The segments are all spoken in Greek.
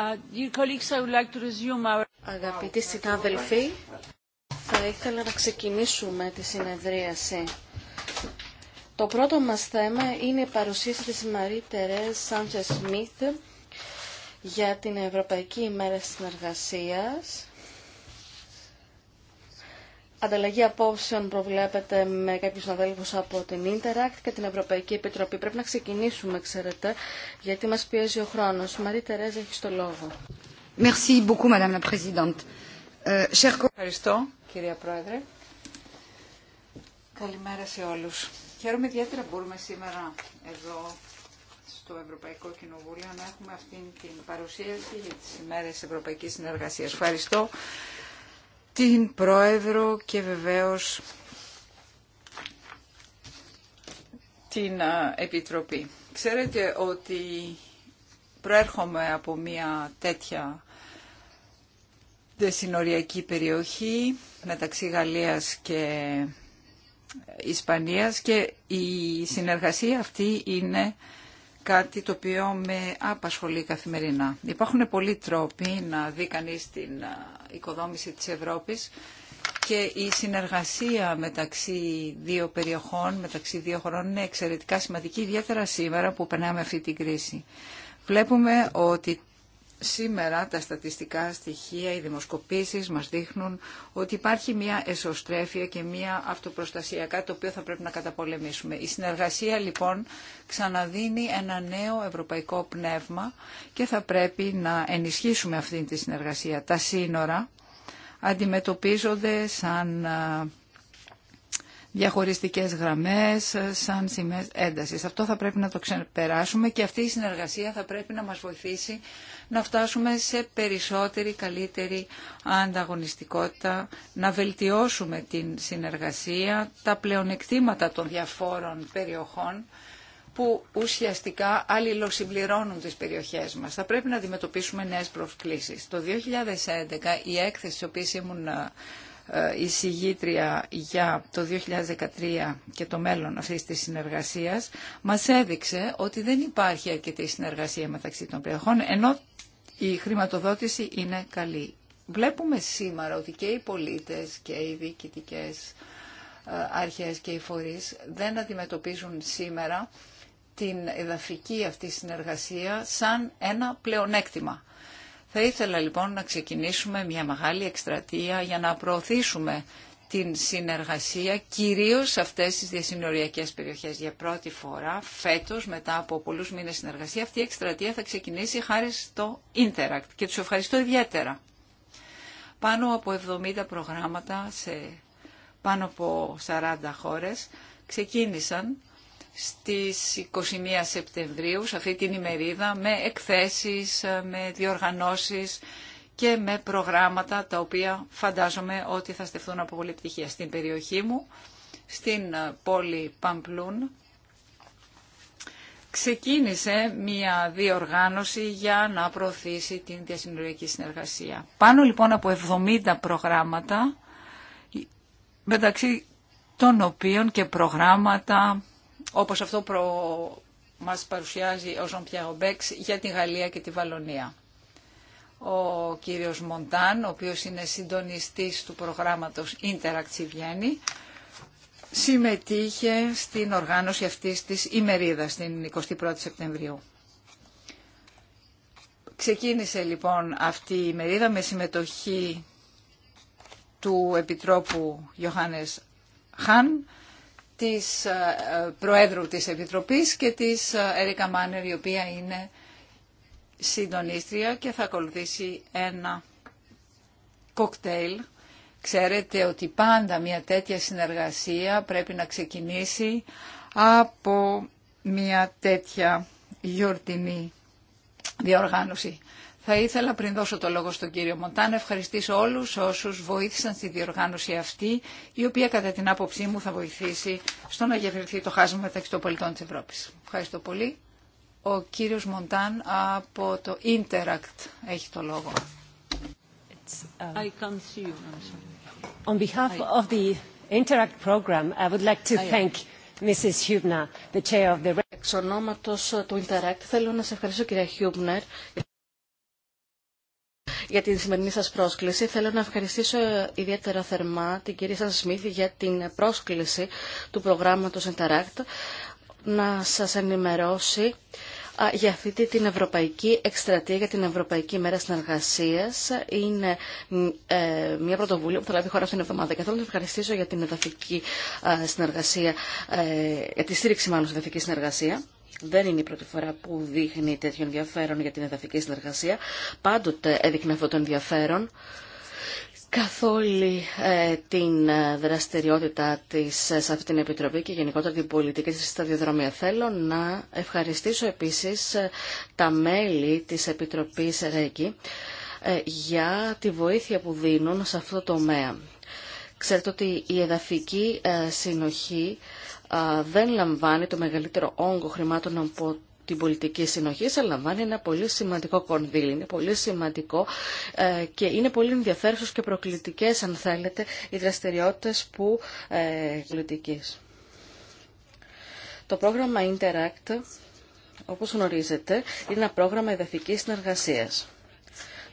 Uh, Αγαπητοί συνάδελφοι, θα ήθελα να ξεκινήσουμε τη συνεδρίαση. Το πρώτο μας θέμα είναι η παρουσίαση της Μαρή Τερέζ Σάντζε Σμιθ για την Ευρωπαϊκή ημέρα συνεργασίας ανταλλαγή απόψεων προβλέπεται με κάποιους συναδέλφους από την Interact και την Ευρωπαϊκή Επιτροπή. Πρέπει να ξεκινήσουμε, ξέρετε, γιατί μας πιέζει ο χρόνος. Μαρή Τερέζα, έχει το λόγο. Euh, Ευχαριστώ, κυρία Πρόεδρε. Καλημέρα σε όλους. Χαίρομαι ιδιαίτερα που μπορούμε σήμερα εδώ στο Ευρωπαϊκό Κοινοβούλιο να έχουμε αυτή την παρουσίαση για τις ημέρες Ευρωπαϊκής Συνεργασίας. Ευχαριστώ την Πρόεδρο και βεβαίως την Επιτροπή. Ξέρετε ότι προέρχομαι από μια τέτοια δεσυνοριακή περιοχή μεταξύ Γαλλίας και Ισπανίας και η συνεργασία αυτή είναι κάτι το οποίο με απασχολεί καθημερινά. Υπάρχουν πολλοί τρόποι να δει κανεί την οικοδόμηση της Ευρώπης και η συνεργασία μεταξύ δύο περιοχών, μεταξύ δύο χωρών είναι εξαιρετικά σημαντική, ιδιαίτερα σήμερα που περνάμε αυτή την κρίση. Βλέπουμε ότι Σήμερα τα στατιστικά στοιχεία, οι δημοσκοπήσεις μας δείχνουν ότι υπάρχει μια εσωστρέφεια και μια αυτοπροστασία, κάτι το οποίο θα πρέπει να καταπολεμήσουμε. Η συνεργασία λοιπόν ξαναδίνει ένα νέο ευρωπαϊκό πνεύμα και θα πρέπει να ενισχύσουμε αυτή τη συνεργασία. Τα σύνορα αντιμετωπίζονται σαν διαχωριστικές γραμμές, σαν σημαίες έντασης. Αυτό θα πρέπει να το ξεπεράσουμε και αυτή η συνεργασία θα πρέπει να μας βοηθήσει να φτάσουμε σε περισσότερη, καλύτερη ανταγωνιστικότητα, να βελτιώσουμε την συνεργασία, τα πλεονεκτήματα των διαφόρων περιοχών που ουσιαστικά αλληλοσυμπληρώνουν τις περιοχές μας. Θα πρέπει να αντιμετωπίσουμε νέες προσκλήσεις. Το 2011 η έκθεση της οποίας ήμουν ε, εισηγήτρια για το 2013 και το μέλλον αυτής της συνεργασίας, μας έδειξε ότι δεν υπάρχει αρκετή συνεργασία μεταξύ των περιοχών, ενώ η χρηματοδότηση είναι καλή. Βλέπουμε σήμερα ότι και οι πολίτες και οι διοικητικές ε, αρχές και οι φορείς δεν αντιμετωπίζουν σήμερα την εδαφική αυτή συνεργασία σαν ένα πλεονέκτημα. Θα ήθελα λοιπόν να ξεκινήσουμε μια μεγάλη εκστρατεία για να προωθήσουμε την συνεργασία κυρίως σε αυτές τις διασυνοριακές περιοχές. Για πρώτη φορά φέτος μετά από πολλούς μήνες συνεργασία αυτή η εκστρατεία θα ξεκινήσει χάρη στο Interact και τους ευχαριστώ ιδιαίτερα. Πάνω από 70 προγράμματα σε πάνω από 40 χώρες ξεκίνησαν στις 21 Σεπτεμβρίου, σε αυτή την ημερίδα, με εκθέσεις, ε, με διοργανώσεις και με προγράμματα τα οποία φαντάζομαι ότι θα στεφθούν από πολύ πτυχία. στην περιοχή μου, στην ε, πόλη Παμπλούν. Ξεκίνησε μια διοργάνωση για να προωθήσει την διασυνοριακή συνεργασία. Πάνω λοιπόν από 70 προγράμματα, μεταξύ των οποίων και προγράμματα όπως αυτό προ... μας παρουσιάζει ο Ζων για τη Γαλλία και τη Βαλονία. Ο κύριος Μοντάν, ο οποίος είναι συντονιστής του προγράμματος Interactive Βιέννη, συμμετείχε στην οργάνωση αυτής της ημερίδας, την 21η Σεπτεμβρίου. Ξεκίνησε λοιπόν αυτή η ημερίδα με συμμετοχή του Επιτρόπου Ιωάννης Χάν, της ε, Προέδρου της Επιτροπής και της Ερικα Μάνερ, η οποία είναι συντονίστρια και θα ακολουθήσει ένα κοκτέιλ. Ξέρετε ότι πάντα μια τέτοια συνεργασία πρέπει να ξεκινήσει από μια τέτοια γιορτινή διοργάνωση. Θα ήθελα πριν δώσω το λόγο στον κύριο Μοντάν να ευχαριστήσω όλους όσους βοήθησαν στη διοργάνωση αυτή, η οποία κατά την άποψή μου θα βοηθήσει στο να γεφυρθεί το χάσμα μεταξύ των πολιτών της Ευρώπης. Ευχαριστώ πολύ. Ο κύριος Μοντάν από το Interact έχει το λόγο. Um, I can't see On behalf of the Interact program, I would like to thank Mrs. Hübner, the chair of the... Εξ ονόματος uh, του Interact, θέλω να σε ευχαριστήσω κυρία Χιούμπνερ για την σημερινή σας πρόσκληση. Θέλω να ευχαριστήσω ιδιαίτερα θερμά την κυρία σας για την πρόσκληση του προγράμματος Interact να σας ενημερώσει για αυτή την Ευρωπαϊκή Εκστρατεία για την Ευρωπαϊκή Μέρα Συνεργασία. Είναι ε, μια πρωτοβουλία που θα λάβει χώρα αυτήν την εβδομάδα. Και θέλω να ευχαριστήσω για την εδαφική συνεργασία, ε, για τη στήριξη μάλλον στην εδαφική συνεργασία δεν είναι η πρώτη φορά που δείχνει τέτοιο ενδιαφέρον για την εδαφική συνεργασία. Πάντοτε έδειχνε αυτό το ενδιαφέρον καθ' ε, την ε, δραστηριότητα της ε, σε αυτή την Επιτροπή και γενικότερα την πολιτική της σταδιοδρομία. Θέλω να ευχαριστήσω επίσης ε, τα μέλη της Επιτροπής ΡΕΚΙ για τη βοήθεια που δίνουν σε αυτό το τομέα. Ξέρετε ότι η εδαφική συνοχή δεν λαμβάνει το μεγαλύτερο όγκο χρημάτων από την πολιτική συνοχή, αλλά λαμβάνει ένα πολύ σημαντικό κονδύλι. Είναι πολύ σημαντικό ε, και είναι πολύ ενδιαφέρουσε και προκλητικέ, αν θέλετε, οι δραστηριότητε που είναι Το πρόγραμμα Interact, όπως γνωρίζετε, είναι ένα πρόγραμμα εδαφικής συνεργασίας.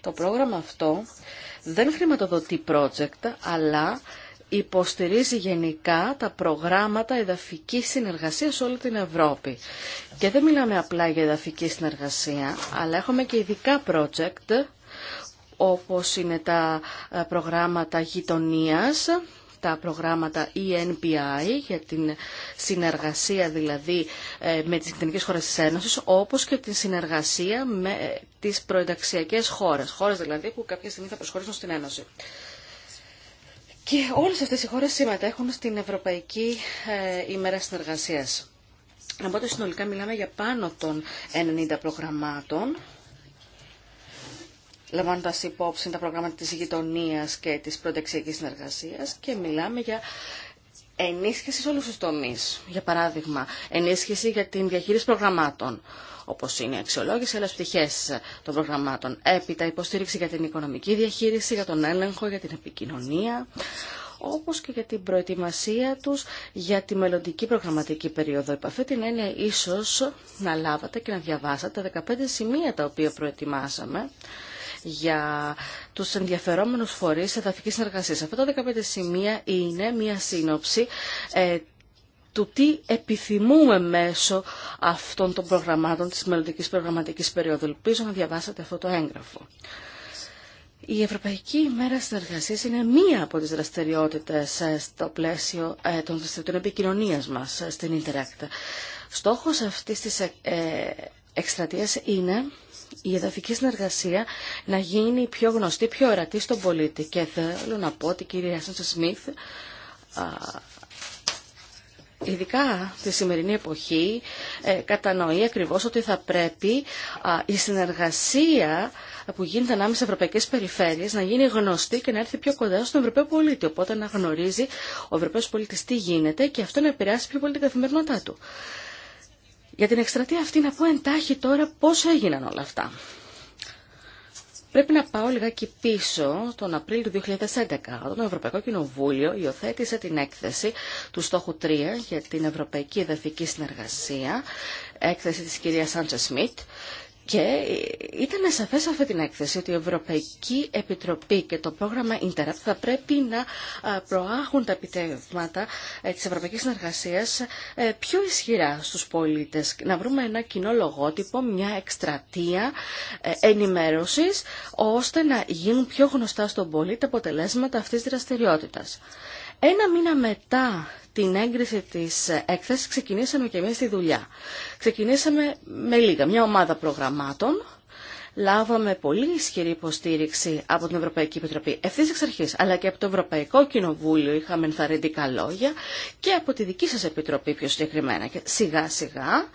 Το πρόγραμμα αυτό δεν χρηματοδοτεί project, αλλά υποστηρίζει γενικά τα προγράμματα εδαφικής συνεργασίας σε όλη την Ευρώπη. Και δεν μιλάμε απλά για εδαφική συνεργασία, αλλά έχουμε και ειδικά project, όπως είναι τα ε, προγράμματα γειτονίας, τα προγράμματα ENPI για την συνεργασία δηλαδή ε, με τις κοινωνικές χώρες της Ένωσης όπως και την συνεργασία με τις προενταξιακές χώρες, χώρες δηλαδή που κάποια στιγμή θα προσχωρήσουν στην Ένωση. Και όλες αυτές οι χώρες συμμετέχουν στην Ευρωπαϊκή ε, ημέρα συνεργασίας. ότι συνολικά μιλάμε για πάνω των 90 προγραμμάτων λαμβάνοντα υπόψη τα προγράμματα της γειτονία και της πρωτεξιακής συνεργασίας και μιλάμε για ενίσχυση σε όλους τους τομείς. Για παράδειγμα, ενίσχυση για την διαχείριση προγραμμάτων, όπως είναι η αξιολόγηση, αλλά πτυχές των προγραμμάτων. Έπειτα υποστήριξη για την οικονομική διαχείριση, για τον έλεγχο, για την επικοινωνία, όπως και για την προετοιμασία τους για τη μελλοντική προγραμματική περίοδο. Επ' αυτή την έννοια ίσως να λάβατε και να διαβάσατε 15 σημεία τα οποία προετοιμάσαμε για τους ενδιαφερόμενους φορείς εδαφικής συνεργασίας. Αυτά τα 15 σημεία είναι μία σύνοψη ε, του τι επιθυμούμε μέσω αυτών των προγραμμάτων της μελλοντική προγραμματικής περίοδου. Ελπίζω να διαβάσετε αυτό το έγγραφο. Η Ευρωπαϊκή Μέρα συνεργασίας είναι μία από τις δραστηριότητες ε, στο πλαίσιο ε, των δραστηριοτήτων επικοινωνίας μας ε, στην Interact. Στόχος αυτής της εκστρατείας είναι η εδαφική συνεργασία να γίνει πιο γνωστή, πιο ορατή στον πολίτη. Και θέλω να πω ότι η κυρία Σμιθ ειδικά στη σημερινή εποχή, ε, κατανοεί ακριβώς ότι θα πρέπει η συνεργασία που γίνεται ανάμεσα ευρωπαϊκές περιφέρειες να γίνει γνωστή και να έρθει πιο κοντά στον Ευρωπαίο πολίτη. Οπότε να γνωρίζει ο Ευρωπαίος πολίτης τι γίνεται και αυτό να επηρεάσει πιο πολύ την καθημερινότητά του. Για την εκστρατεία αυτή να πω εντάχει τώρα πώς έγιναν όλα αυτά. Πρέπει να πάω λιγάκι πίσω τον Απρίλιο του 2011, όταν το Ευρωπαϊκό Κοινοβούλιο υιοθέτησε την έκθεση του στόχου 3 για την Ευρωπαϊκή Εδαφική Συνεργασία, έκθεση της κυρίας Σάντσα Σμιτ, και ήταν σαφές αυτή την έκθεση ότι η Ευρωπαϊκή Επιτροπή και το πρόγραμμα Interact θα πρέπει να προάγουν τα επιτεύγματα ε, της Ευρωπαϊκής Συνεργασίας ε, πιο ισχυρά στους πολίτες. Να βρούμε ένα κοινό λογότυπο, μια εκστρατεία ε, ενημέρωσης, ώστε να γίνουν πιο γνωστά στον πολίτη τα αποτελέσματα αυτής της δραστηριότητας. Ένα μήνα μετά την έγκριση της έκθεσης ξεκινήσαμε και εμείς τη δουλειά. Ξεκινήσαμε με λίγα, μια ομάδα προγραμμάτων, λάβαμε πολύ ισχυρή υποστήριξη από την Ευρωπαϊκή Επιτροπή ευθύ εξ αρχή, αλλά και από το Ευρωπαϊκό Κοινοβούλιο είχαμε ενθαρρυντικά λόγια και από τη δική σα Επιτροπή πιο συγκεκριμένα. Και σιγά σιγά,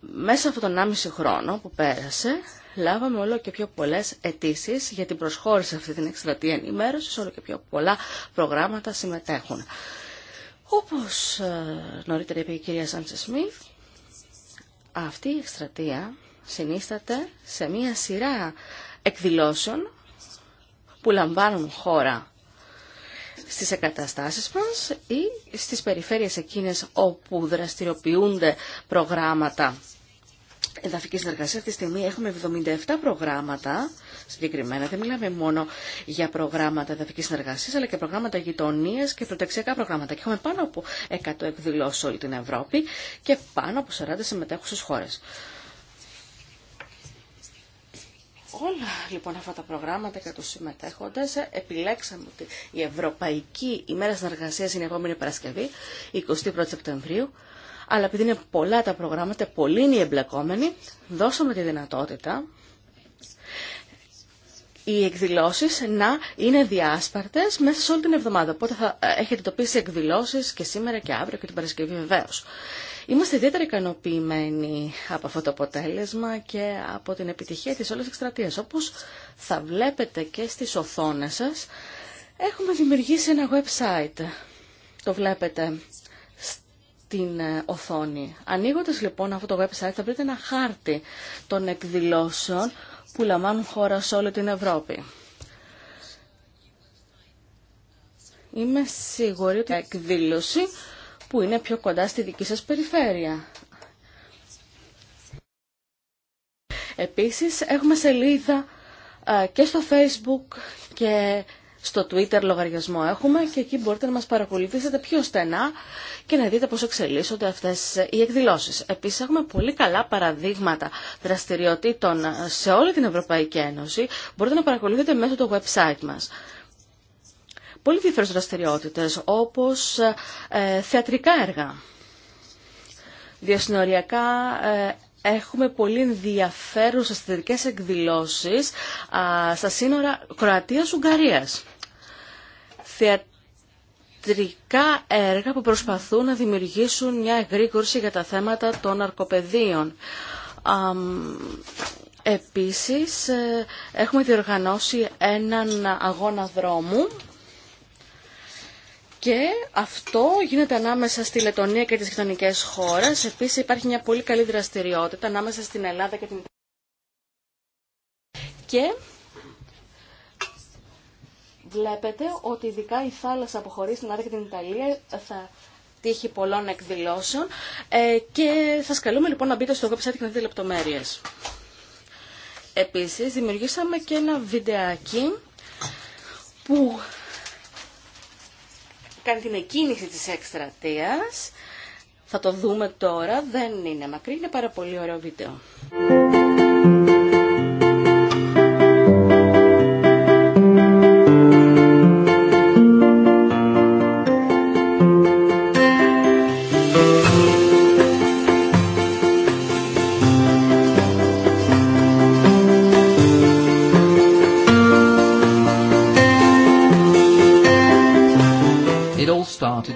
μέσα από τον άμεση χρόνο που πέρασε, λάβαμε όλο και πιο πολλές αιτήσει για την προσχώρηση σε αυτή την εκστρατεία ενημέρωση, όλο και πιο πολλά προγράμματα συμμετέχουν. Όπως ε, νωρίτερα είπε η κυρία Σάντσε Σμιθ, αυτή η εκστρατεία συνίσταται σε μία σειρά εκδηλώσεων που λαμβάνουν χώρα στις εγκαταστάσεις μας ή στις περιφέρειες εκείνες όπου δραστηριοποιούνται προγράμματα εδαφική συνεργασία αυτή τη στιγμή έχουμε 77 προγράμματα συγκεκριμένα. Δεν μιλάμε μόνο για προγράμματα εδαφική συνεργασία, αλλά και προγράμματα γειτονία και προτεξιακά προγράμματα. Και έχουμε πάνω από 100 εκδηλώσει όλη την Ευρώπη και πάνω από 40 συμμετέχουσε χώρε. Όλα λοιπόν αυτά τα προγράμματα και τους συμμετέχοντες ε, επιλέξαμε ότι η Ευρωπαϊκή ημέρα συνεργασία είναι η επόμενη Παρασκευή, 21 Σεπτεμβρίου, αλλά επειδή είναι πολλά τα προγράμματα, πολλοί είναι οι εμπλεκόμενοι, δώσαμε τη δυνατότητα οι εκδηλώσεις να είναι διάσπαρτες μέσα σε όλη την εβδομάδα. Οπότε θα ε, έχετε τοπίσει εκδηλώσεις και σήμερα και αύριο και την Παρασκευή βεβαίω. Είμαστε ιδιαίτερα ικανοποιημένοι από αυτό το αποτέλεσμα και από την επιτυχία της όλης εκστρατείας. Όπως θα βλέπετε και στις οθόνες σας, έχουμε δημιουργήσει ένα website. Το βλέπετε την ε, οθόνη. Ανοίγοντας λοιπόν αυτό το website θα βρείτε ένα χάρτη των εκδηλώσεων που λαμβάνουν χώρα σε όλη την Ευρώπη. Είμαι σίγουρη ότι εκδήλωση που είναι πιο κοντά στη δική σας περιφέρεια. Επίσης έχουμε σελίδα ε, και στο Facebook και στο Twitter λογαριασμό έχουμε και εκεί μπορείτε να μας παρακολουθήσετε πιο στενά και να δείτε πώς εξελίσσονται αυτές οι εκδηλώσεις. Επίσης έχουμε πολύ καλά παραδείγματα δραστηριοτήτων σε όλη την Ευρωπαϊκή Ένωση. Μπορείτε να παρακολουθείτε μέσω του website μας. Πολύ διάφορες δραστηριότητες όπως ε, θεατρικά έργα. Διασυνοριακά ε, έχουμε πολύ ενδιαφέρουσες θετικές εκδηλώσεις α, στα σύνορα Κροατίας-Ουγγαρίας θεατρικά έργα που προσπαθούν να δημιουργήσουν μια εγρήγορση για τα θέματα των αρκοπεδίων. Επίσης, ε, έχουμε διοργανώσει έναν αγώνα δρόμου και αυτό γίνεται ανάμεσα στη Λετωνία και τις γειτονικές χώρες. Επίσης, υπάρχει μια πολύ καλή δραστηριότητα ανάμεσα στην Ελλάδα και την και Βλέπετε ότι ειδικά η θάλασσα που χωρίζει την Άρη και την Ιταλία θα τύχει πολλών εκδηλώσεων ε, και θα καλούμε λοιπόν να μπείτε στο website και να δείτε λεπτομέρειες. Επίσης δημιουργήσαμε και ένα βιντεάκι που κάνει την εκκίνηση της εκστρατείας. Θα το δούμε τώρα, δεν είναι μακρύ, είναι πάρα πολύ ωραίο βίντεο.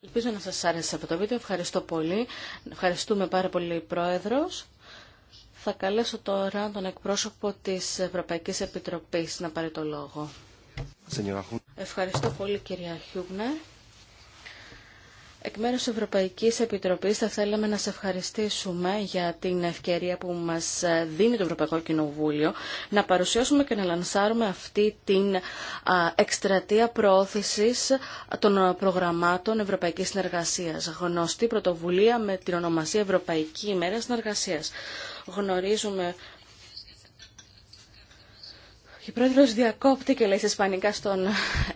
Ελπίζω να σας άρεσε αυτό το βίντεο. Ευχαριστώ πολύ. Ευχαριστούμε πάρα πολύ, Πρόεδρος. Θα καλέσω τώρα τον εκπρόσωπο της Ευρωπαϊκής Επιτροπής να πάρει το λόγο. Ευχαριστώ πολύ, κυρία Χιούγνερ. Εκ μέρους της Ευρωπαϊκής Επιτροπής θα θέλαμε να σε ευχαριστήσουμε για την ευκαιρία που μας δίνει το Ευρωπαϊκό Κοινοβούλιο να παρουσιάσουμε και να λανσάρουμε αυτή την εκστρατεία προώθησης των προγραμμάτων Ευρωπαϊκής Συνεργασίας, γνωστή πρωτοβουλία με την ονομασία Ευρωπαϊκή ημέρα Συνεργασίας. Γνωρίζουμε η πρόεδρος διακόπτει και λέει σε ισπανικά στον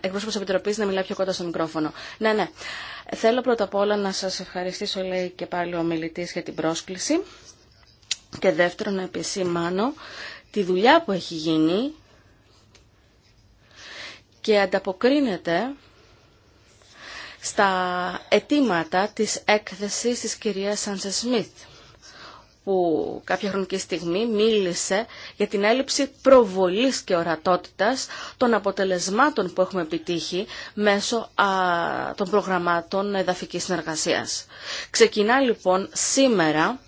εκπρόσωπο της Επιτροπής να μιλάει πιο κοντά στο μικρόφωνο. Ναι, ναι. Θέλω πρώτα απ' όλα να σας ευχαριστήσω, λέει και πάλι ο μιλητής, για την πρόσκληση. Και δεύτερον, να επισημάνω τη δουλειά που έχει γίνει και ανταποκρίνεται στα αιτήματα της έκθεσης της κυρίας Σάνσε Σμιθ που κάποια χρονική στιγμή μίλησε για την έλλειψη προβολής και ορατότητας των αποτελεσμάτων που έχουμε επιτύχει μέσω των προγραμμάτων εδαφικής συνεργασίας. Ξεκινά λοιπόν σήμερα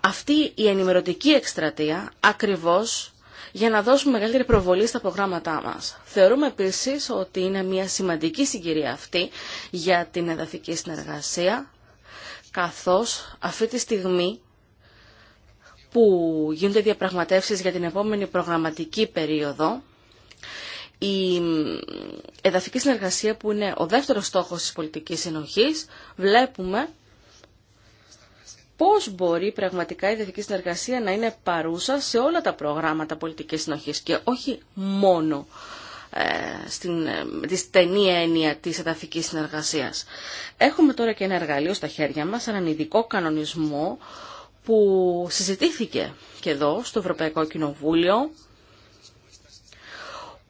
αυτή η ενημερωτική εκστρατεία ακριβώς για να δώσουμε μεγαλύτερη προβολή στα προγράμματά μας. Θεωρούμε επίσης ότι είναι μια σημαντική συγκυρία αυτή για την εδαφική συνεργασία, καθώς αυτή τη στιγμή που γίνονται διαπραγματεύσεις για την επόμενη προγραμματική περίοδο, η εδαφική συνεργασία που είναι ο δεύτερος στόχος της πολιτικής συνοχής, βλέπουμε πώς μπορεί πραγματικά η εδαφική συνεργασία να είναι παρούσα σε όλα τα προγράμματα πολιτικής συνοχής και όχι μόνο ε, στην, τη στενή έννοια της εδαφικής συνεργασίας. Έχουμε τώρα και ένα εργαλείο στα χέρια μας, έναν ειδικό κανονισμό που συζητήθηκε και εδώ στο Ευρωπαϊκό Κοινοβούλιο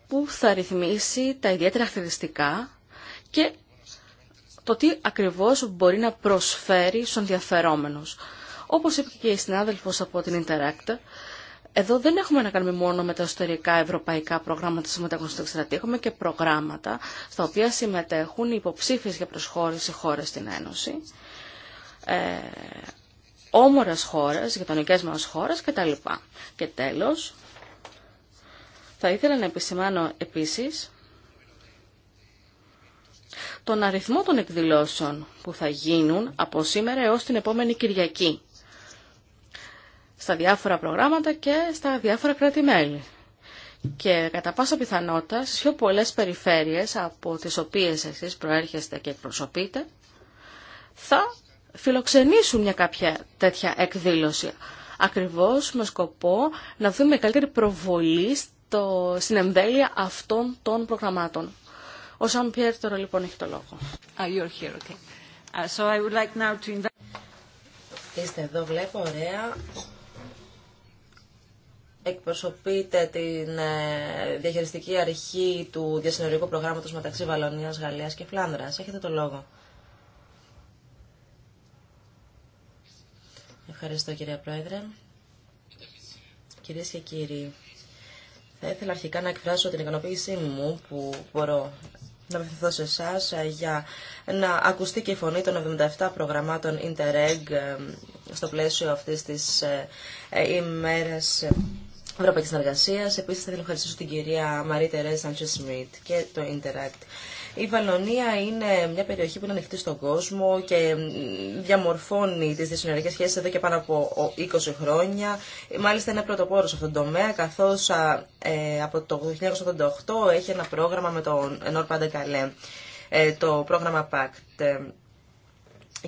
που θα ρυθμίσει τα ιδιαίτερα χαρακτηριστικά και το τι ακριβώς μπορεί να προσφέρει στον ενδιαφερόμενους. Όπως είπε και η συνάδελφος από την Interact, εδώ δεν έχουμε να κάνουμε μόνο με τα ιστορικά ευρωπαϊκά προγράμματα που συμμετέχουν στο εξτρατή, έχουμε και προγράμματα στα οποία συμμετέχουν οι υποψήφιες για προσχώρηση χώρες στην Ένωση. Ε, όμορας χώρας, γειτονικές μας χώρας κτλ. Και τέλος, θα ήθελα να επισημάνω επίσης τον αριθμό των εκδηλώσεων που θα γίνουν από σήμερα έως την επόμενη Κυριακή στα διάφορα προγράμματα και στα διάφορα κράτη-μέλη. Και κατά πάσα πιθανότητα σε πιο πολλές περιφέρειες από τις οποίες εσείς προέρχεστε και εκπροσωπείτε θα φιλοξενήσουν μια κάποια τέτοια εκδήλωση. Ακριβώς με σκοπό να δούμε καλύτερη προβολή στο, στην εμβέλεια αυτών των προγραμμάτων. Ο Σαν Πιέρ τώρα λοιπόν έχει το λόγο. Είστε εδώ, βλέπω, ωραία. Εκπροσωπείτε την ε, διαχειριστική αρχή του διασυνοριακού προγράμματος μεταξύ Βαλωνίας, Γαλλίας και Φλάνδρας. Έχετε το λόγο. Ευχαριστώ κυρία Πρόεδρε. Κυρίες και κύριοι, θα ήθελα αρχικά να εκφράσω την ικανοποίησή μου που μπορώ να απευθυνθώ σε εσά ε, για να ακουστεί και η φωνή των 77 προγραμμάτων Interreg ε, στο πλαίσιο αυτής της ε, ημέρας Ευρωπαϊκή συνεργασίας. Επίση, θα ήθελα να ευχαριστήσω την κυρία Μαρή Τερέ Σμιτ και το Interact. Η Βαλονία είναι μια περιοχή που είναι ανοιχτή στον κόσμο και διαμορφώνει τι δυσυνορικές σχέσει εδώ και πάνω από 20 χρόνια. Μάλιστα είναι πρωτοπόρος σε αυτόν τον τομέα, καθώς ε, από το 1988 έχει ένα πρόγραμμα με τον Νόρ καλέ», ε, το πρόγραμμα PACT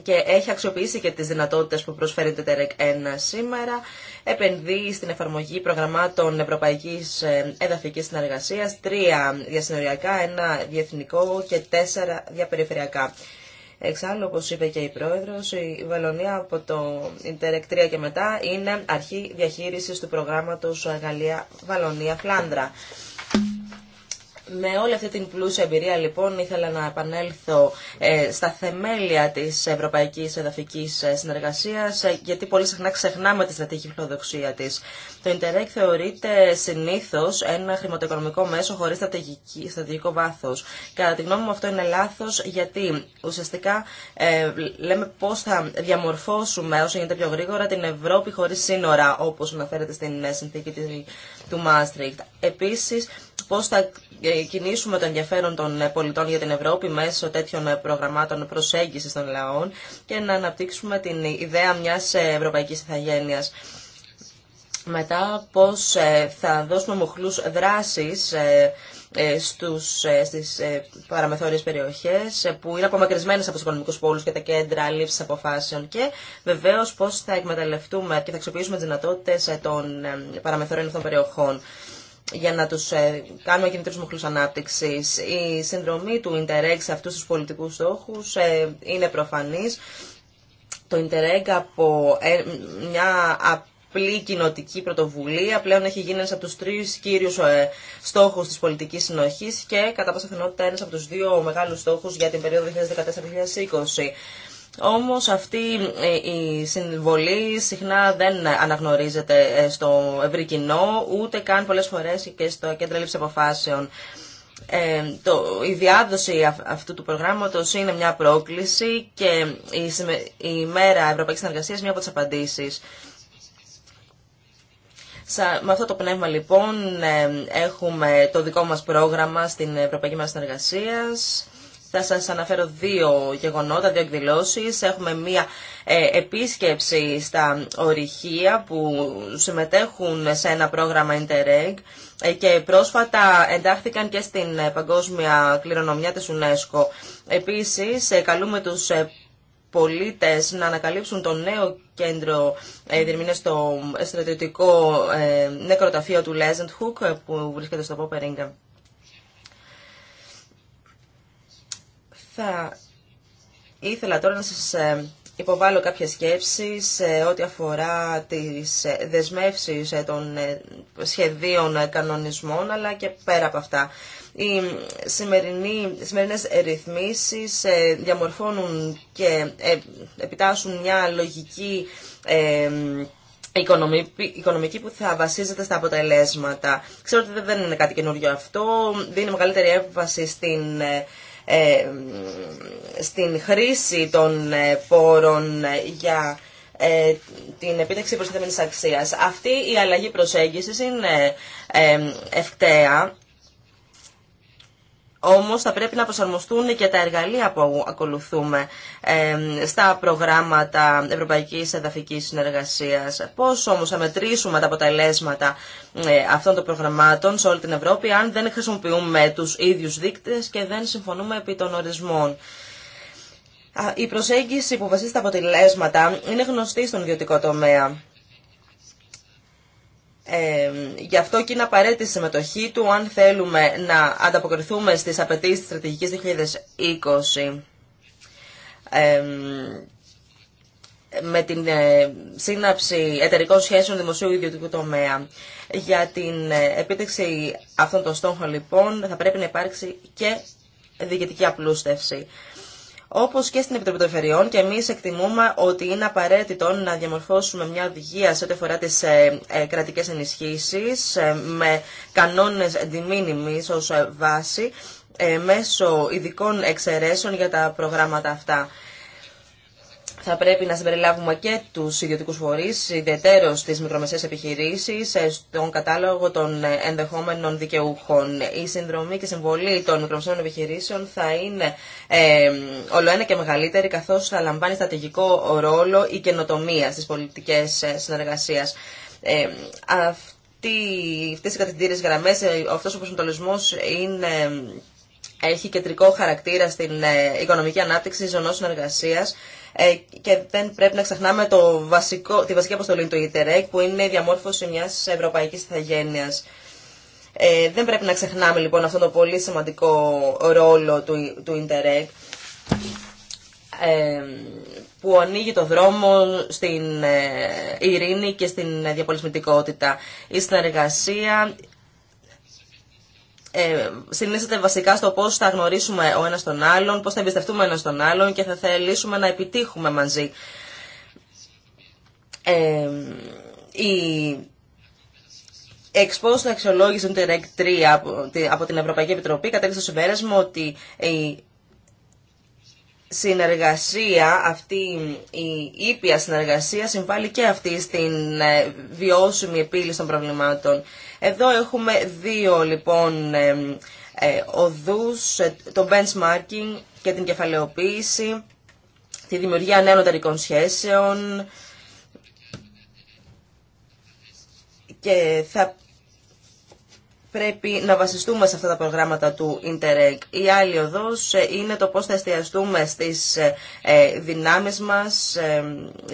και έχει αξιοποιήσει και τις δυνατότητες που προσφέρει το ΤΕΡΕΚ 1 σήμερα, επενδύει στην εφαρμογή προγραμμάτων Ευρωπαϊκής ε, Εδαφικής Συνεργασίας, τρία διασυνοριακά, ένα διεθνικό και τέσσερα διαπεριφερειακά. Εξάλλου, όπως είπε και η Πρόεδρος, η Βαλονία από το Ιντερεκ 3 και μετά είναι αρχή διαχείρισης του προγράμματος Γαλλία-Βαλονία-Φλάνδρα. Με όλη αυτή την πλούσια εμπειρία λοιπόν ήθελα να επανέλθω ε, στα θεμέλια της Ευρωπαϊκής Εδαφικής ε, Συνεργασίας ε, γιατί πολύ συχνά ξεχνάμε τη στρατηγική φιλοδοξία της. Το Ιντερέκ θεωρείται συνήθως ένα χρηματοοικονομικό μέσο χωρίς στρατηγικό βάθος. Κατά τη γνώμη μου αυτό είναι λάθος γιατί ουσιαστικά ε, λέμε πώς θα διαμορφώσουμε όσο γίνεται πιο γρήγορα την Ευρώπη χωρίς σύνορα όπως αναφέρεται στην συνθήκη της του Μάστριχτ. Επίσης, πώς θα ε, κινήσουμε το ενδιαφέρον των ε, πολιτών για την Ευρώπη μέσω τέτοιων ε, προγραμμάτων προσέγγισης των λαών και να αναπτύξουμε την ιδέα μιας ευρωπαϊκής ηθαγένειας. Μετά, πώς θα δώσουμε μοχλούς δράσης ε, στους, ε, στις ε, παραμεθόριες περιοχές που είναι απομακρυσμένες από τους οικονομικούς πόλους και τα κέντρα λήψης αποφάσεων και βεβαίως πώς θα εκμεταλλευτούμε και θα αξιοποιήσουμε τις δυνατότητες των παραμεθόριων αυτών περιοχών για να τους κάνουμε κινητήρους μοχλούς ανάπτυξης. Η συνδρομή του Interreg σε αυτούς τους πολιτικούς στόχους είναι προφανής. Το Interreg από μια απλή κοινοτική πρωτοβουλία πλέον έχει γίνει ένας από τους τρεις κύριους ε, στόχους της πολιτικής συνοχής και κατά πάσα πιθανότητα ένα από του δύο μεγάλους στόχους για την περίοδο 2014-2020. Όμως αυτή ε, η συμβολή συχνά δεν αναγνωρίζεται ε, στο ευρύ κοινό, ούτε καν πολλές φορές και στο κέντρο λήψη αποφάσεων. το, η διάδοση αυτού του προγράμματος είναι μια πρόκληση και η, η Μέρα Ευρωπαϊκής Συνεργασίας μια από τις απαντήσει. Με αυτό το πνεύμα λοιπόν ε, έχουμε το δικό μας πρόγραμμα στην Ευρωπαϊκή μας Θα σας αναφέρω δύο γεγονότα, δύο εκδηλώσεις. Έχουμε μία ε, επίσκεψη στα ορυχεία που συμμετέχουν σε ένα πρόγραμμα Interreg ε, και πρόσφατα εντάχθηκαν και στην παγκόσμια κληρονομιά της UNESCO. Επίσης, καλούμε τους πολίτες να ανακαλύψουν το νέο κέντρο ε, διερμήνες στο στρατιωτικό ε, νεκροταφείο του Λέζεντ Χουκ ε, που βρίσκεται στο Πόπερίγκα. Θα ήθελα τώρα να σας υποβάλω κάποιες σκέψεις ό,τι αφορά τις δεσμεύσεις των σχεδίων κανονισμών αλλά και πέρα από αυτά. Οι σημερινές ρυθμίσεις ε, διαμορφώνουν και ε, επιτάσσουν μια λογική ε, οικονομική που θα βασίζεται στα αποτελέσματα. Ξέρω ότι δεν είναι κάτι καινούριο αυτό. Δίνει μεγαλύτερη έμφαση στην, στην χρήση των πόρων για την επίτευξη προσθέμενης αξίας. Αυτή η αλλαγή προσέγγισης είναι ε, ευκταία όμως θα πρέπει να προσαρμοστούν και τα εργαλεία που ακολουθούμε στα προγράμματα Ευρωπαϊκής Εδαφικής Συνεργασίας. Πώς όμως θα μετρήσουμε τα αποτελέσματα ε, αυτών των προγραμμάτων σε όλη την Ευρώπη αν δεν χρησιμοποιούμε τους ίδιους δείκτες και δεν συμφωνούμε επί των ορισμών. Η προσέγγιση που βασίζεται στα αποτελέσματα είναι γνωστή στον ιδιωτικό τομέα. Ε, γι' αυτό και είναι απαραίτητη η συμμετοχή του αν θέλουμε να ανταποκριθούμε στις απαιτήσεις της στρατηγικής 2020 με την ε, σύναψη εταιρικών σχέσεων δημοσίου ιδιωτικού τομέα. Για την ε, επίτευξη αυτών των στόχων λοιπόν θα πρέπει να υπάρξει και διοικητική απλούστευση. Όπως και στην Επιτροπή των Εφεριών και εμείς εκτιμούμε ότι είναι απαραίτητο να διαμορφώσουμε μια οδηγία σε ό,τι αφορά τις ε, ε, κρατικές ενισχύσεις ε, με κανόνες εντιμήνυμης ως βάση μέσω ειδικών εξαιρέσεων για τα προγράμματα αυτά θα πρέπει να συμπεριλάβουμε και του ιδιωτικού φορεί ιδιαιτέρω τι μικρομεσαίες επιχειρήσει ε, στον κατάλογο των ενδεχόμενων δικαιούχων. Η συνδρομή και συμβολή των μικρομεσαίων επιχειρήσεων θα είναι ε, ολοένα και μεγαλύτερη, καθώ θα λαμβάνει στρατηγικό ρόλο η καινοτομία στι πολιτικέ ε, συνεργασίες. Ε, αυτή, αυτές οι κατευθυντήριες γραμμές, ε, αυτός ο προσανατολισμό είναι... Έχει κεντρικό χαρακτήρα στην οικονομική ανάπτυξη ζωνών συνεργασίας ε, και δεν πρέπει να ξεχνάμε το βασικό, τη βασική αποστολή του ΙΤΕΡΕΚ που είναι η διαμόρφωση μια ευρωπαϊκής ηθαγένεια. Ε, δεν πρέπει να ξεχνάμε λοιπόν αυτό το πολύ σημαντικό ρόλο του, του Ιντερεκ ε, που ανοίγει το δρόμο στην ειρήνη και στην διαπολισμητικότητα. Η συνεργασία, ε, συνίσταται βασικά στο πώς θα γνωρίσουμε ο ένας τον άλλον, πώς θα εμπιστευτούμε ο ένας τον άλλον και θα θελήσουμε να επιτύχουμε μαζί. Ε, η εξπόστο αξιολόγηση του Interreg 3 από την Ευρωπαϊκή Επιτροπή κατέληξε στο συμπέρασμα ότι η συνεργασία, αυτή η ήπια συνεργασία συμβάλλει και αυτή στην ε, βιώσιμη επίλυση των προβλημάτων. Εδώ έχουμε δύο λοιπόν ε, ε, οδούς, το benchmarking και την κεφαλαιοποίηση, τη δημιουργία νέων εταιρικών σχέσεων και θα πρέπει να βασιστούμε σε αυτά τα προγράμματα του Interreg. Η άλλη οδός ε, είναι το πώς θα εστιαστούμε στις ε, ε, δυνάμεις μας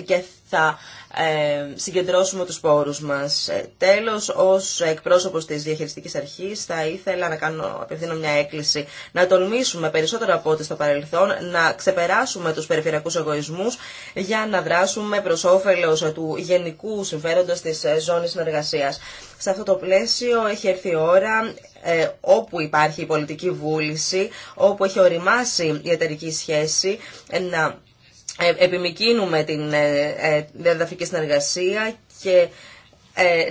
και θα ε, συγκεντρώσουμε τους πόρους μας. Ε, τέλος, ως εκπρόσωπος της Διαχειριστικής Αρχής θα ήθελα να κάνω, απευθύνω μια έκκληση, να τολμήσουμε περισσότερο από ό,τι στο παρελθόν, να ξεπεράσουμε τους περιφερειακούς εγωισμούς για να δράσουμε προς όφελος του γενικού συμφέροντος της ε, ζώνης συνεργασίας. Σε αυτό το πλαίσιο έχει έρθει η ώρα όπου υπάρχει η πολιτική βούληση, όπου έχει οριμάσει η εταιρική σχέση, να ε, επιμηκύνουμε την ε, ε, διαδραφική συνεργασία και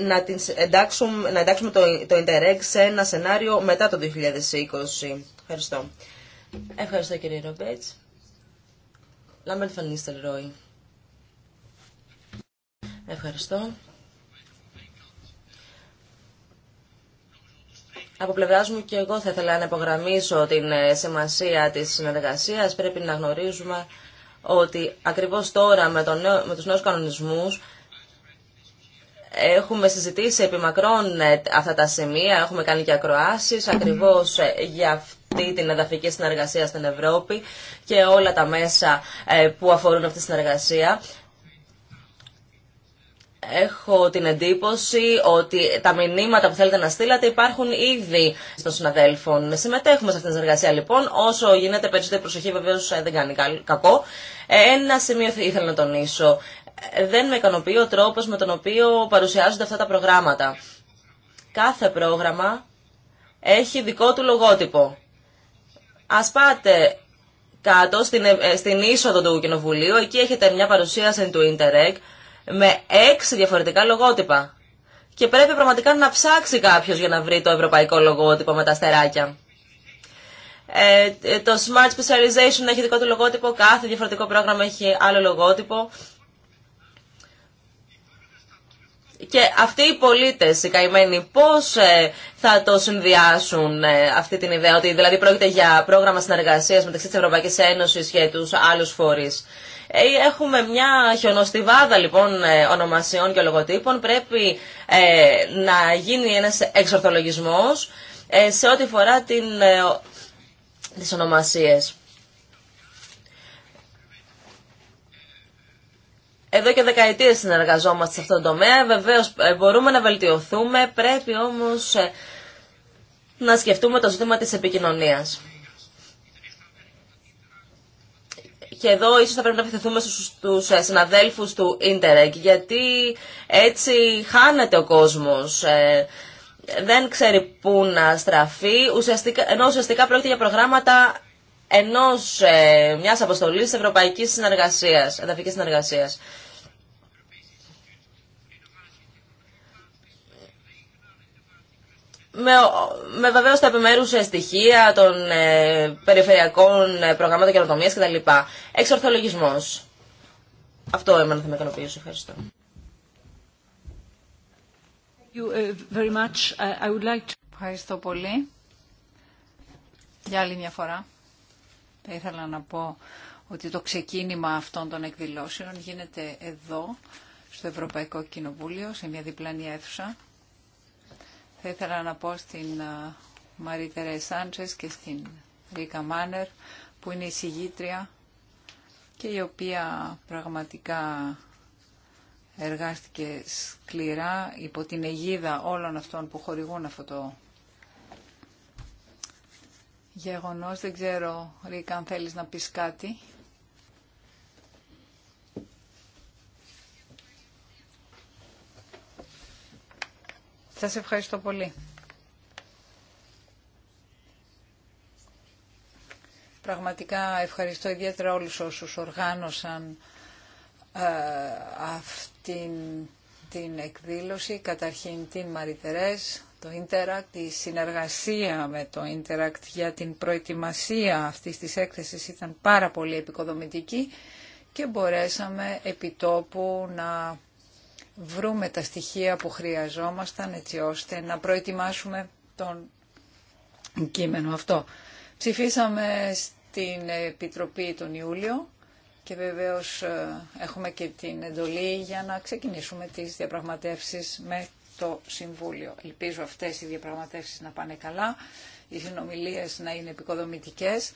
να, την εντάξουμε, να εντάξουμε το, το Interreg σε ένα σενάριο μετά το 2020. Ευχαριστώ. Ευχαριστώ κύριε Ρομπέτς. Λάμπερτ Φανίστερ Ρόι. Ευχαριστώ. Από πλευρά μου και εγώ θα ήθελα να υπογραμμίσω την σημασία της συνεργασίας. Πρέπει να γνωρίζουμε ότι ακριβώς τώρα με, τον νέο, με τους νέους κανονισμούς έχουμε συζητήσει επί μακρόν ε, αυτά τα σημεία, έχουμε κάνει και ακροάσεις ακριβώς ε, για αυτή την εδαφική συνεργασία στην Ευρώπη και όλα τα μέσα ε, που αφορούν αυτή τη συνεργασία έχω την εντύπωση ότι τα μηνύματα που θέλετε να στείλατε υπάρχουν ήδη στον συναδέλφων. Συμμετέχουμε σε αυτήν την εργασία λοιπόν. Όσο γίνεται περισσότερη προσοχή βεβαίω ε, δεν κάνει κακό. Ένα σημείο ήθελα να τονίσω. Δεν με ικανοποιεί ο τρόπο με τον οποίο παρουσιάζονται αυτά τα προγράμματα. Κάθε πρόγραμμα έχει δικό του λογότυπο. Α πάτε κάτω στην, ε- ε- στην είσοδο του Κοινοβουλίου, εκεί έχετε μια παρουσίαση του Interreg, με έξι διαφορετικά λογότυπα. Και πρέπει πραγματικά να ψάξει κάποιος για να βρει το ευρωπαϊκό λογότυπο με τα αστεράκια. Ε, ε, το Smart Specialization έχει δικό του λογότυπο, κάθε διαφορετικό πρόγραμμα έχει άλλο λογότυπο. Και αυτοί οι πολίτες, οι καημένοι, πώς ε, θα το συνδυάσουν ε, αυτή την ιδέα, ότι δηλαδή πρόκειται για πρόγραμμα συνεργασίας μεταξύ της Ευρωπαϊκής Ένωσης και τους άλλους φορείς. Ε, έχουμε μια χιονοστιβάδα λοιπόν ε, ονομασιών και λογοτύπων. Πρέπει ε, να γίνει ένας εξορθολογισμός σε ό,τι φορά την, ε, τις ονομασίες. Εδώ και δεκαετίες συνεργαζόμαστε σε αυτό το τομέα. Βεβαίως μπορούμε να βελτιωθούμε. Πρέπει όμως να σκεφτούμε το ζήτημα της επικοινωνίας. και εδώ ίσως θα πρέπει να επιθεθούμε στους ε, συναδέλφους του Ίντερεκ, γιατί έτσι χάνεται ο κόσμος. Ε, δεν ξέρει πού να στραφεί, ουσιαστικά, ενώ ουσιαστικά πρόκειται για προγράμματα ενός, ε, μιας αποστολής Ευρωπαϊκής Συνεργασίας, Εδαφικής Συνεργασίας. με, με τα επιμέρους ε, στοιχεία των ε, περιφερειακών ε, προγραμμάτων τα κτλ. Εξορθολογισμός. Αυτό εμένα θα με ικανοποιήσει. Ευχαριστώ. Ε, ε, Ευχαριστώ πολύ. Για άλλη μια φορά θα ήθελα να πω ότι το ξεκίνημα αυτών των εκδηλώσεων γίνεται εδώ, στο Ευρωπαϊκό Κοινοβούλιο, σε μια διπλάνια αίθουσα. Θα ήθελα να πω στην Μαρή Τερέ και στην Ρίκα Μάνερ που είναι η συγγήτρια και η οποία πραγματικά εργάστηκε σκληρά υπό την αιγίδα όλων αυτών που χορηγούν αυτό το γεγονός. Δεν ξέρω, Ρίκα, αν θέλεις να πεις κάτι. Σας ευχαριστώ πολύ. Πραγματικά ευχαριστώ ιδιαίτερα όλους όσους οργάνωσαν ε, αυτήν την εκδήλωση. Καταρχήν την Μαριτερές, το Interact, η συνεργασία με το Interact για την προετοιμασία αυτής της έκθεσης ήταν πάρα πολύ επικοδομητική και μπορέσαμε επιτόπου να βρούμε τα στοιχεία που χρειαζόμασταν έτσι ώστε να προετοιμάσουμε τον κείμενο αυτό. Ψηφίσαμε στην Επιτροπή τον Ιούλιο και βεβαίως ε, έχουμε και την εντολή για να ξεκινήσουμε τις διαπραγματεύσεις με το Συμβούλιο. Ελπίζω αυτές οι διαπραγματεύσεις να πάνε καλά οι συνομιλίες να είναι επικοδομητικές,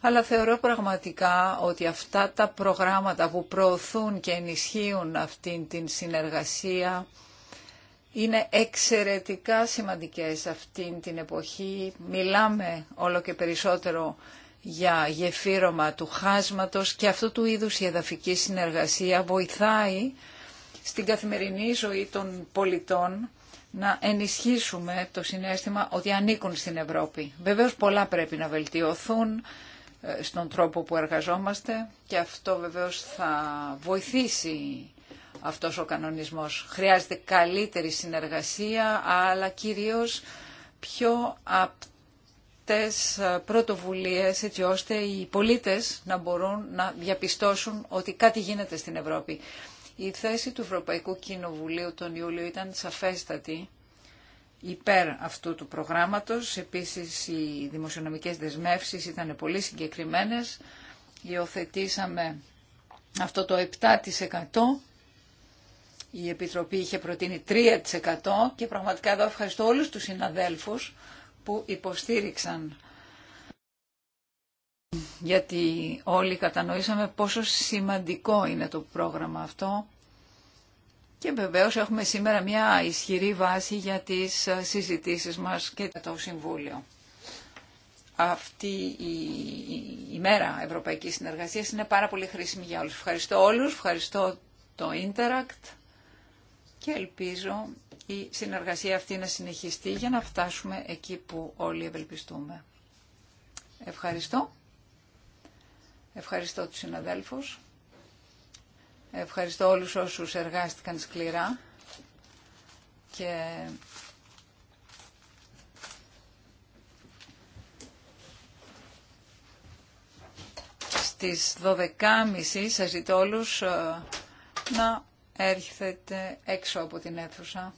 αλλά θεωρώ πραγματικά ότι αυτά τα προγράμματα που προωθούν και ενισχύουν αυτήν την συνεργασία είναι εξαιρετικά σημαντικές αυτήν την εποχή. Μιλάμε όλο και περισσότερο για γεφύρωμα του χάσματος και αυτού του είδους η εδαφική συνεργασία βοηθάει στην καθημερινή ζωή των πολιτών να ενισχύσουμε το συνέστημα ότι ανήκουν στην Ευρώπη. Βεβαίως πολλά πρέπει να βελτιωθούν ε, στον τρόπο που εργαζόμαστε και αυτό βεβαίως θα βοηθήσει αυτός ο κανονισμός. Χρειάζεται καλύτερη συνεργασία, αλλά κυρίως πιο απτές ε, πρωτοβουλίες, έτσι ώστε οι πολίτες να μπορούν να διαπιστώσουν ότι κάτι γίνεται στην Ευρώπη. Η θέση του Ευρωπαϊκού Κοινοβουλίου τον Ιούλιο ήταν σαφέστατη υπέρ αυτού του προγράμματος. Επίσης οι δημοσιονομικές δεσμεύσεις ήταν πολύ συγκεκριμένες. Υιοθετήσαμε αυτό το 7%. Η Επιτροπή είχε προτείνει 3% και πραγματικά εδώ ευχαριστώ όλους τους συναδέλφους που υποστήριξαν. Γιατί όλοι κατανοήσαμε πόσο σημαντικό είναι το πρόγραμμα αυτό και βεβαίω έχουμε σήμερα μια ισχυρή βάση για τις ε, συζητήσεις μας και το Συμβούλιο. Αυτή η ημέρα Ευρωπαϊκής Συνεργασίας είναι πάρα πολύ χρήσιμη για όλους. Ευχαριστώ όλους, ευχαριστώ το Interact και ελπίζω η συνεργασία αυτή να συνεχιστεί για να φτάσουμε εκεί που όλοι ευελπιστούμε. Ευχαριστώ. Ευχαριστώ τους συναδέλφους. Ευχαριστώ όλους όσους εργάστηκαν σκληρά και στις 12.30 σας ζητώ όλους ε, να έρχεται έξω από την αίθουσα.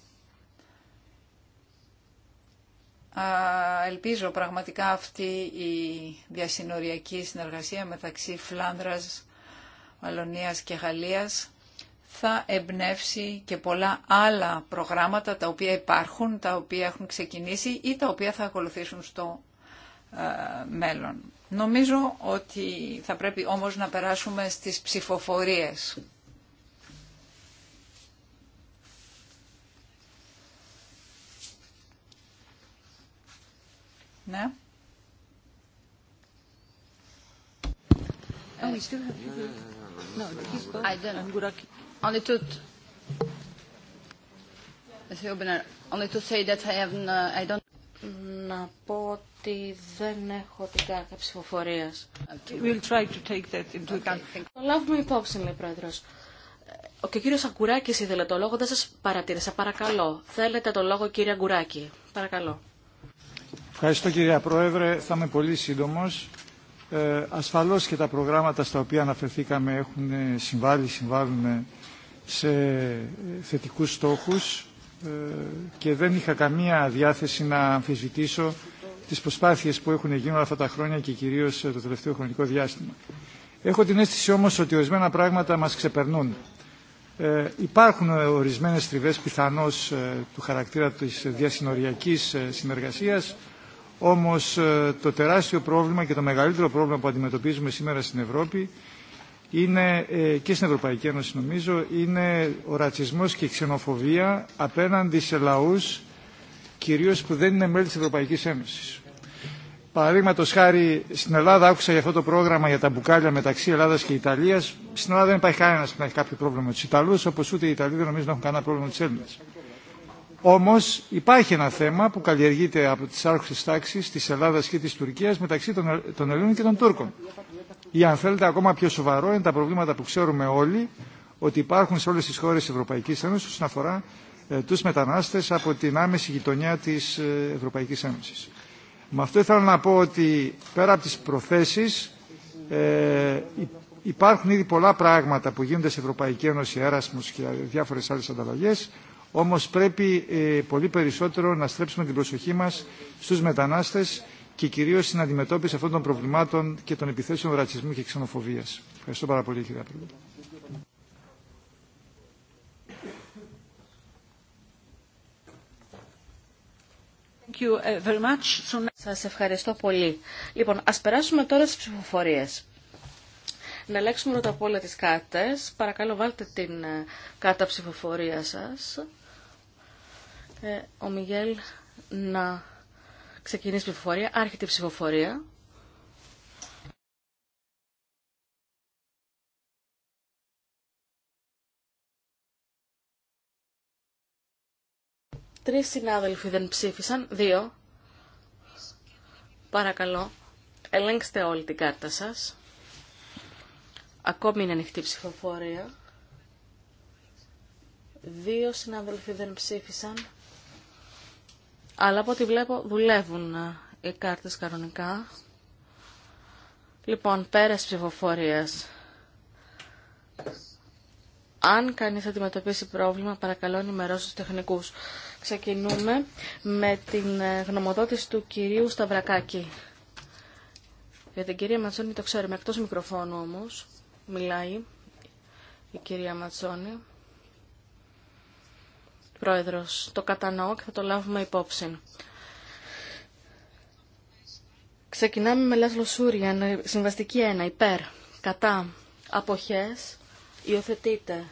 Ελπίζω πραγματικά αυτή η διασυνοριακή συνεργασία μεταξύ Φλάνδρας Μαλωνίας και Γαλλίας θα εμπνεύσει και πολλά άλλα προγράμματα τα οποία υπάρχουν, τα οποία έχουν ξεκινήσει ή τα οποία θα ακολουθήσουν στο ε, μέλλον. Νομίζω ότι θα πρέπει όμως να περάσουμε στις ψηφοφορίες. Ναι. Oh, να πω ότι δεν έχω την κάρτα ψηφοφορία. Το λάβουμε υπόψη, λέει πρόεδρο. Ο και ο κύριο Αγκουράκη ήθελε το λόγο, δεν σα παρατήρησα. Παρακαλώ. Θέλετε το λόγο, κύριε Αγκουράκη. Παρακαλώ. Ευχαριστώ, κύριε Πρόεδρε. Θα είμαι πολύ σύντομο. Ε, ασφαλώς και τα προγράμματα στα οποία αναφερθήκαμε έχουν συμβάλει, συμβάλλουν σε θετικούς στόχους ε, και δεν είχα καμία διάθεση να αμφισβητήσω τις προσπάθειες που έχουν γίνει όλα αυτά τα χρόνια και κυρίως ε, το τελευταίο χρονικό διάστημα. Έχω την αίσθηση όμως ότι ορισμένα πράγματα μας ξεπερνούν. Ε, υπάρχουν ορισμένες τριβές πιθανώς του χαρακτήρα της διασυνοριακής συνεργασίας όμως ε, το τεράστιο πρόβλημα και το μεγαλύτερο πρόβλημα που αντιμετωπίζουμε σήμερα στην Ευρώπη είναι, ε, και στην Ευρωπαϊκή Ένωση νομίζω είναι ο ρατσισμός και η ξενοφοβία απέναντι σε λαούς κυρίως που δεν είναι μέλη της Ευρωπαϊκής Ένωσης. Παραδείγματο χάρη στην Ελλάδα άκουσα για αυτό το πρόγραμμα για τα μπουκάλια μεταξύ Ελλάδα και Ιταλία. Στην Ελλάδα δεν υπάρχει κανένα που να έχει κάποιο πρόβλημα με του Ιταλού, όπω ούτε οι Ιταλοί δεν νομίζω να έχουν κανένα πρόβλημα με του Έλληνε. Όμως υπάρχει ένα θέμα που καλλιεργείται από τις άρχουσες τάξεις της Ελλάδας και της Τουρκίας μεταξύ ε- των, Ελλήνων και των Τούρκων. Ή αν θέλετε ακόμα πιο σοβαρό είναι τα προβλήματα που ξέρουμε όλοι ότι υπάρχουν σε όλες τις χώρες της Ευρωπαϊκής Ένωσης όσον αφορά ε, τους μετανάστες από την άμεση γειτονιά της Ευρωπαϊκή Ευρωπαϊκής Ένωσης. Με αυτό ήθελα να πω ότι πέρα από τις προθέσεις ε, υπάρχουν ήδη πολλά πράγματα που γίνονται σε Ευρωπαϊκή Ένωση, έρασμους και διάφορες άλλες ανταλλαγές όμως πρέπει ε, πολύ περισσότερο να στρέψουμε την προσοχή μας στους μετανάστες και κυρίως στην αντιμετώπιση αυτών των προβλημάτων και των επιθέσεων ρατσισμού και ξενοφοβίας. Ευχαριστώ πάρα πολύ κύριε Πρόεδρε. Eh, σας ευχαριστώ πολύ. Λοιπόν, ας περάσουμε τώρα στις ψηφοφορίες. Να ελέγξουμε πρώτα απ' όλα τις κάρτες. Παρακαλώ βάλτε την ε, κάρτα ψηφοφορία σας. Ε, ο Μιγέλ να ξεκινήσει ψηφοφορία. Άρχεται η ψηφοφορία. Τρεις συνάδελφοι δεν ψήφισαν, δύο. Παρακαλώ, ελέγξτε όλη την κάρτα σας. Ακόμη είναι ανοιχτή ψηφοφορία. Δύο συνάδελφοι δεν ψήφισαν. Αλλά από ό,τι βλέπω δουλεύουν ε, οι κάρτες κανονικά. Λοιπόν, πέρας ψηφοφορίες. Αν κανείς αντιμετωπίσει πρόβλημα, παρακαλώ ενημερώσει τους τεχνικούς. Ξεκινούμε με την ε, γνωμοδότηση του κυρίου Σταυρακάκη. Για την κυρία Ματσόνη το ξέρουμε, εκτός μικροφώνου όμως μιλάει η κυρία Ματσόνη. Πρόεδρος. Το κατανοώ και θα το λάβουμε υπόψη. Ξεκινάμε με Λέσλο Σούρια. συμβαστική 1, υπέρ, κατά, αποχές, Υιοθετείτε.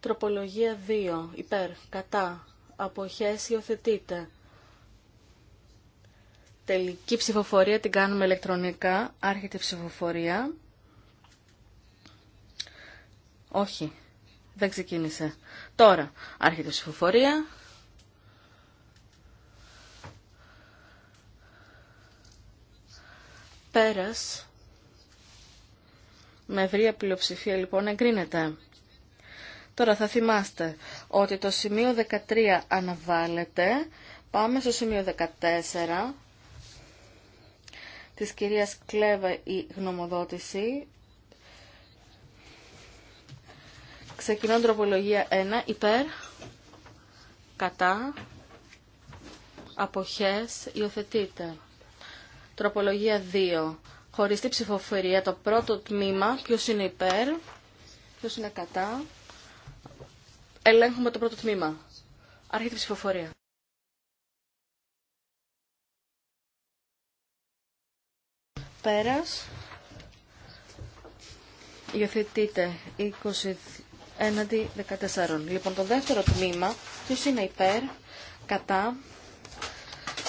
Τροπολογία 2, υπέρ, κατά, αποχές, Υιοθετείτε. Τελική ψηφοφορία την κάνουμε ηλεκτρονικά, άρχεται ψηφοφορία. Όχι, δεν ξεκίνησε. Τώρα άρχεται η ψηφοφορία. Πέρας. Με ευρία πλειοψηφία λοιπόν εγκρίνεται. Τώρα θα θυμάστε ότι το σημείο 13 αναβάλλεται. Πάμε στο σημείο 14 της κυρίας Κλέβα η γνωμοδότηση Ξεκινώ τροπολογία 1. Υπέρ. Κατά. Αποχές. Υιοθετείτε. Τροπολογία 2. Χωριστή ψηφοφορία. Το πρώτο τμήμα. Ποιος είναι υπέρ. Ποιος είναι κατά. Ελέγχουμε το πρώτο τμήμα. Άρχεται ψηφοφορία. Πέρας. Υιοθετείτε έναντι 14. Λοιπόν, το δεύτερο τμήμα, Ποιο είναι υπέρ, κατά,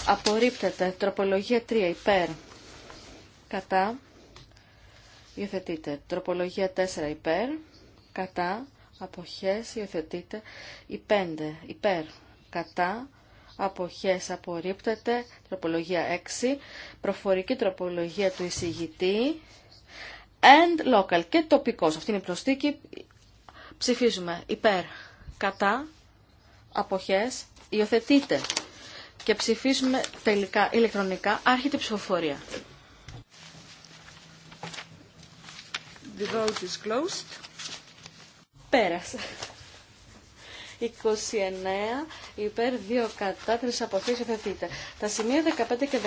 απορρίπτεται, τροπολογία 3, υπέρ, κατά, υιοθετείται, τροπολογία 4, υπέρ, κατά, αποχές, υιοθετείται, η 5, υπέρ, κατά, αποχές, απορρίπτεται, τροπολογία 6, προφορική τροπολογία του εισηγητή, and local και τοπικός. Αυτή είναι η προστίκη Ψηφίζουμε υπέρ, κατά, αποχές, υιοθετείτε. Και ψηφίζουμε τελικά ηλεκτρονικά, άρχιτη ψηφοφορία. The vote is closed. Πέρασε. 29 υπέρ 2 κατά 3 αποχές υιοθετείτε. Τα σημεία 15 και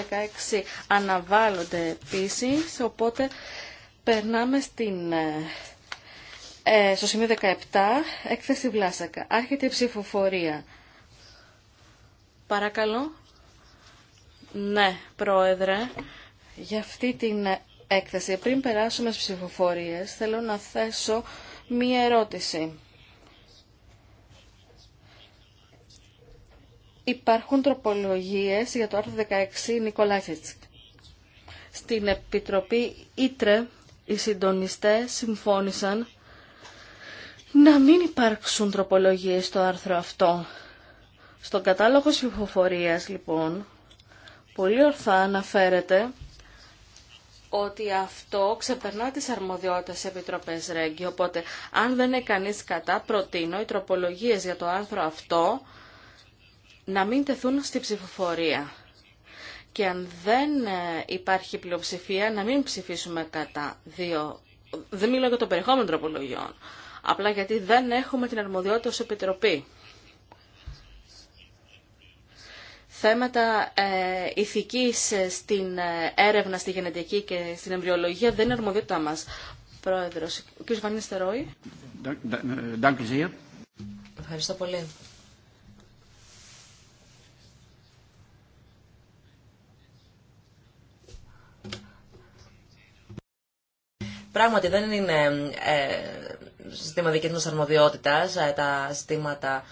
16 αναβάλλονται επίσης, οπότε περνάμε στην ε, ε, στο σημείο 17, έκθεση Βλάσακα. Άρχεται η ψηφοφορία. Παρακαλώ. Ναι, Πρόεδρε, για αυτή την έκθεση, πριν περάσουμε στις ψηφοφορίες, θέλω να θέσω μία ερώτηση. Υπάρχουν τροπολογίες για το άρθρο 16 Νικολάκετς. Στην Επιτροπή Ήτρε οι συντονιστές συμφώνησαν να μην υπάρξουν τροπολογίες στο άρθρο αυτό. Στον κατάλογο ψηφοφορία, λοιπόν, πολύ ορθά αναφέρεται ότι αυτό ξεπερνά τις αρμοδιότητες επιτροπές Ρέγγι. Οπότε, αν δεν είναι κανείς κατά, προτείνω οι τροπολογίες για το άρθρο αυτό να μην τεθούν στη ψηφοφορία. Και αν δεν ε, υπάρχει πλειοψηφία, να μην ψηφίσουμε κατά δύο. Δεν μιλάω για το περιεχόμενο τροπολογιών απλά γιατί δεν έχουμε την αρμοδιότητα ως Επιτροπή. Θέματα ε, ηθικής ε, στην ε, έρευνα, στη γενετική και στην εμβριολογία δεν είναι αρμοδιότητά μας. Πρόεδρος, ο κ. Βανίστερόη. Ευχαριστώ πολύ. Πράγματι δεν είναι ε, σύστημα δική μα αρμοδιότητα, ε, τα συστήματα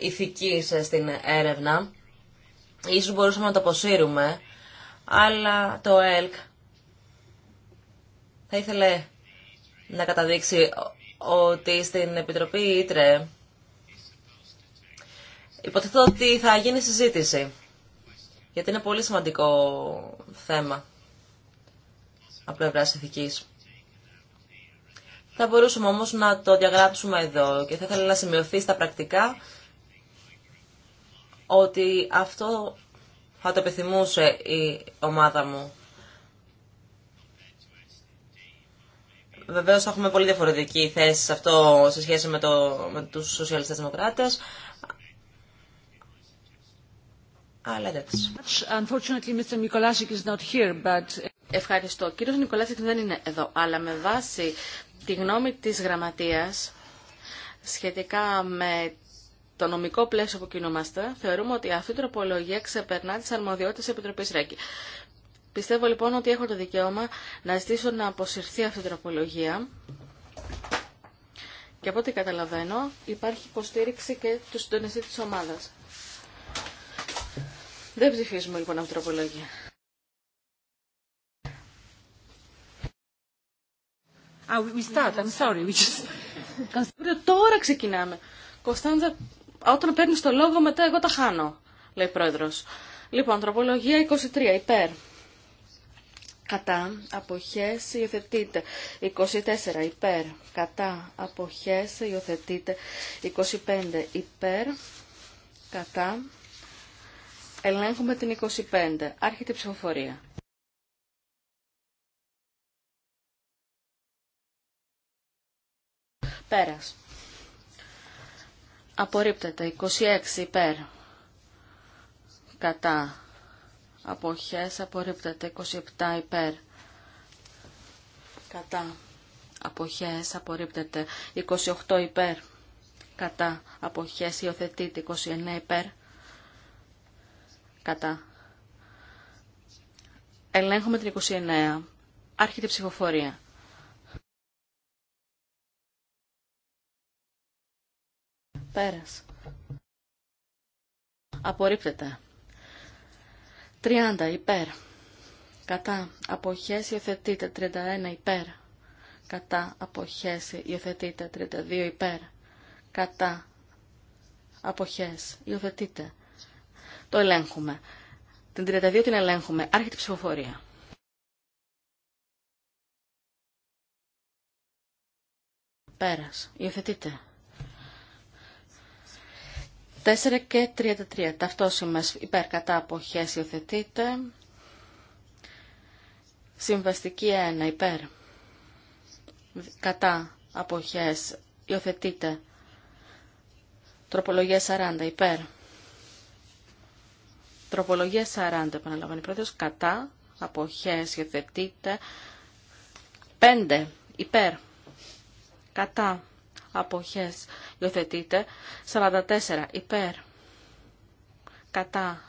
ηθικής ε, στην έρευνα. Ίσως μπορούσαμε να το αποσύρουμε, αλλά το ΕΛΚ θα ήθελε να καταδείξει ότι στην Επιτροπή Ήτρε υποθέτω ότι θα γίνει συζήτηση, γιατί είναι πολύ σημαντικό θέμα από πλευράς ηθικής. Θα μπορούσαμε όμως να το διαγράψουμε εδώ και θα ήθελα να σημειωθεί στα πρακτικά ότι αυτό θα το επιθυμούσε η ομάδα μου. Βεβαίως θα έχουμε πολύ διαφορετική θέση σε αυτό σε σχέση με, το, με τους σοσιαλιστές δημοκράτες. Αλλά εντάξει. Ευχαριστώ. κύριος Νικολάσικ δεν είναι εδώ, αλλά με βάση τη γνώμη της Γραμματείας σχετικά με το νομικό πλαίσιο που κινούμαστε, θεωρούμε ότι αυτή η τροπολογία ξεπερνά τις αρμοδιότητες της Επιτροπής ΡΕΚΙ. Πιστεύω λοιπόν ότι έχω το δικαίωμα να ζητήσω να αποσυρθεί αυτή η τροπολογία. Και από ό,τι καταλαβαίνω υπάρχει υποστήριξη και του συντονιστή της ομάδας. Δεν ψηφίζουμε λοιπόν αυτή την τροπολογία. τώρα ξεκινάμε. Κωνσταντζα, όταν παίρνει το λόγο μετά εγώ τα χάνω, λέει ο πρόεδρο. Λοιπόν, ανθρωπολογία 23, υπέρ. Κατά, αποχές, υιοθετείτε. 24, υπέρ. Κατά, αποχές, υιοθετείτε. 25, υπέρ. Κατά, ελέγχουμε την 25. Άρχεται η ψηφοφορία. Πέρας. Απορρίπτεται. 26 υπέρ. Κατά. Αποχές. Απορρίπτεται. 27 υπέρ. Κατά. Αποχές. Απορρίπτεται. 28 υπέρ. Κατά. Αποχές. Υιοθετείται. 29 υπέρ. Κατά. Ελέγχουμε την 29. Άρχεται η ψηφοφορία. Πέρας. Απορρίπτεται. 30 υπέρ. Κατά αποχές υιοθετείται 31 υπέρ. Κατά αποχές υιοθετείται 32 υπέρ. Κατά αποχές υιοθετείται. Το ελέγχουμε. Την 32 την ελέγχουμε. Άρχεται η ψηφοφορία. Πέρας. Υιοθετείται. 4 και 33. Ταυτόσημες υπέρ κατά αποχές υιοθετείται. Συμβαστική 1 υπέρ κατά αποχές υιοθετείτε. Τροπολογία 40 υπέρ. Τροπολογία 40 επαναλαμβάνει πρώτο. κατά αποχές υιοθετείτε, 5 υπέρ κατά αποχές υιοθετείται. 44 υπέρ κατά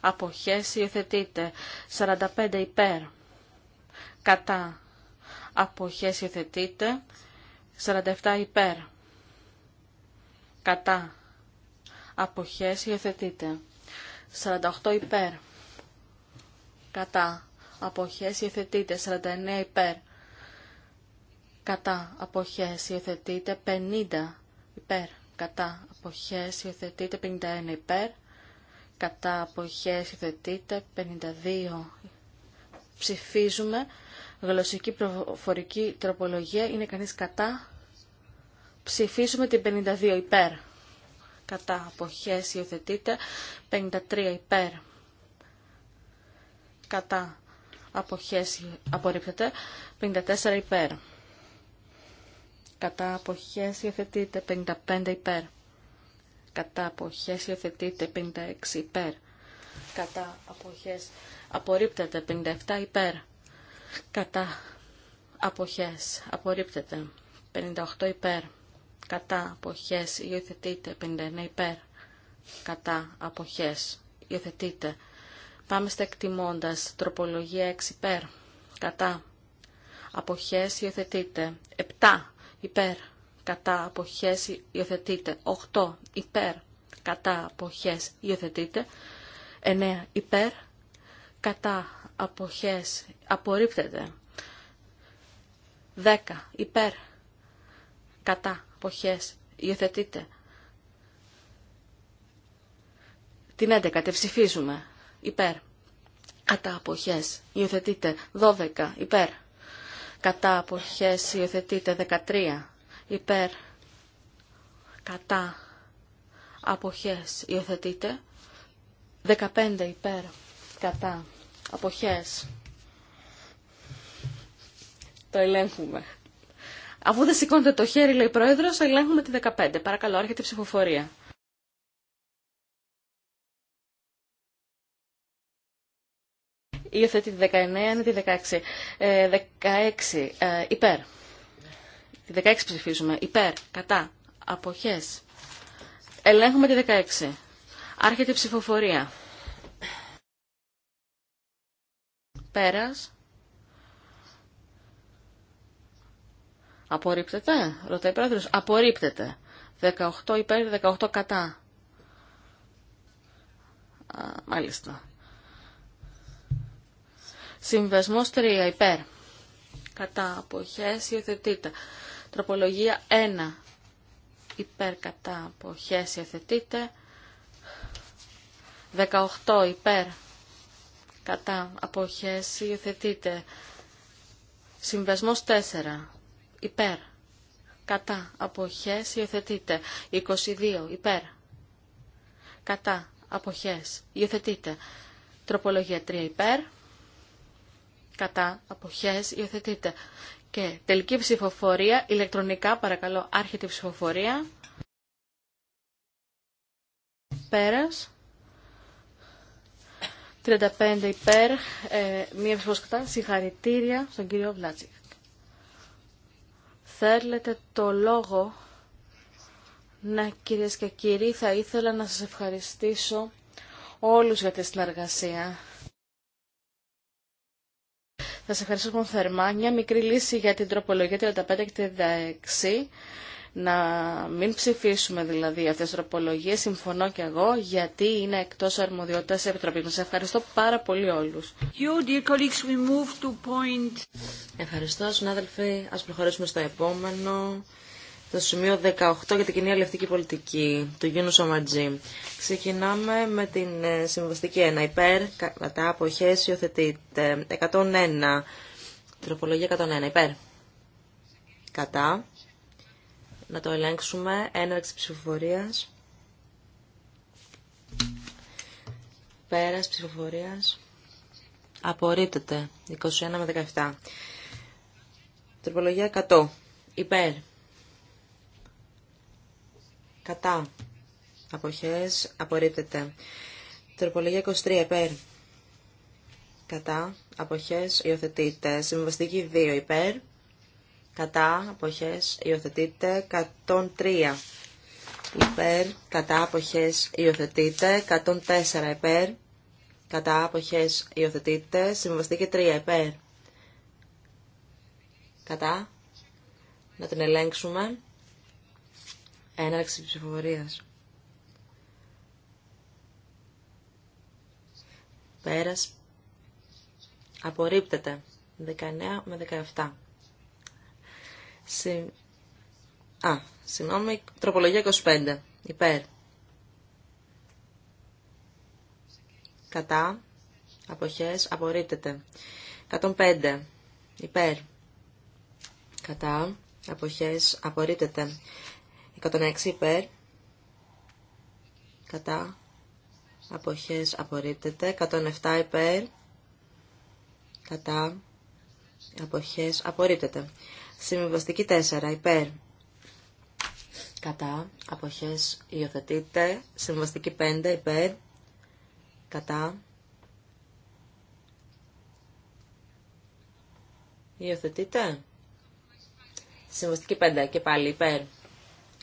αποχές υιοθετείται. 45 υπέρ κατά αποχές υιοθετείται. 47 υπέρ κατά αποχές υιοθετείται. 48 υπέρ κατά αποχές υιοθετείται. 49 υπέρ κατά αποχές υιοθετείται 50 υπέρ κατά αποχές υιοθετείται 51 υπέρ κατά αποχές υιοθετείται 52 ψηφίζουμε γλωσσική προφορική τροπολογία είναι κανείς κατά ψηφίζουμε την 52 υπέρ κατά αποχές υιοθετείται 53 υπέρ κατά αποχές απορρίπτεται 54 υπέρ κατά αποχές υιοθετείται 55 υπέρ. Κατά αποχές υιοθετείται 56 υπέρ. Κατά αποχές απορρίπτεται 57 υπέρ. Κατά αποχές απορρίπτεται 58 υπέρ. Κατά αποχές υιοθετείτε, 59 υπέρ. Κατά αποχές υιοθετείτε. Πάμε στα εκτιμώντας τροπολογία 6 υπέρ. Κατά αποχές υιοθετείται 7 υπέρ, κατά, αποχές, υιοθετείτε. 8 υπέρ, κατά, αποχές, υιοθετείτε. 9 υπέρ, κατά, αποχές, απορρίπτεται. 10 υπέρ, κατά, αποχές, υιοθετείτε. Την 11 Τε ψηφίζουμε. Υπέρ. Κατά αποχές. Υιοθετείτε. 12. Υπέρ κατά αποχές υιοθετείται 13 υπέρ κατά αποχές υιοθετείται 15 υπέρ κατά αποχές το ελέγχουμε Αφού δεν σηκώνετε το χέρι, λέει η Πρόεδρος, ελέγχουμε τη 15. Παρακαλώ, έρχεται η ψηφοφορία. Υιοθετεί τη 19, είναι τη 16. 16 ε, ε, υπέρ. Τη 16 ψηφίζουμε. Υπέρ. Κατά. Αποχές. Ελέγχουμε τη 16. Άρχεται η ψηφοφορία. Πέρας. Απορρίπτεται, ρωτάει πρόεδρος. Απορρίπτεται. 18 υπέρ, 18 κατά. Α, μάλιστα. Συμβασμός 3 υπέρ. Κατά αποχές υιοθετείται. Τροπολογία 1 υπέρ κατά αποχές υιοθετείται. 18 υπέρ κατά αποχές υιοθετείται. Συμβασμός 4 υπέρ κατά αποχές υιοθετείται. 22 υπέρ κατά αποχές υιοθετείτε. Τροπολογία 3 υπέρ κατά, αποχές, υιοθετείτε. Και τελική ψηφοφορία, ηλεκτρονικά παρακαλώ, άρχεται η ψηφοφορία. Πέρας. 35 υπέρ, ε, μία ψηφοφορία κατά, συγχαρητήρια στον κύριο Βλάτσικ. Θέλετε το λόγο, να κυρίες και κύριοι, θα ήθελα να σας ευχαριστήσω όλους για τη συνεργασία σε ευχαριστούμε λοιπόν θερμά. Μια μικρή λύση για την τροπολογία 35 και 36. Να μην ψηφίσουμε δηλαδή αυτές τις τροπολογίες, συμφωνώ και εγώ, γιατί είναι εκτός αρμοδιότητας επιτροπής μας. Ευχαριστώ πάρα πολύ όλους. You, colleagues, we move to point... Ευχαριστώ, συνάδελφοι. Ας προχωρήσουμε στο επόμενο το σημείο 18 για την κοινή αλληλευτική πολιτική του Γιούνου Σαματζή. Ξεκινάμε με την ε, συμβαστική 1. Υπέρ, κατά αποχές, υιοθετείται. 101. Τροπολογία 101. Υπέρ. Κατά. Να το ελέγξουμε. Έναρξη ψηφοφορίας. Πέρας ψηφοφορίας. Απορρίπτεται. 21 με 17. Τροπολογία 100. Υπέρ Κατά. Αποχές. Απορρίπτεται. Τροπολογία 23. Υπέρ. Κατά. Αποχές. Υιοθετείται. Συμβαστική 2. Υπέρ. Κατά. Αποχές. Υιοθετείται. 103. Υπέρ. Κατά. Αποχές. Υιοθετείται. 104. Υπέρ. Κατά. Αποχές. Υιοθετείται. Συμβαστική 3. Υπέρ. Κατά. Να την ελέγξουμε. Έναρξη ψηφοφορίας. Πέρας. Απορρίπτεται. 19 με 17. Συ... Α, συγγνώμη, τροπολογία 25. Υπέρ. Κατά. Αποχές. Απορρίπτεται. 105. Υπέρ. Κατά. Αποχές. Απορρίπτεται. 106 υπέρ. Κατά. Αποχές απορρίπτεται. 107 υπέρ. Κατά. Αποχές απορρίπτεται. Συμβιβαστική 4 υπέρ. Κατά. Αποχές υιοθετείται. Συμβιβαστική 5 υπέρ. Κατά. Υιοθετείται. Συμβαστική 5 και πάλι υπέρ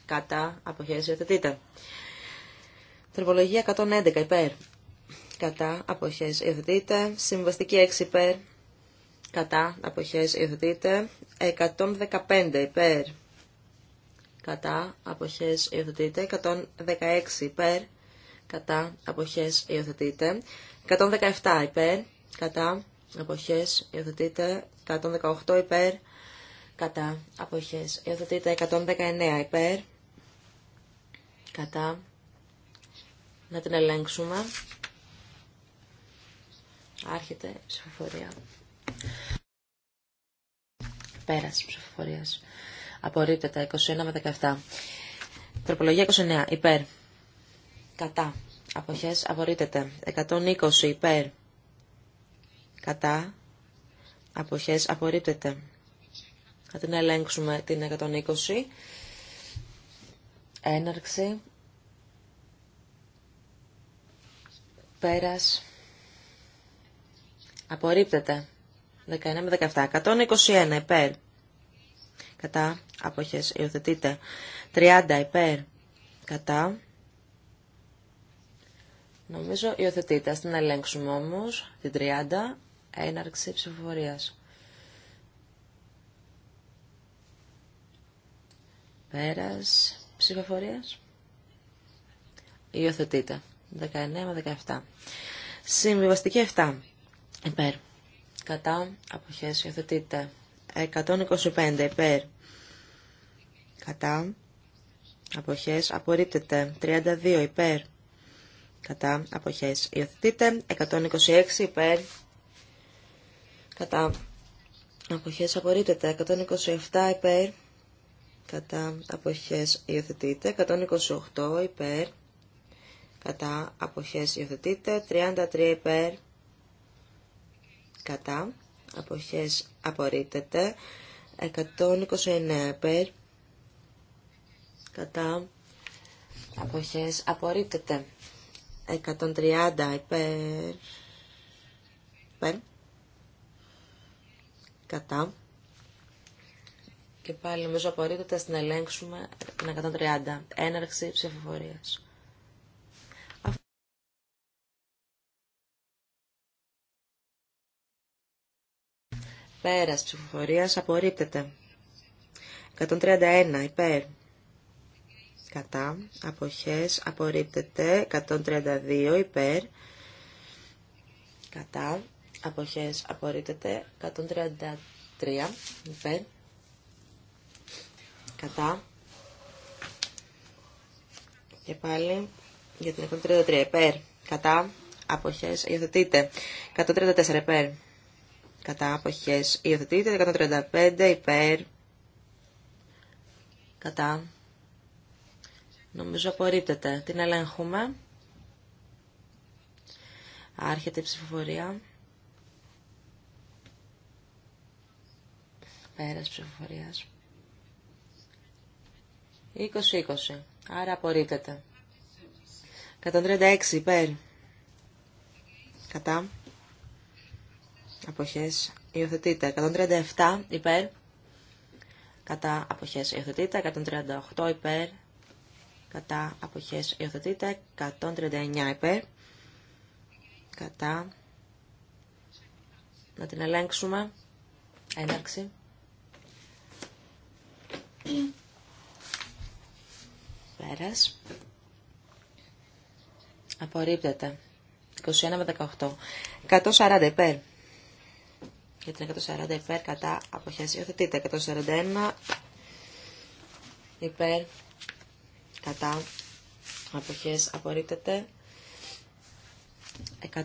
κατά αποχές υιοθετείται. Τροπολογία 111 υπέρ, κατά αποχές υιοθετείται. Συμβαστική 6 υπέρ, κατά αποχές υιοθετείται. 115 υπέρ, κατά αποχές υιοθετείται. 116 υπέρ, κατά αποχές υιοθετείται. 117 υπέρ, κατά αποχές υιοθετείται. 118 υπέρ, κατά αποχές. Υιοθετείται 119 υπέρ, κατά να την ελέγξουμε. Άρχεται η ψηφοφορία. Πέραση ψηφοφορία. Απορρίπτεται 21 με 17. Τροπολογία 29. Υπέρ. Κατά. Αποχές. Απορρίπτεται. 120. Υπέρ. Κατά. Αποχές. Απορρίπτεται. Θα την ελέγξουμε την 120. Έναρξη. Πέρας. Απορρίπτεται. 19 με 17. 121 υπέρ. Κατά. Αποχές. υιοθετείται. 30 υπέρ. Κατά. Νομίζω υιοθετείται. Ας την ελέγξουμε όμως. Την 30. Έναρξη ψηφοφορίας. Πέρας ψηφοφορίας. Υιοθετείτε. 19 με 17. Συμβιβαστική 7. Υπέρ. Κατά αποχές υιοθετείτε. 125 υπέρ. Κατά αποχές απορρίπτεται. 32 υπέρ. Κατά αποχές υιοθετείτε. 126 υπέρ. Κατά αποχές απορρίπτεται. 127 υπέρ κατά αποχές υιοθετείται, 128 υπέρ, κατά αποχές υιοθετείται, 33 υπέρ, κατά αποχές απορρίπτεται, 129 υπέρ, κατά αποχές απορρίπτεται, 130 υπέρ, υπέρ, κατά και πάλι νομίζω απορρίπτεται, στην την ελέγξουμε την 130. Έναρξη ψηφοφορία. Πέρα ψηφοφορία απορρίπτεται. 131 υπέρ. Κατά. Αποχές απορρίπτεται. 132 υπέρ. Κατά. Αποχές απορρίπτεται. 133 υπέρ κατά και πάλι για την 133 υπέρ κατά αποχές υιοθετείτε, 134 υπέρ κατά αποχές υιοθετείτε, 135 υπέρ κατά νομίζω απορρίπτεται την ελέγχουμε άρχεται η ψηφοφορία πέρας ψηφοφορίας 20-20. Άρα απορρίπτεται. 136 υπέρ. Κατά. Αποχές υιοθετείται. 137 υπέρ. Κατά αποχές υιοθετείται. 138 υπέρ. Κατά αποχές υιοθετείται. 139 υπέρ. Κατά. Να την ελέγξουμε. Έναρξη. Πέρας. Απορρίπτεται. 21 με 18. 140 υπέρ. Για την 140 υπέρ κατά αποχές υιοθετείται. 141 υπέρ κατά αποχές απορρίπτεται.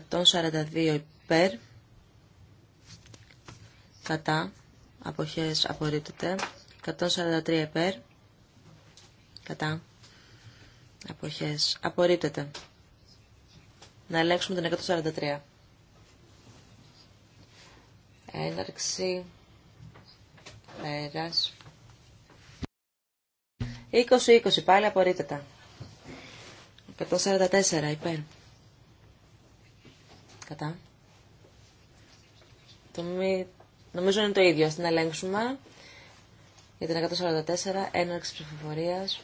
142 υπέρ κατά αποχές απορρίπτεται. 143 υπέρ κατά Αποχές. Απορρίπτεται. Να ελέγξουμε την 143. Έναρξη. Πέρας. 20-20. Πάλι απορρίπτεται. 144. Υπέρ. Κατά. Το μη... Νομίζω είναι το ίδιο. Ας την ελέγξουμε. Για την 144. Έναρξη ψηφοφορίας.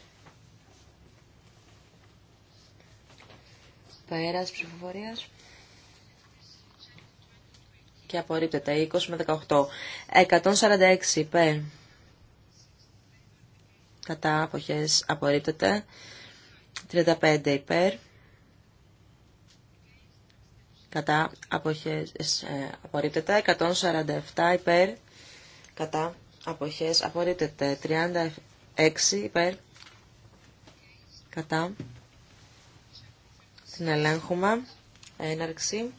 Πέρας ψηφοφορία. Και απορρίπτεται. 20 με 18. 146 υπέρ. Κατά αποχέ απορρίπτεται. 35 υπέρ. Κατά αποχές απορρίπτεται. 147 υπέρ. Κατά απόχέ ε, απορρίπτεται. 36 υπέρ. Κατά την Έναρξη.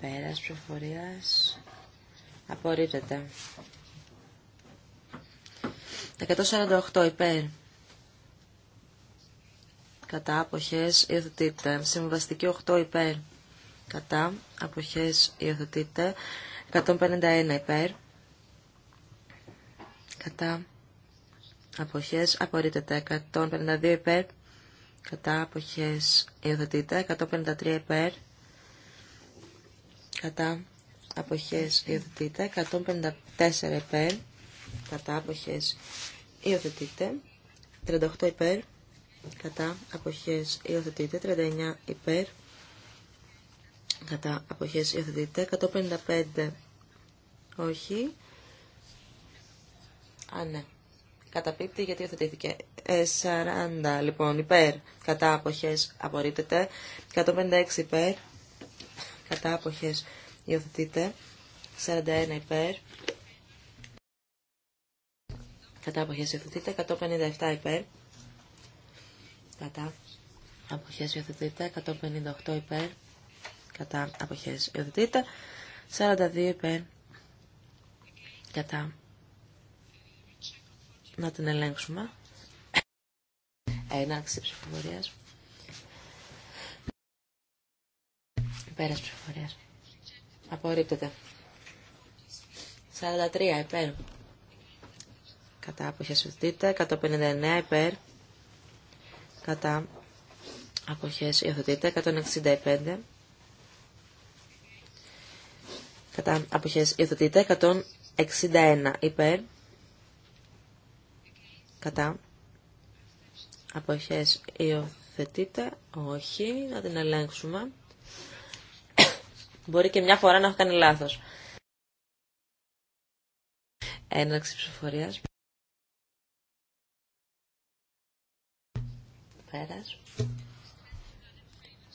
Πέρας προφορίας. Απορρίπτεται. 148 υπέρ. Κατά αποχές υιοθετείται. Συμβαστική 8 υπέρ. Κατά αποχές υιοθετείται. 151 υπέρ. Κατά αποχές απορρίτεται 152 υπέρ κατά αποχές υιοθετείται 153 υπέρ κατά αποχές υιοθετείται 154 υπέρ κατά αποχές υιοθετείται 38 υπέρ κατά αποχές υιοθετείται 39 υπέρ κατά αποχές υιοθετείται 155 όχι Α, ναι. Καταπίπτει γιατί υιοθετήθηκε. 40 ε, λοιπόν υπέρ κατά αποχές απορρίπτεται. 156 υπέρ κατά αποχές υιοθετείται. 41 υπέρ κατά αποχές υιοθετείται. 157 υπέρ κατά αποχές υιοθετείται. 158 υπέρ κατά αποχές υιοθετείται. 42 υπέρ κατά να την ελέγξουμε. Έναρξη ψηφοφορίας. Πέρας ψηφοφορίας. Απορρίπτεται. 43 υπέρ. Κατά αποχές 159 υπέρ. Κατά αποχές υιοθετείται. 165 Κατά αποχές υιοθετείται 161 υπέρ Κατά. Αποχές υιοθετείται. Όχι. Να την ελέγξουμε. Μπορεί και μια φορά να έχω κάνει λάθος. Έναρξη ψηφοφορίας. Πέρας.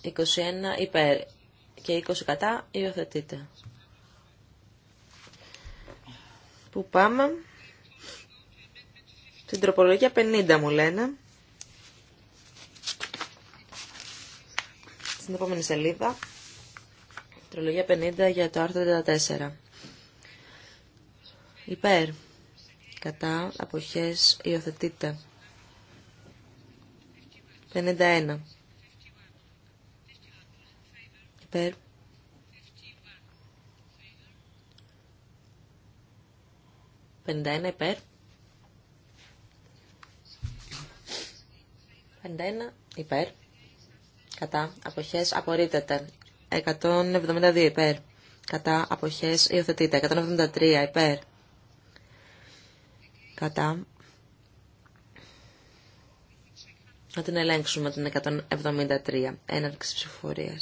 21 υπέρ και 20 κατά υιοθετείται. Πού πάμε. Στην τροπολογία 50 μου λένε. Στην επόμενη σελίδα. Τροπολογία 50 για το άρθρο 34. Υπέρ. Κατά. Αποχές. Υιοθετείται. 51. Υπέρ. 51 υπέρ. 51 υπέρ. Κατά αποχές απορρίπτεται. 172 υπέρ. Κατά αποχές υιοθετείται. 173 υπέρ. Κατά. Να την ελέγξουμε την 173. Έναρξη ψηφοφορία.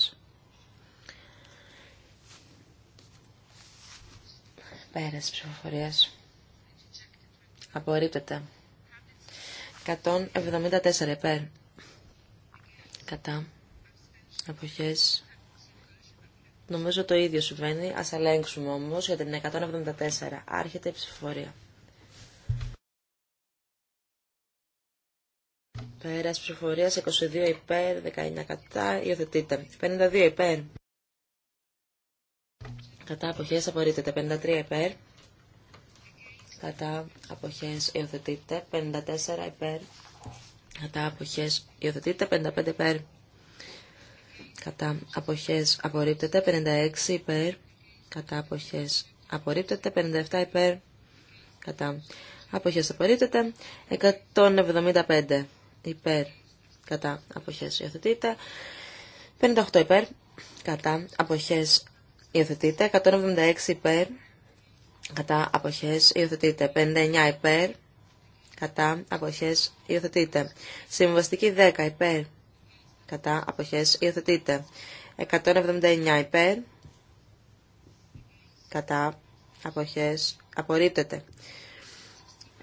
Πέραση ψηφοφορία. Απορρίπτεται. 174 υπέρ. Κατά. Αποχές. Νομίζω το ίδιο συμβαίνει. Ας ελέγξουμε όμως για την 174. Άρχεται η ψηφοφορία. Πέρας ψηφοφορία 22 υπέρ, 19 κατά, υιοθετείτε. 52 υπέρ. Κατά αποχές απορρίπτεται. 53 υπέρ κατά αποχές υιοθετείται, 54 υπέρ, κατά αποχές υιοθετείται, 55 υπέρ, κατά αποχές απορρίπτεται, 56 υπέρ, κατά αποχές απορρίπτεται, 57 υπέρ, κατά αποχές απορρίπτεται, 175 υπέρ, κατά αποχές υιοθετείται, 58 υπέρ, κατά αποχές υιοθετείται, 176 υπέρ, κατά αποχές υιοθετείται. 59 υπέρ, κατά αποχές υιοθετείται. Συμβαστική 10 υπέρ, κατά αποχές υιοθετείται. 179 υπέρ, κατά αποχές απορρίπτεται.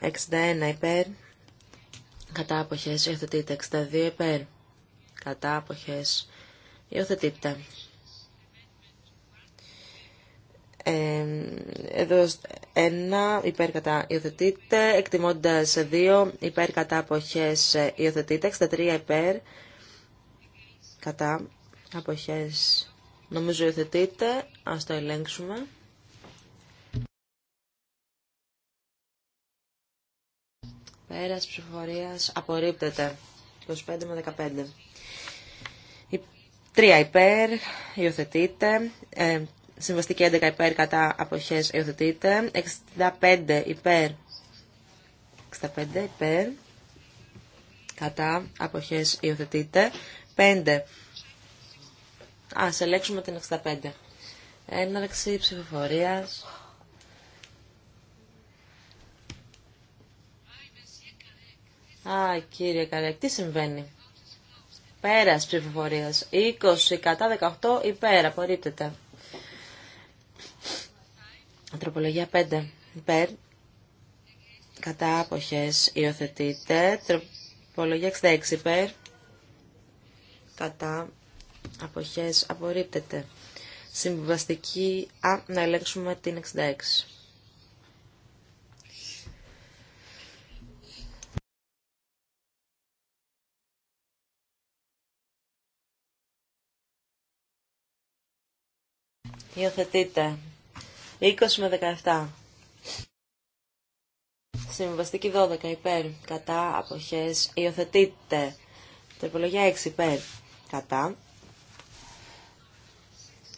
61 υπέρ, κατά αποχές υιοθετείται. 62 υπέρ, κατά αποχές υιοθετείται εδώ ένα, υπέρ κατά υιοθετείται, εκτιμώντας δύο, υπέρ κατά αποχές ε, υιοθετείται, 63 υπέρ κατά αποχές νομίζω υιοθετείται, ας το ελέγξουμε. Πέρας ψηφοφορίας απορρίπτεται, 25 με 15. 3 υπέρ, υιοθετείται, Συμβαστική 11 υπέρ κατά αποχές υιοθετείται. 65 υπέρ. 65 υπέρ. Κατά αποχές υιοθετείται. 5. Α, ελέγξουμε την 65. Έναρξη ψηφοφορίας. Α, κύριε Καρέκ, τι συμβαίνει. Πέρας ψηφοφορίας. 20 κατά 18 υπέρ. Απορρίπτεται. Τροπολογία 5 υπέρ κατά άποχες υιοθετείτε. Τροπολογία 66 υπέρ κατά αποχές απορρίπτεται. Συμβιβαστική Α, να ελέγξουμε την 66. Υιοθετείτε. 20 με 17. Συμβαστική 12 υπέρ, κατά, αποχές, υιοθετείτε. τερπολογιά 6 υπέρ, κατά.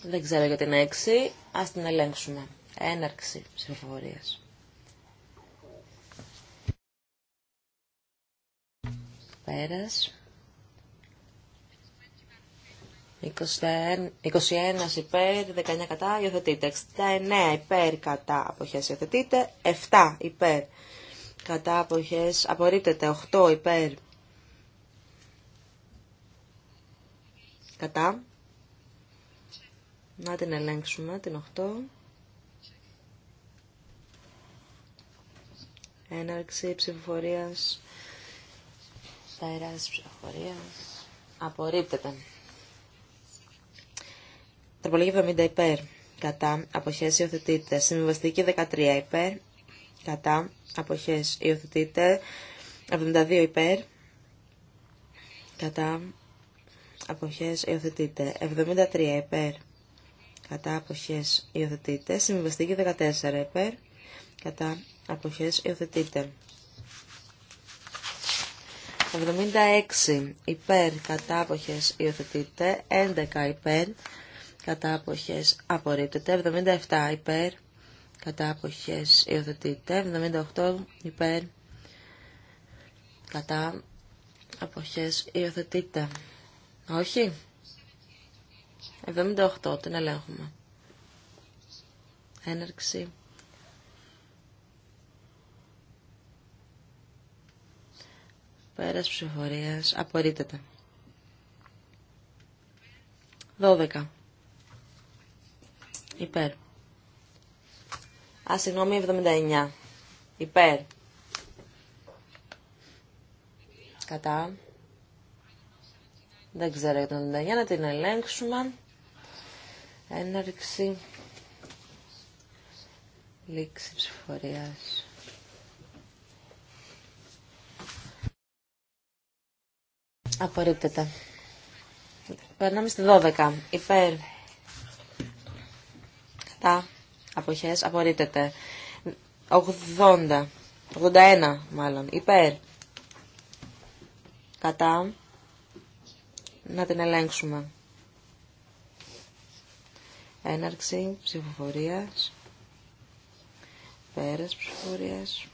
Δεν ξέρω για την 6, ας την ελέγξουμε. Έναρξη ψηφοφορίας. Πέρας. 21 υπέρ, 19 κατά, υιοθετείτε. 69 υπέρ, κατά, αποχές, υιοθετείτε. 7 υπέρ, κατά, αποχές, απορρίπτεται. 8 υπέρ, κατά. Να την ελέγξουμε, την 8. Έναρξη ψηφοφορίας, ταεράς ψηφοφορίας, απορρίπτεται. Τροπολογία 70 υπέρ. Κατά. Αποχές υιοθετείται. Συμβιβαστική 13 υπέρ. Κατά. Αποχές υιοθετείται. 72 υπέρ. Κατά. Αποχές υιοθετείται. 73 υπέρ. Κατά. Αποχές υιοθετείται. Συμβιβαστική 14 υπέρ. Κατά. Αποχές υιοθετείται. 76 υπέρ κατά αποχές υιοθετείται, 11 υπέρ κατά αποχές απορρίπτεται 77 υπέρ κατά αποχές υιοθετείται 78 υπέρ κατά αποχές υιοθετείται όχι 78 την ελέγχουμε έναρξη πέρας ψηφορίας απορρίπτεται 12 Υπέρ. Α, συγγνώμη, 79. Υπέρ. Κατά. Δεν ξέρω για 79, να την ελέγξουμε. Έναρξη. Λήξη ψηφορίας. Απορρίπτεται. Περνάμε στη 12. Υπέρ. Τα αποχές απορρίτεται 80, 81 μάλλον, υπέρ, κατά, να την ελέγξουμε. Έναρξη ψηφοφορίας, πέρας ψηφοφορίας,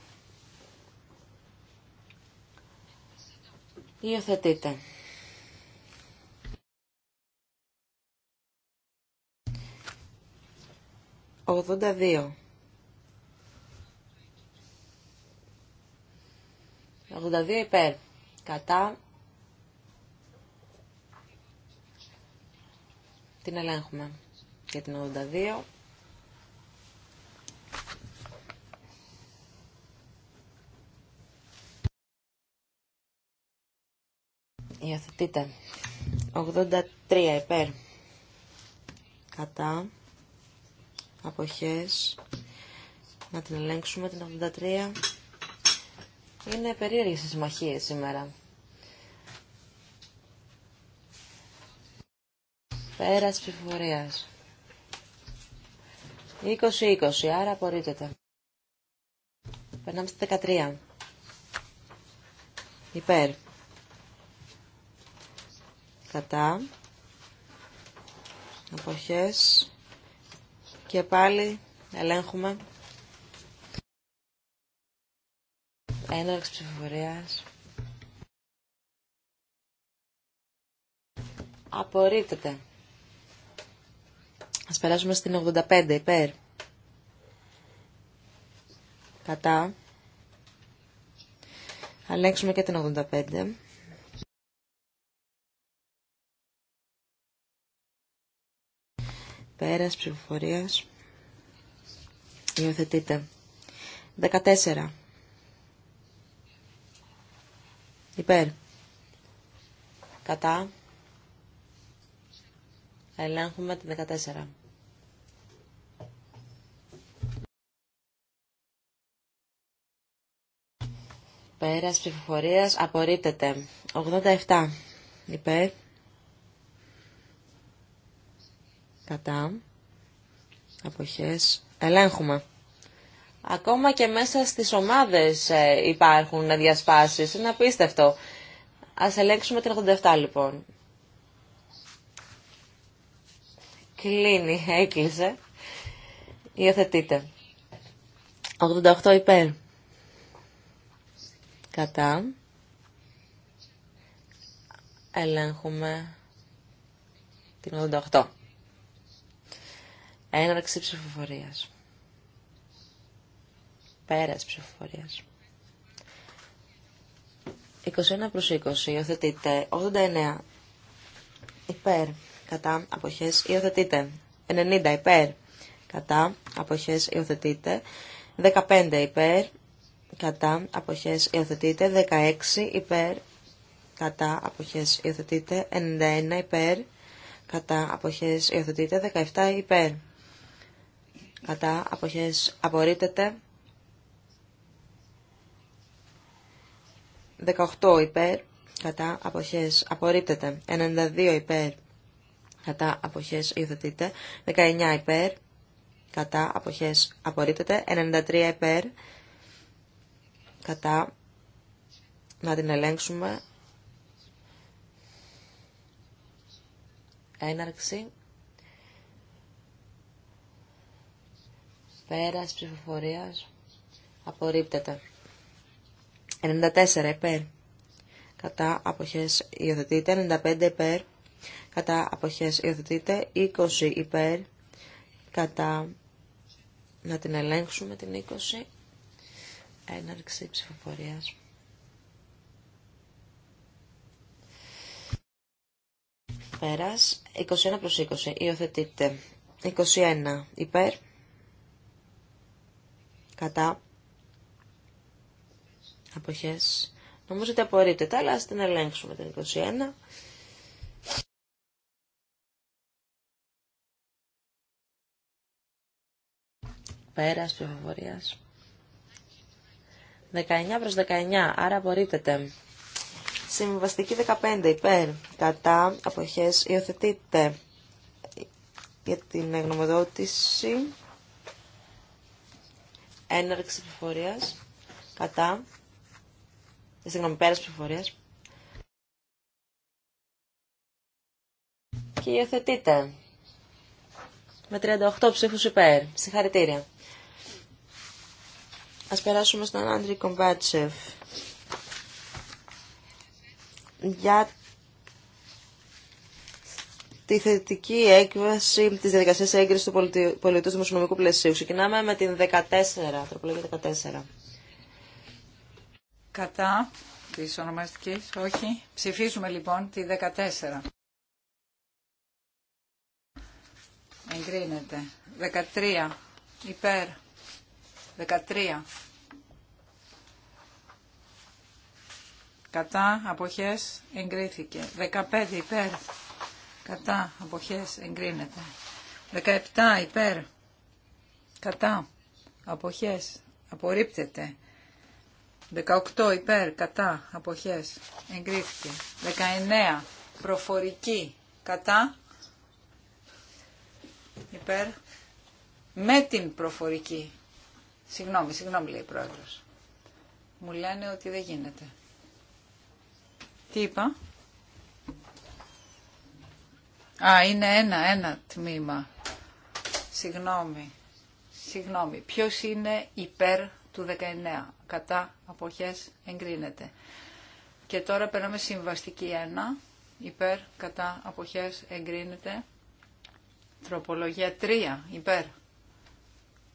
υιοθετείται. 82. 82 υπέρ. Κατά. Την ελέγχουμε. Για την 82. Υιοθετείτε. 83 υπέρ. Κατά αποχές να την ελέγξουμε την 83 είναι περίεργες οι συμμαχίες σήμερα πέρας ψηφοφορίας 20-20 άρα απορρίτεται περνάμε στη 13 υπέρ κατά αποχές και πάλι ελέγχουμε. Έναρξη ψηφοφορία. Απορρίπτεται. Ας περάσουμε στην 85 υπέρ. Κατά. Αλέξουμε και την 85. Πέρας ψηφοφορίας. Υιοθετείτε. 14. Υπέρ. Κατά. Ελέγχουμε την 14. Πέρας ψηφοφορίας απορρίπτεται. 87. Υπέρ. κατά, αποχές, ελέγχουμε. Ακόμα και μέσα στις ομάδες ε, υπάρχουν διασπάσεις, είναι απίστευτο. Ας ελέγξουμε την 87 λοιπόν. Κλείνει, έκλεισε. Υιοθετείτε. 88 υπέρ. Κατά. Ελέγχουμε την 88. Έναρξη ψηφοφορίας. Πέρας ψηφοφορία. 21 προ 20 υιοθετείται 89 υπέρ κατά απόχέ υιοθετείται 90 υπέρ κατά αποχές υιοθετείται 15 υπέρ κατά αποχές υιοθετείτε, 16 υπέρ κατά αποχές υιοθετείτε, 91 υπέρ κατά αποχές υιοθετείται 17 υπέρ κατά αποχές απορρίπτεται 18 υπέρ κατά αποχές απορρίπτεται 92 υπέρ κατά αποχές υιοθετείται 19 υπέρ κατά αποχές απορρίπτεται 93 υπέρ κατά να την ελέγξουμε έναρξη Πέρας ψηφοφορίας. Απορρίπτεται. 94 υπέρ. Κατά αποχές υιοθετείται. 95 υπέρ. Κατά αποχές υιοθετείται. 20 υπέρ. Κατά... Να την ελέγξουμε την 20. Έναρξη ψηφοφορίας. Πέρας. 21 προς 20. Υιοθετείται. 21 υπέρ κατά αποχές. Νομίζω ότι απορρίπτεται, αλλά ας την ελέγξουμε την 21. Πέρας πληροφορίας. 19 προς 19, άρα απορρίπτεται. Συμβαστική 15 υπέρ, κατά, αποχές, υιοθετείται για την γνωμοδότηση έναρξη ψηφοφορίας, κατά, ε, συγγνώμη, πέρας ψηφοφορίας. Και υιοθετείτε με 38 ψήφους υπέρ. Συγχαρητήρια. Ας περάσουμε στον Άντρη Κομπάτσεφ για τη θετική έκβαση τη διαδικασία έγκριση του πολιτικού δημοσιονομικού πλαισίου. Ξεκινάμε με την 14, τροπολογία 14. Κατά τη ονομαστική, όχι. Ψηφίζουμε λοιπόν τη 14. Εγκρίνεται. 13. Υπέρ. 13. Κατά, αποχές, εγκρίθηκε. 15 υπέρ κατά αποχές εγκρίνεται. 17 υπέρ κατά αποχές απορρίπτεται. 18 υπέρ κατά αποχές εγκρίθηκε. 19 προφορική κατά υπέρ με την προφορική. Συγγνώμη, συγγνώμη λέει η πρόεδρος. Μου λένε ότι δεν γίνεται. Τι είπα? Α, είναι ένα, ένα τμήμα. Συγγνώμη. Συγγνώμη. Ποιος είναι υπέρ του 19. Κατά αποχές εγκρίνεται. Και τώρα περνάμε συμβαστική 1. Υπέρ, κατά αποχές εγκρίνεται. Τροπολογία 3. Υπέρ.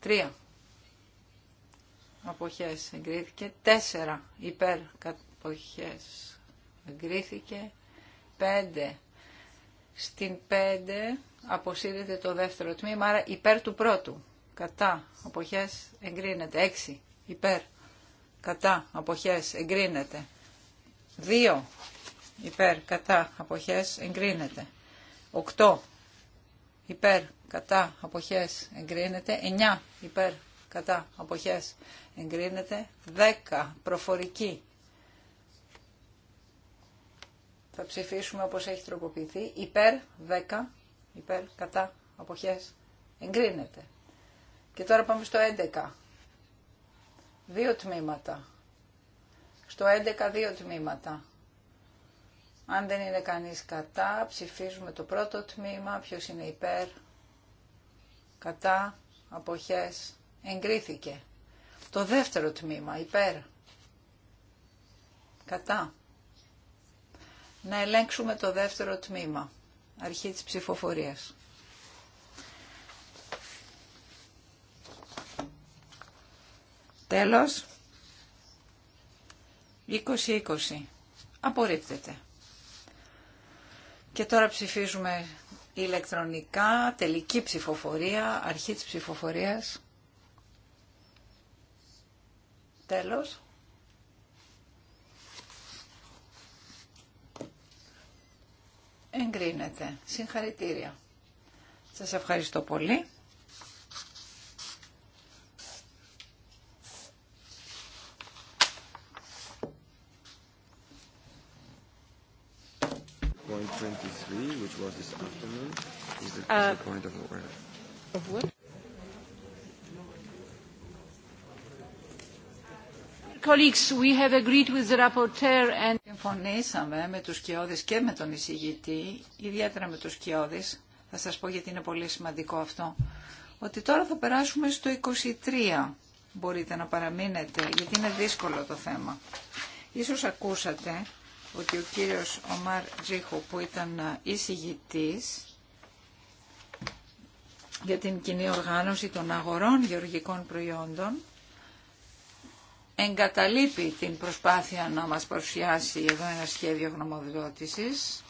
3. Αποχές εγκρίθηκε. 4. Υπέρ, κατά αποχές εγκρίθηκε. 5 στην 5 αποσύρεται το δεύτερο τμήμα, άρα υπέρ του πρώτου. Κατά αποχές εγκρίνεται. 6 υπέρ. Κατά αποχές εγκρίνεται. 2 υπέρ. Κατά αποχές εγκρίνεται. 8 υπέρ. Κατά αποχές εγκρίνεται. 9 υπέρ. Κατά αποχές εγκρίνεται. 10 προφορική θα ψηφίσουμε όπως έχει τροποποιηθεί. Υπέρ 10, υπέρ κατά αποχές εγκρίνεται. Και τώρα πάμε στο 11. Δύο τμήματα. Στο 11 δύο τμήματα. Αν δεν είναι κανείς κατά, ψηφίζουμε το πρώτο τμήμα, ποιος είναι υπέρ, κατά, αποχές, εγκρίθηκε. Το δεύτερο τμήμα, υπέρ, κατά, να ελέγξουμε το δεύτερο τμήμα, αρχή της ψηφοφορίας. Τέλος, 20-20, απορρίπτεται. Και τώρα ψηφίζουμε ηλεκτρονικά, τελική ψηφοφορία, αρχή της ψηφοφορίας. Τέλος. Εγκρίνεται. Συγχαρητήρια. Σας ευχαριστώ πολύ. Point 23, which was this afternoon, is the, is the point of order. Of what? Colleagues, Συμφωνήσαμε με τους Κιώδης και με τον εισηγητή, ιδιαίτερα με τους Κιώδης, θα σας πω γιατί είναι πολύ σημαντικό αυτό, ότι τώρα θα περάσουμε στο 23. Μπορείτε να παραμείνετε, γιατί είναι δύσκολο το θέμα. Ίσως ακούσατε ότι ο κύριος Ομάρ Τζίχου που ήταν εισηγητής για την κοινή οργάνωση των αγορών γεωργικών προϊόντων εγκαταλείπει την προσπάθεια να μας παρουσιάσει εδώ ένα σχέδιο γνωμοδότησης.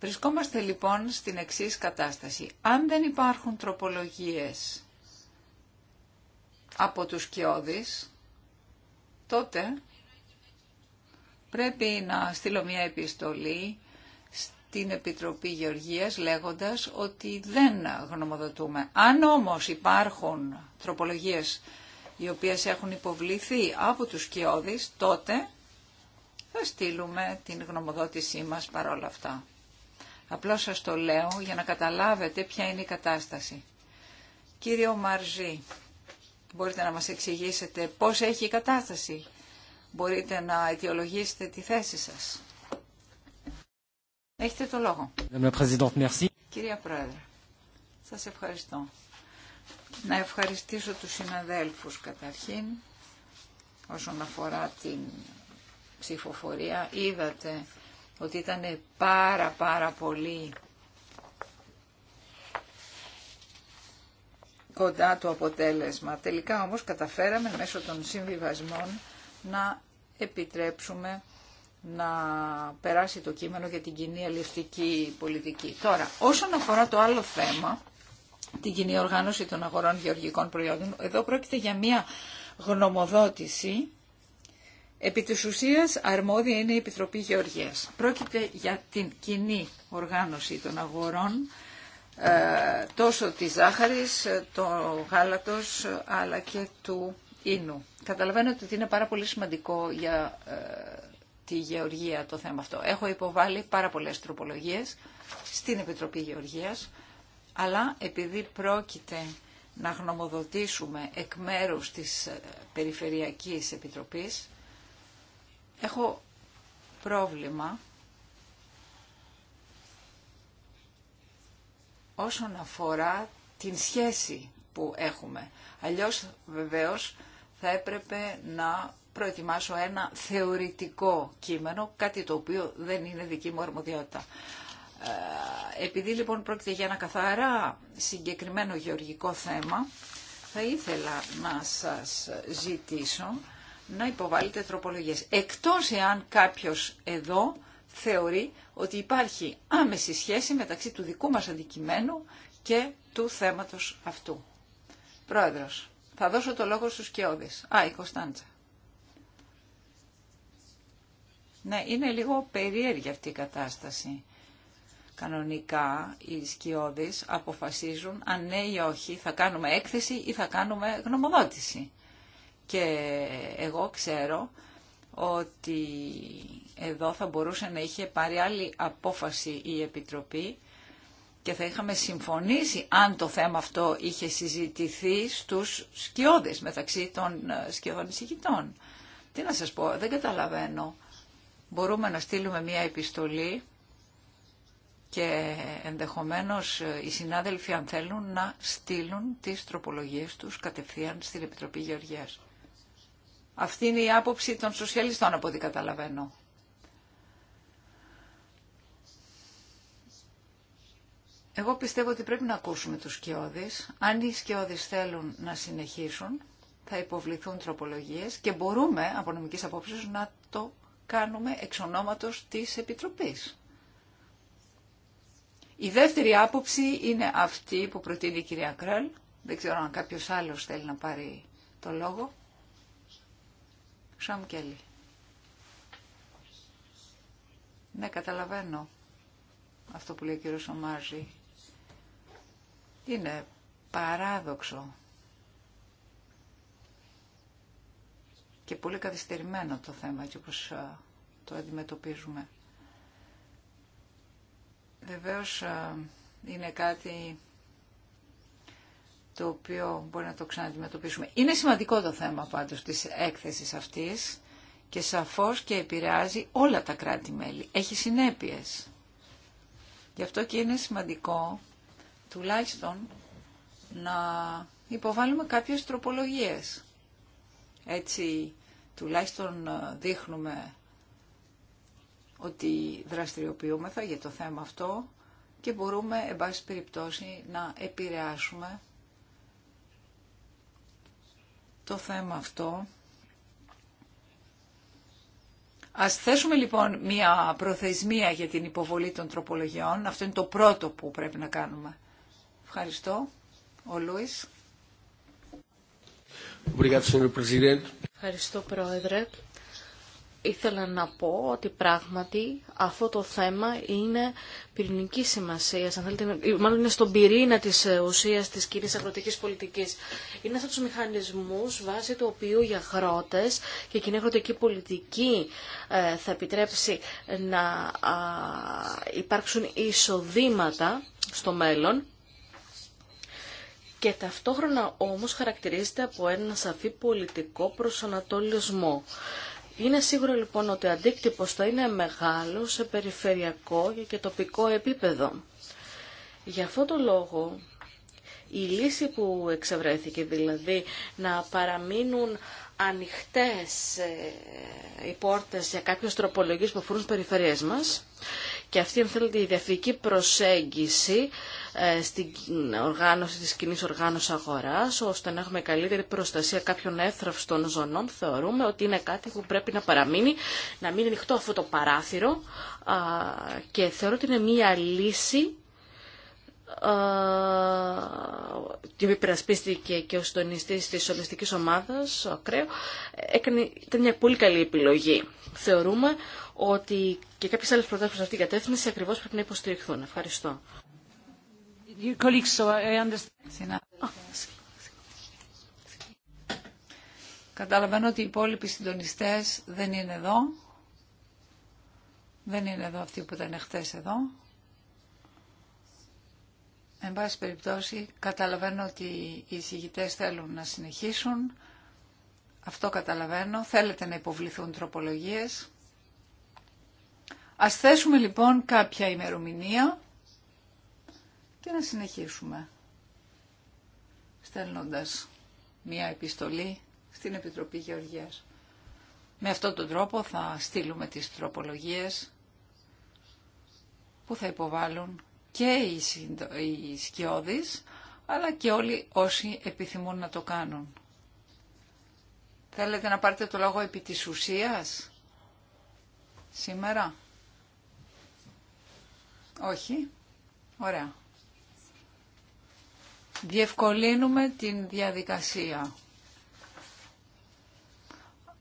Βρισκόμαστε λοιπόν στην εξής κατάσταση. Αν δεν υπάρχουν τροπολογίες από τους κοιόδης, τότε πρέπει να στείλω μια επιστολή στην Επιτροπή Γεωργίας λέγοντας ότι δεν γνωμοδοτούμε. Αν όμως υπάρχουν τροπολογίες οι οποίες έχουν υποβληθεί από τους κοιόδης, τότε θα στείλουμε την γνωμοδότησή μας παρόλα αυτά. Απλώς σας το λέω για να καταλάβετε ποια είναι η κατάσταση. Κύριο Μαρζή, μπορείτε να μας εξηγήσετε πώς έχει η κατάσταση. Μπορείτε να αιτιολογήσετε τη θέση σας. Έχετε το λόγο. Κυρία Πρόεδρε, σας ευχαριστώ. Να ευχαριστήσω τους συναδέλφους καταρχήν όσον αφορά την ψηφοφορία. Είδατε ότι ήταν πάρα πάρα πολύ κοντά το αποτέλεσμα. Τελικά όμως καταφέραμε μέσω των συμβιβασμών να επιτρέψουμε να περάσει το κείμενο για την κοινή αλληλευτική πολιτική. Τώρα, όσον αφορά το άλλο θέμα, την κοινή οργάνωση των αγορών γεωργικών προϊόντων. Εδώ πρόκειται για μια γνωμοδότηση. Επί της ουσίας αρμόδια είναι η Επιτροπή Γεωργίας. Πρόκειται για την κοινή οργάνωση των αγορών ε, τόσο της ζάχαρης, ε, το γάλατος αλλά και του ίνου. Καταλαβαίνω ότι είναι πάρα πολύ σημαντικό για ε, τη γεωργία το θέμα αυτό. Έχω υποβάλει πάρα πολλές τροπολογίες στην Επιτροπή Γεωργίας αλλά επειδή πρόκειται να γνωμοδοτήσουμε εκ μέρους της ε, Περιφερειακής Επιτροπής, έχω πρόβλημα όσον αφορά την σχέση που έχουμε. Αλλιώς βεβαίως θα έπρεπε να προετοιμάσω ένα θεωρητικό κείμενο, κάτι το οποίο δεν είναι δική μου αρμοδιότητα. Ε, επειδή λοιπόν πρόκειται για ένα καθαρά συγκεκριμένο γεωργικό θέμα, θα ήθελα να σας ζητήσω να υποβάλλετε τροπολογίες. Εκτός εάν κάποιος εδώ θεωρεί ότι υπάρχει άμεση σχέση μεταξύ του δικού μας αντικειμένου και του θέματος αυτού. Πρόεδρος, θα δώσω το λόγο στους Κιώδης. Α, η Κωνσταντζα. Ναι, είναι λίγο περίεργη αυτή η κατάσταση. Κανονικά οι σκιώδεις αποφασίζουν αν ναι ή όχι θα κάνουμε έκθεση ή θα κάνουμε γνωμοδότηση. Και εγώ ξέρω ότι εδώ θα μπορούσε να είχε πάρει άλλη απόφαση η Επιτροπή και θα είχαμε συμφωνήσει αν το θέμα αυτό είχε συζητηθεί στους σκιώδες μεταξύ των ε, σκιωδών εισηγητών. Τι να σας πω, δεν καταλαβαίνω. Μπορούμε να στείλουμε μία επιστολή και ενδεχομένως ε, οι συνάδελφοι αν θέλουν να στείλουν τις τροπολογίες τους κατευθείαν στην Επιτροπή Γεωργίας. Αυτή είναι η άποψη των σοσιαλιστών από ό,τι καταλαβαίνω. Εγώ πιστεύω ότι πρέπει να ακούσουμε τους σκιώδεις. Αν οι σκιώδεις θέλουν να συνεχίσουν, θα υποβληθούν τροπολογίες και μπορούμε από νομικής απόψεως να το κάνουμε εξ ονόματος της Επιτροπής. Η δεύτερη άποψη είναι αυτή που προτείνει η κυρία Κρέλ. Δεν ξέρω αν κάποιος άλλος θέλει να πάρει το λόγο. Σαμ Κέλλη. Ναι, καταλαβαίνω αυτό που λέει ο κύριος Σομάζη. Είναι παράδοξο και πολύ καθυστερημένο το θέμα και όπως ε, το αντιμετωπίζουμε. Βεβαίως είναι κάτι το οποίο μπορεί να το ξαναντιμετωπίσουμε. Είναι σημαντικό το θέμα πάντως της έκθεσης αυτής και σαφώς και επηρεάζει όλα τα κράτη-μέλη. Έχει συνέπειες. Γι' αυτό και είναι σημαντικό τουλάχιστον να υποβάλουμε κάποιες τροπολογίες. Έτσι τουλάχιστον δείχνουμε ότι δραστηριοποιούμεθα για το θέμα αυτό και μπορούμε, εν πάση περιπτώσει, να επηρεάσουμε το θέμα αυτό. Ας θέσουμε λοιπόν μία προθεσμία για την υποβολή των τροπολογιών. Αυτό είναι το πρώτο που πρέπει να κάνουμε. Ευχαριστώ. Ο Λούις. Ευχαριστώ Πρόεδρε ήθελα να πω ότι πράγματι αυτό το θέμα είναι πυρηνική σημασία, αν μάλλον είναι στον πυρήνα της ε, ουσίας της κοινή αγροτικής πολιτικής. Είναι από του μηχανισμού βάσει του οποίου οι αγρότε και η κοινή αγροτική πολιτική ε, θα επιτρέψει να υπάρξουν εισοδήματα στο μέλλον και ταυτόχρονα όμως χαρακτηρίζεται από ένα σαφή πολιτικό προσανατολισμό. Είναι σίγουρο λοιπόν ότι ο αντίκτυπος θα είναι μεγάλο σε περιφερειακό και τοπικό επίπεδο. Για αυτό το λόγο η λύση που εξευρέθηκε, δηλαδή να παραμείνουν ανοιχτές ε, οι πόρτες για κάποιους τροπολογίες που αφορούν τις περιφερειές μας και αυτή αν θέλετε η διαφυγική προσέγγιση ε, στην οργάνωση της κοινή οργάνωσης αγοράς ώστε να έχουμε καλύτερη προστασία κάποιων έθραυστων ζωνών θεωρούμε ότι είναι κάτι που πρέπει να παραμείνει να μην είναι ανοιχτό αυτό το παράθυρο και θεωρώ ότι είναι μία λύση και υπερασπίστηκε και ο συντονιστής της σοδεστικής ομάδας, ο Ακραίο, έκανε, ήταν μια πολύ καλή επιλογή. Θεωρούμε ότι και κάποιες άλλες προτάσεις προς αυτήν την κατεύθυνση ακριβώς πρέπει να υποστηριχθούν. Ευχαριστώ. Καταλαβαίνω ότι οι υπόλοιποι συντονιστές δεν είναι εδώ. Δεν είναι εδώ αυτοί που ήταν χτες εδώ. Εν πάση περιπτώσει, καταλαβαίνω ότι οι εισηγητές θέλουν να συνεχίσουν. Αυτό καταλαβαίνω. Θέλετε να υποβληθούν τροπολογίες. Ας θέσουμε λοιπόν κάποια ημερομηνία και να συνεχίσουμε. Στέλνοντας μία επιστολή στην Επιτροπή Γεωργίας. Με αυτόν τον τρόπο θα στείλουμε τις τροπολογίες που θα υποβάλουν και οι σκιώδεις, αλλά και όλοι όσοι επιθυμούν να το κάνουν. Θέλετε να πάρετε το λόγο επί της ουσίας σήμερα. Όχι. Ωραία. Διευκολύνουμε την διαδικασία.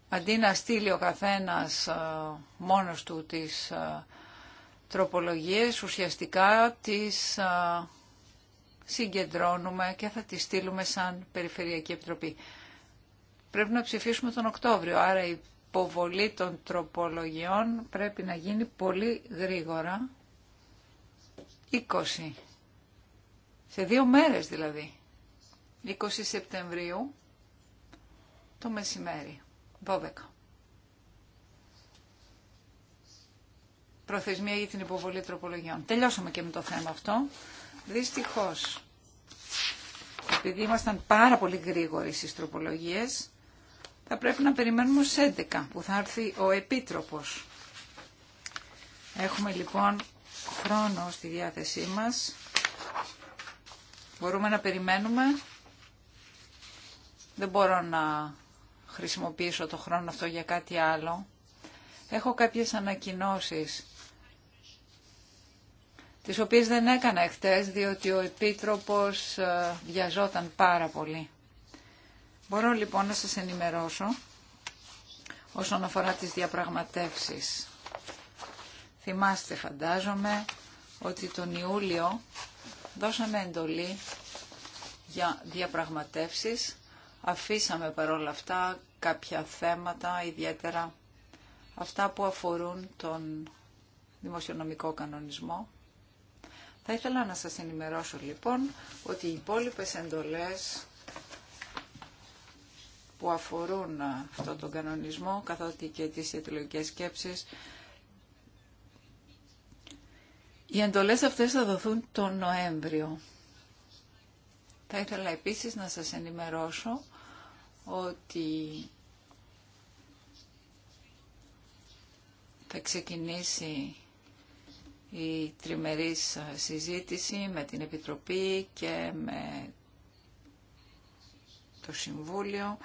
Αντί να στείλει ο καθένας ε, μόνος του τις ε, τροπολογίες ουσιαστικά τις συγκεντρώνουμε και θα τις στείλουμε σαν Περιφερειακή Επιτροπή. Πρέπει να ψηφίσουμε τον Οκτώβριο, άρα η υποβολή των τροπολογιών πρέπει να γίνει πολύ γρήγορα. 20. Σε δύο μέρες δηλαδή. 20 Σεπτεμβρίου το μεσημέρι. 12. προθεσμία για την υποβολή τροπολογιών. Τελειώσαμε και με το θέμα αυτό. Δυστυχώ. επειδή ήμασταν πάρα πολύ γρήγοροι στι τροπολογίες, θα πρέπει να περιμένουμε στις 11 που θα έρθει ο Επίτροπος. Έχουμε λοιπόν χρόνο στη διάθεσή μας. Μπορούμε να περιμένουμε. Δεν μπορώ να χρησιμοποιήσω το χρόνο αυτό για κάτι άλλο. Έχω κάποιες ανακοινώσεις τις οποίες δεν έκανα χτες, διότι ο Επίτροπος ε, βιαζόταν πάρα πολύ. Μπορώ λοιπόν να σας ενημερώσω όσον αφορά τις διαπραγματεύσεις. Θυμάστε φαντάζομαι ότι τον Ιούλιο δώσαμε εντολή για διαπραγματεύσεις. Αφήσαμε παρόλα αυτά κάποια θέματα, ιδιαίτερα αυτά που αφορούν τον δημοσιονομικό κανονισμό θα ήθελα να σας ενημερώσω λοιπόν ότι οι υπόλοιπε εντολές που αφορούν αυτόν τον κανονισμό, καθότι και τις ιατρολογικές σκέψεις, οι εντολές αυτές θα δοθούν τον Νοέμβριο. Θα ήθελα επίσης να σας ενημερώσω ότι θα ξεκινήσει η τριμερής συζήτηση με την Επιτροπή και με το Συμβούλιο.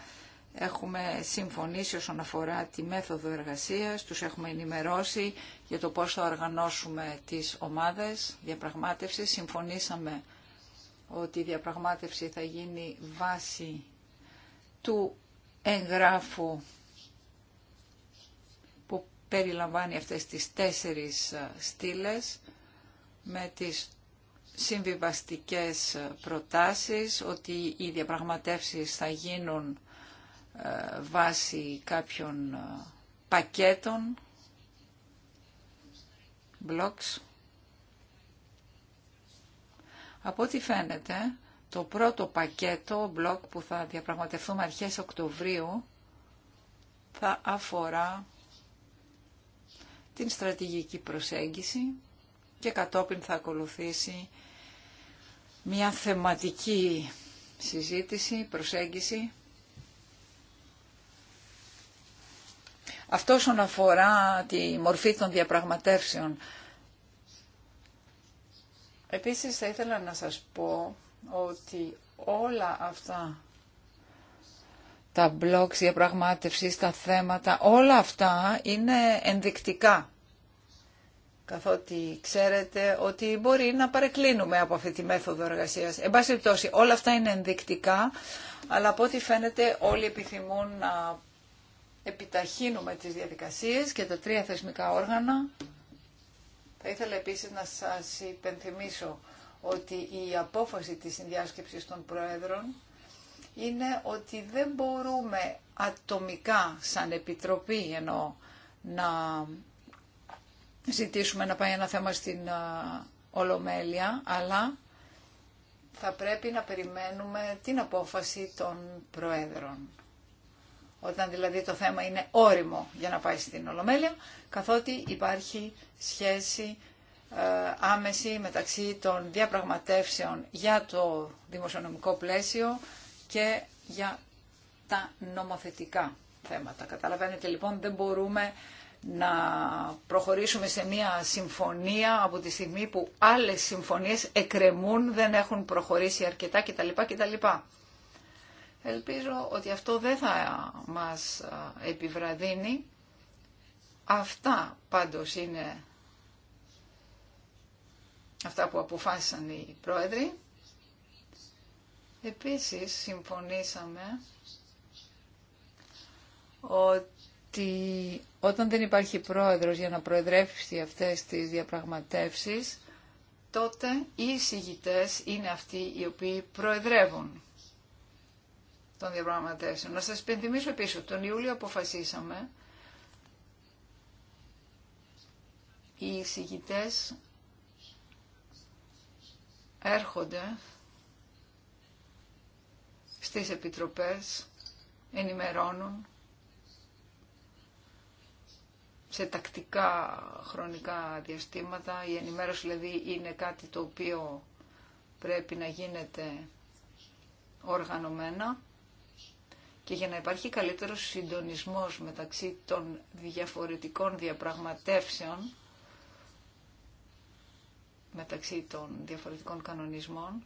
Έχουμε συμφωνήσει όσον αφορά τη μέθοδο εργασίας, τους έχουμε ενημερώσει για το πώς θα οργανώσουμε τις ομάδες διαπραγμάτευσης. Συμφωνήσαμε ότι η διαπραγμάτευση θα γίνει βάση του εγγράφου περιλαμβάνει αυτές τις τέσσερις ε, στήλες με τις συμβιβαστικές ε, προτάσεις, ότι οι διαπραγματεύσεις θα γίνουν ε, βάσει κάποιων πακέτων, blocks. Από ό,τι φαίνεται, το πρώτο πακέτο, μπλοκ που θα διαπραγματευτούμε αρχές Οκτωβρίου, θα αφορά την στρατηγική προσέγγιση και κατόπιν θα ακολουθήσει μια θεματική συζήτηση, προσέγγιση. Αυτό όσον αφορά τη μορφή των διαπραγματεύσεων. Επίσης θα ήθελα να σας πω ότι όλα αυτά τα μπλοκ διαπραγμάτευση, τα θέματα, όλα αυτά είναι ενδεικτικά. Καθότι ξέρετε ότι μπορεί να παρεκκλίνουμε από αυτή τη μέθοδο εργασία. Εν πάση περιπτώσει, όλα αυτά είναι ενδεικτικά, αλλά από ό,τι φαίνεται όλοι επιθυμούν να επιταχύνουμε τις διαδικασίες και τα τρία θεσμικά όργανα. Θα ήθελα επίσης να σας υπενθυμίσω ότι η απόφαση της συνδιάσκεψης των Προέδρων είναι ότι δεν μπορούμε ατομικά σαν επιτροπή ενώ να ζητήσουμε να πάει ένα θέμα στην Ολομέλεια, αλλά θα πρέπει να περιμένουμε την απόφαση των Προέδρων. Όταν δηλαδή το θέμα είναι όριμο για να πάει στην Ολομέλεια, καθότι υπάρχει σχέση ε, άμεση μεταξύ των διαπραγματεύσεων για το δημοσιονομικό πλαίσιο και για τα νομοθετικά θέματα. Καταλαβαίνετε λοιπόν δεν μπορούμε να προχωρήσουμε σε μια συμφωνία από τη στιγμή που άλλες συμφωνίες εκρεμούν, δεν έχουν προχωρήσει αρκετά κτλ. κτλ. Ελπίζω ότι αυτό δεν θα μας επιβραδύνει. Αυτά πάντως είναι αυτά που αποφάσισαν οι πρόεδροι. Επίσης συμφωνήσαμε ότι όταν δεν υπάρχει πρόεδρος για να προεδρεύσει αυτές τις διαπραγματεύσεις, τότε οι εισηγητές είναι αυτοί οι οποίοι προεδρεύουν των διαπραγματεύσεων. Να σας πενθυμίσω πίσω τον Ιούλιο αποφασίσαμε οι εισηγητές έρχονται στις επιτροπές, ενημερώνουν σε τακτικά χρονικά διαστήματα. Η ενημέρωση δηλαδή είναι κάτι το οποίο πρέπει να γίνεται οργανωμένα και για να υπάρχει καλύτερος συντονισμός μεταξύ των διαφορετικών διαπραγματεύσεων μεταξύ των διαφορετικών κανονισμών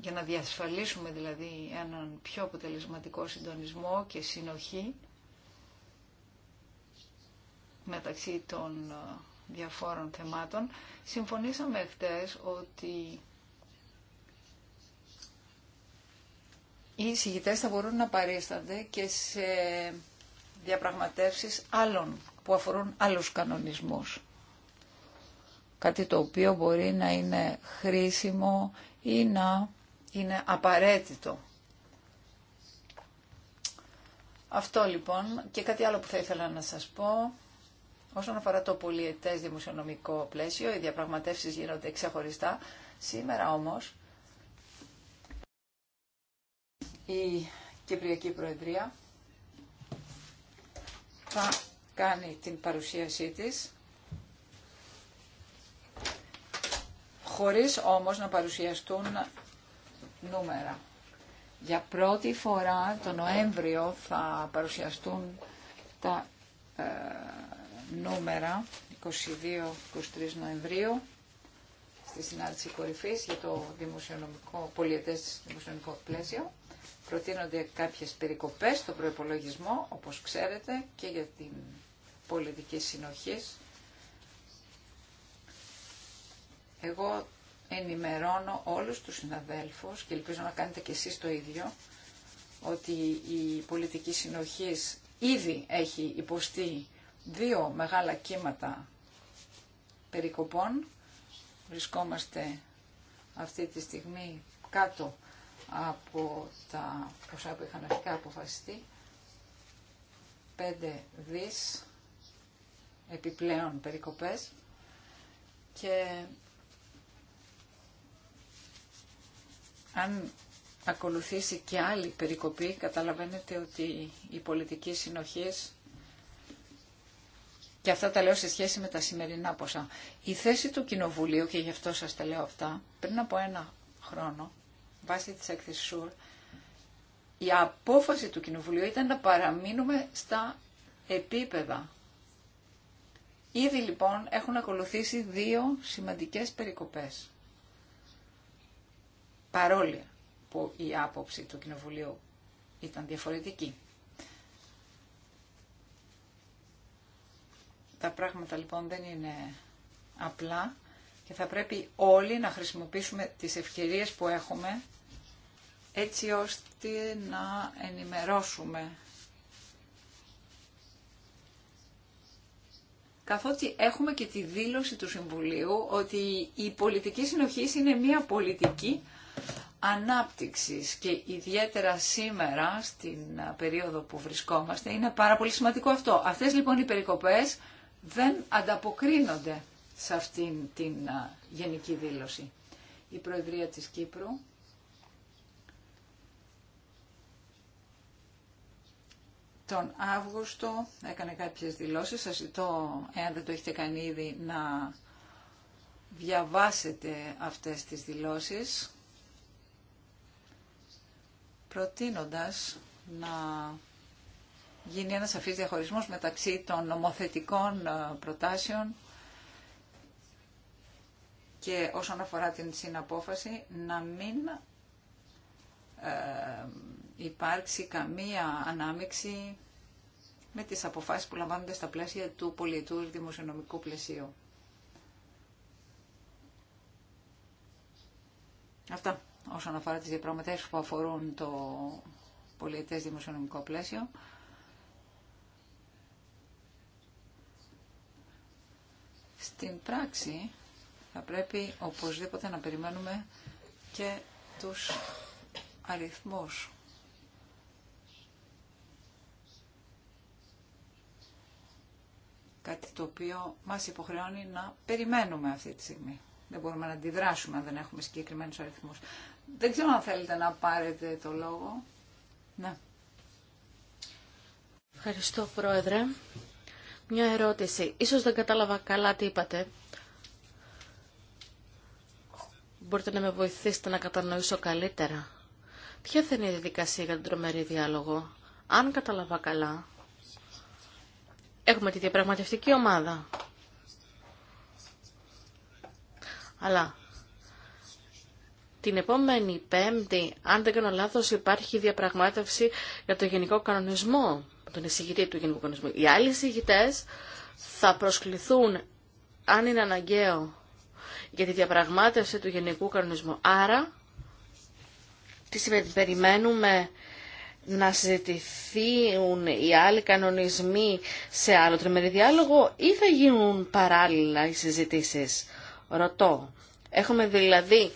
για να διασφαλίσουμε δηλαδή έναν πιο αποτελεσματικό συντονισμό και συνοχή μεταξύ των ε, διαφόρων θεμάτων, συμφωνήσαμε χτες ότι οι συγητές θα μπορούν να παρίστανται και σε διαπραγματεύσεις άλλων που αφορούν άλλους κανονισμούς. Κάτι το οποίο μπορεί να είναι χρήσιμο ή να είναι απαραίτητο. Αυτό λοιπόν και κάτι άλλο που θα ήθελα να σας πω. Όσον αφορά το πολιετές δημοσιονομικό πλαίσιο, οι διαπραγματεύσεις γίνονται ξεχωριστά. Σήμερα όμως η Κυπριακή Προεδρία θα κάνει την παρουσίασή της χωρίς όμως να παρουσιαστούν νούμερα. Για πρώτη φορά το Νοέμβριο θα παρουσιαστούν τα ε, νούμερα 22-23 Νοεμβρίου στη συνάντηση κορυφής για το δημοσιονομικό, πολιετές δημοσιονομικό πλαίσιο. Προτείνονται κάποιες περικοπές στο προϋπολογισμό, όπως ξέρετε, και για την πολιτική συνοχής. Εγώ ενημερώνω όλους τους συναδέλφους και ελπίζω να κάνετε και εσείς το ίδιο ότι η πολιτική συνοχής ήδη έχει υποστεί δύο μεγάλα κύματα περικοπών. Βρισκόμαστε αυτή τη στιγμή κάτω από τα ποσά που είχαν αρχικά αποφασιστεί. 5 δις επιπλέον περικοπές και αν ακολουθήσει και άλλη περικοπή, καταλαβαίνετε ότι οι πολιτικοί συνοχής και αυτά τα λέω σε σχέση με τα σημερινά ποσά. Η θέση του Κοινοβουλίου, και γι' αυτό σας τα λέω αυτά, πριν από ένα χρόνο, βάσει της έκθεσης ΣΟΥΡ, η απόφαση του Κοινοβουλίου ήταν να παραμείνουμε στα επίπεδα. Ήδη λοιπόν έχουν ακολουθήσει δύο σημαντικές περικοπές παρόλοι που η άποψη του Κοινοβουλίου ήταν διαφορετική. Τα πράγματα λοιπόν δεν είναι απλά και θα πρέπει όλοι να χρησιμοποιήσουμε τις ευκαιρίες που έχουμε έτσι ώστε να ενημερώσουμε. Καθότι έχουμε και τη δήλωση του Συμβουλίου ότι η πολιτική συνοχή είναι μια πολιτική ανάπτυξης και ιδιαίτερα σήμερα στην ε, περίοδο που βρισκόμαστε είναι πάρα πολύ σημαντικό αυτό. Αυτές λοιπόν οι περικοπές δεν ανταποκρίνονται σε αυτήν την ε, γενική δήλωση. Η Προεδρία της Κύπρου τον Αύγουστο έκανε κάποιες δηλώσεις. Σας ζητώ, εάν δεν το έχετε κάνει ήδη, να διαβάσετε αυτές τις δηλώσεις προτείνοντας να γίνει ένας σαφής διαχωρισμός μεταξύ των νομοθετικών ε, προτάσεων και όσον αφορά την συναπόφαση να μην ε, υπάρξει καμία ανάμειξη με τις αποφάσεις που λαμβάνονται στα πλαίσια του πολιτού δημοσιονομικού πλαισίου. Αυτά όσον αφορά τις διαπραγματεύσεις που αφορούν το πολιετές δημοσιονομικό πλαίσιο. Στην πράξη θα πρέπει οπωσδήποτε να περιμένουμε και τους αριθμούς. Κάτι το οποίο μας υποχρεώνει να περιμένουμε αυτή τη στιγμή δεν μπορούμε να αντιδράσουμε αν δεν έχουμε συγκεκριμένου αριθμού. Δεν ξέρω αν θέλετε να πάρετε το λόγο. Ναι. Ευχαριστώ, Πρόεδρε. Μια ερώτηση. Ίσως δεν κατάλαβα καλά τι είπατε. Μπορείτε να με βοηθήσετε να κατανοήσω καλύτερα. Ποια θα είναι η διαδικασία για τον τρομερή διάλογο. Αν κατάλαβα καλά, έχουμε τη διαπραγματευτική ομάδα Αλλά την επόμενη Πέμπτη, αν δεν κάνω λάθος, υπάρχει διαπραγμάτευση για το Γενικό Κανονισμό, τον εισηγητή του Γενικού Κανονισμού. Οι άλλοι εισηγητές θα προσκληθούν, αν είναι αναγκαίο, για τη διαπραγμάτευση του Γενικού Κανονισμού. Άρα, τι περιμένουμε να συζητηθούν οι άλλοι κανονισμοί σε άλλο τριμερή διάλογο ή θα γίνουν παράλληλα οι συζητήσεις. Ρωτώ. Έχουμε δηλαδή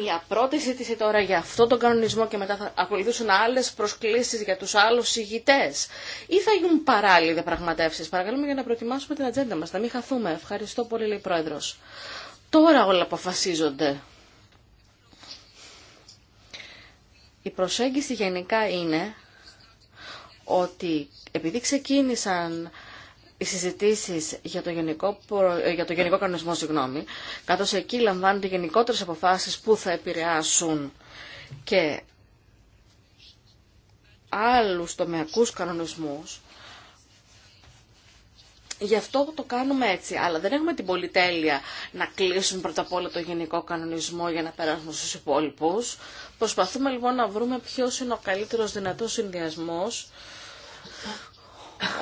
μια πρώτη ζήτηση τώρα για αυτόν τον κανονισμό και μετά θα ακολουθήσουν άλλε προσκλήσει για του άλλου ηγητέ. Ή θα γίνουν παράλληλε πραγματεύσει. παρακαλούμε, για να προετοιμάσουμε την ατζέντα μα, να μην χαθούμε. Ευχαριστώ πολύ, λέει Πρόεδρο. Τώρα όλα αποφασίζονται. Η προσέγγιση γενικά είναι ότι επειδή ξεκίνησαν οι συζητήσει για, το γενικό, ε, για το γενικό κανονισμό, συγγνώμη, καθώ εκεί λαμβάνονται γενικότερες αποφάσεις που θα επηρεάσουν και άλλου τομεακού κανονισμού, Γι' αυτό το κάνουμε έτσι, αλλά δεν έχουμε την πολυτέλεια να κλείσουμε πρώτα απ' όλα το γενικό κανονισμό για να περάσουμε στους υπόλοιπους. Προσπαθούμε λοιπόν να βρούμε ποιος είναι ο καλύτερος δυνατός συνδυασμός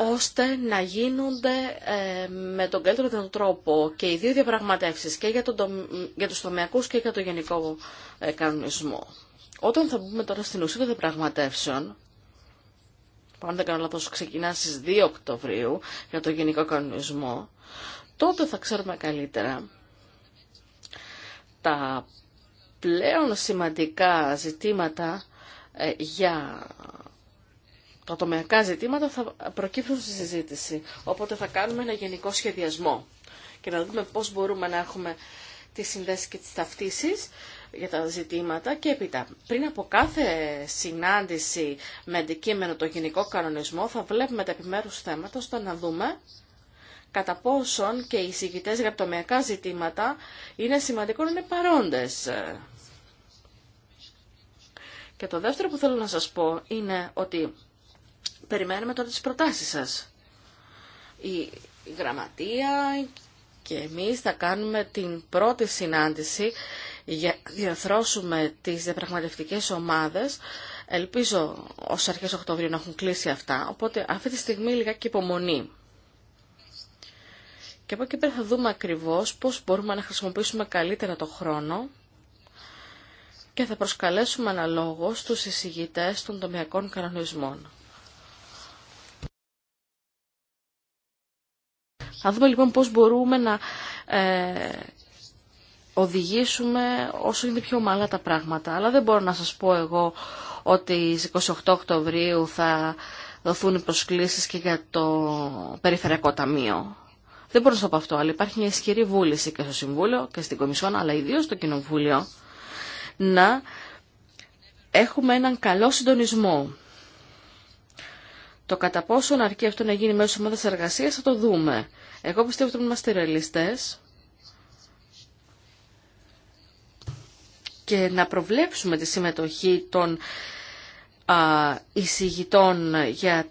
ώστε να γίνονται ε, με τον καλύτερο τρόπο και οι δύο διαπραγματεύσεις και για, τον, για τους και για το γενικό ε, κανονισμό. Όταν θα μπούμε τώρα στην ουσία των διαπραγματεύσεων, που αν δεν κάνω λάθος ξεκινά στις 2 Οκτωβρίου για το γενικό κανονισμό, τότε θα ξέρουμε καλύτερα τα πλέον σημαντικά ζητήματα ε, για τομεακά ζητήματα θα προκύπτουν στη συζήτηση. Οπότε θα κάνουμε ένα γενικό σχεδιασμό και να δούμε πώς μπορούμε να έχουμε τις συνδέσεις και τις ταυτίσεις για τα ζητήματα και έπειτα πριν από κάθε συνάντηση με αντικείμενο το γενικό κανονισμό θα βλέπουμε τα επιμέρους θέματα ώστε να δούμε κατά πόσον και οι συγκητές για τομεακά ζητήματα είναι σημαντικό να είναι παρόντες. Και το δεύτερο που θέλω να σας πω είναι ότι Περιμένουμε τώρα τις προτάσεις σας. Η γραμματεία και εμείς θα κάνουμε την πρώτη συνάντηση για να διαθρώσουμε τις διαπραγματευτικές ομάδες. Ελπίζω ως αρχές Οκτωβρίου να έχουν κλείσει αυτά, οπότε αυτή τη στιγμή λιγάκι υπομονή. Και από εκεί πέρα θα δούμε ακριβώς πώς μπορούμε να χρησιμοποιήσουμε καλύτερα το χρόνο και θα προσκαλέσουμε αναλόγως τους εισηγητές των τομιακών κανονισμών. Θα δούμε λοιπόν πώς μπορούμε να ε, οδηγήσουμε όσο είναι πιο ομαλά τα πράγματα. Αλλά δεν μπορώ να σας πω εγώ ότι στις 28 Οκτωβρίου θα δοθούν οι προσκλήσεις και για το Περιφερειακό Ταμείο. Δεν μπορώ να σας πω αυτό, αλλά υπάρχει μια ισχυρή βούληση και στο Συμβούλιο και στην Κομισιόν, αλλά ιδίως στο Κοινοβούλιο, να έχουμε έναν καλό συντονισμό το κατά πόσο αρκεί αυτό να γίνει μέσω ομάδα εργασία θα το δούμε. Εγώ πιστεύω ότι είμαστε ρεαλιστέ και να προβλέψουμε τη συμμετοχή των α, εισηγητών για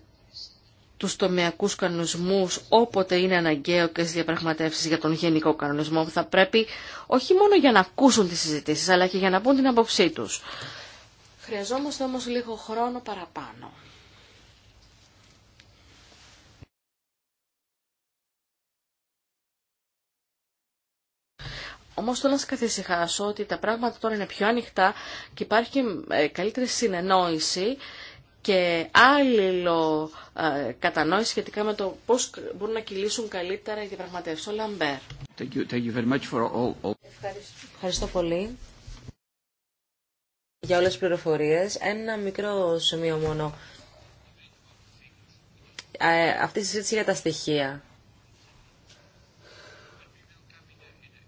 τους τομεακούς κανονισμούς όποτε είναι αναγκαίο και στις διαπραγματεύσεις για τον γενικό κανονισμό που θα πρέπει όχι μόνο για να ακούσουν τις συζητήσεις αλλά και για να πούν την απόψή τους. Χρειαζόμαστε όμως λίγο χρόνο παραπάνω. Όμως θέλω να σας καθησυχάσω ότι τα πράγματα τώρα είναι πιο ανοιχτά και υπάρχει ε, καλύτερη συνεννόηση και άλληλο ε, κατανόηση σχετικά με το πώς μπορούν να κυλήσουν καλύτερα οι διαπραγματεύσεις. Ο Λαμπέρ. Ευχαριστώ πολύ για όλες τις πληροφορίες. Ένα μικρό σημείο μόνο. Ε, αυτή η συζήτηση για τα στοιχεία.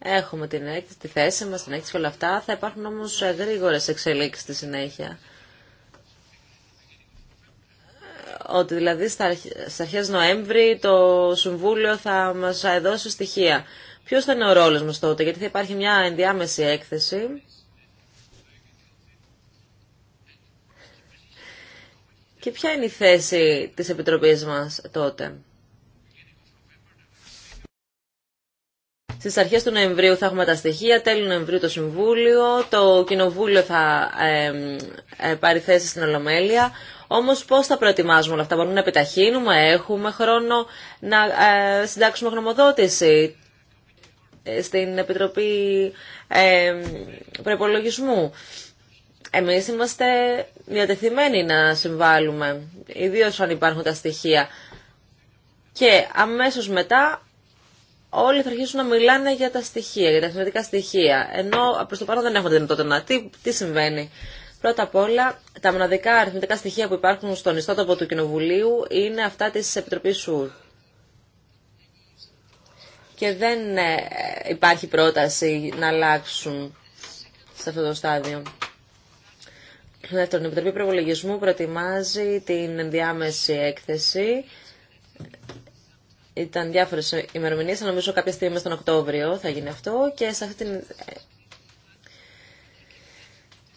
Έχουμε την έκθεση, τη θέση μας, την έκθεση και όλα αυτά. Θα υπάρχουν όμως ε, γρήγορες εξελίξεις στη συνέχεια. Ε, ότι δηλαδή στα αρχές Νοέμβρη το Συμβούλιο θα μας δώσει στοιχεία. Ποιος θα είναι ο ρόλος μας τότε, γιατί θα υπάρχει μια ενδιάμεση έκθεση. Και ποια είναι η θέση της Επιτροπής μας τότε. Στι αρχές του Νοεμβρίου θα έχουμε τα στοιχεία, τέλη Νοεμβρίου το Συμβούλιο, το Κοινοβούλιο θα ε, ε, πάρει θέση στην Ολομέλεια. Όμως πώς θα προετοιμάζουμε όλα αυτά, μπορούμε να επιταχύνουμε, έχουμε χρόνο να ε, συντάξουμε γνωμοδότηση ε, στην Επιτροπή ε, Προπολογισμού. Εμεί είμαστε διατεθειμένοι να συμβάλλουμε, ιδίω αν υπάρχουν τα στοιχεία. Και αμέσως μετά όλοι θα αρχίσουν να μιλάνε για τα στοιχεία, για τα θεωρητικά στοιχεία. Ενώ προ το παρόν δεν έχουμε την δυνατότητα να τι, συμβαίνει. Πρώτα απ' όλα, τα μοναδικά αριθμητικά στοιχεία που υπάρχουν στον ιστότοπο του Κοινοβουλίου είναι αυτά της Επιτροπής ΣΟΥΡ. Και δεν ε, υπάρχει πρόταση να αλλάξουν σε αυτό το στάδιο. Δεύτερον, η Επιτροπή Προπολογισμού προετοιμάζει την ενδιάμεση έκθεση ήταν διάφορες ημερομηνίες, νομίζω κάποια στιγμή στον Οκτώβριο θα γίνει αυτό και σε αυτή την... Ε,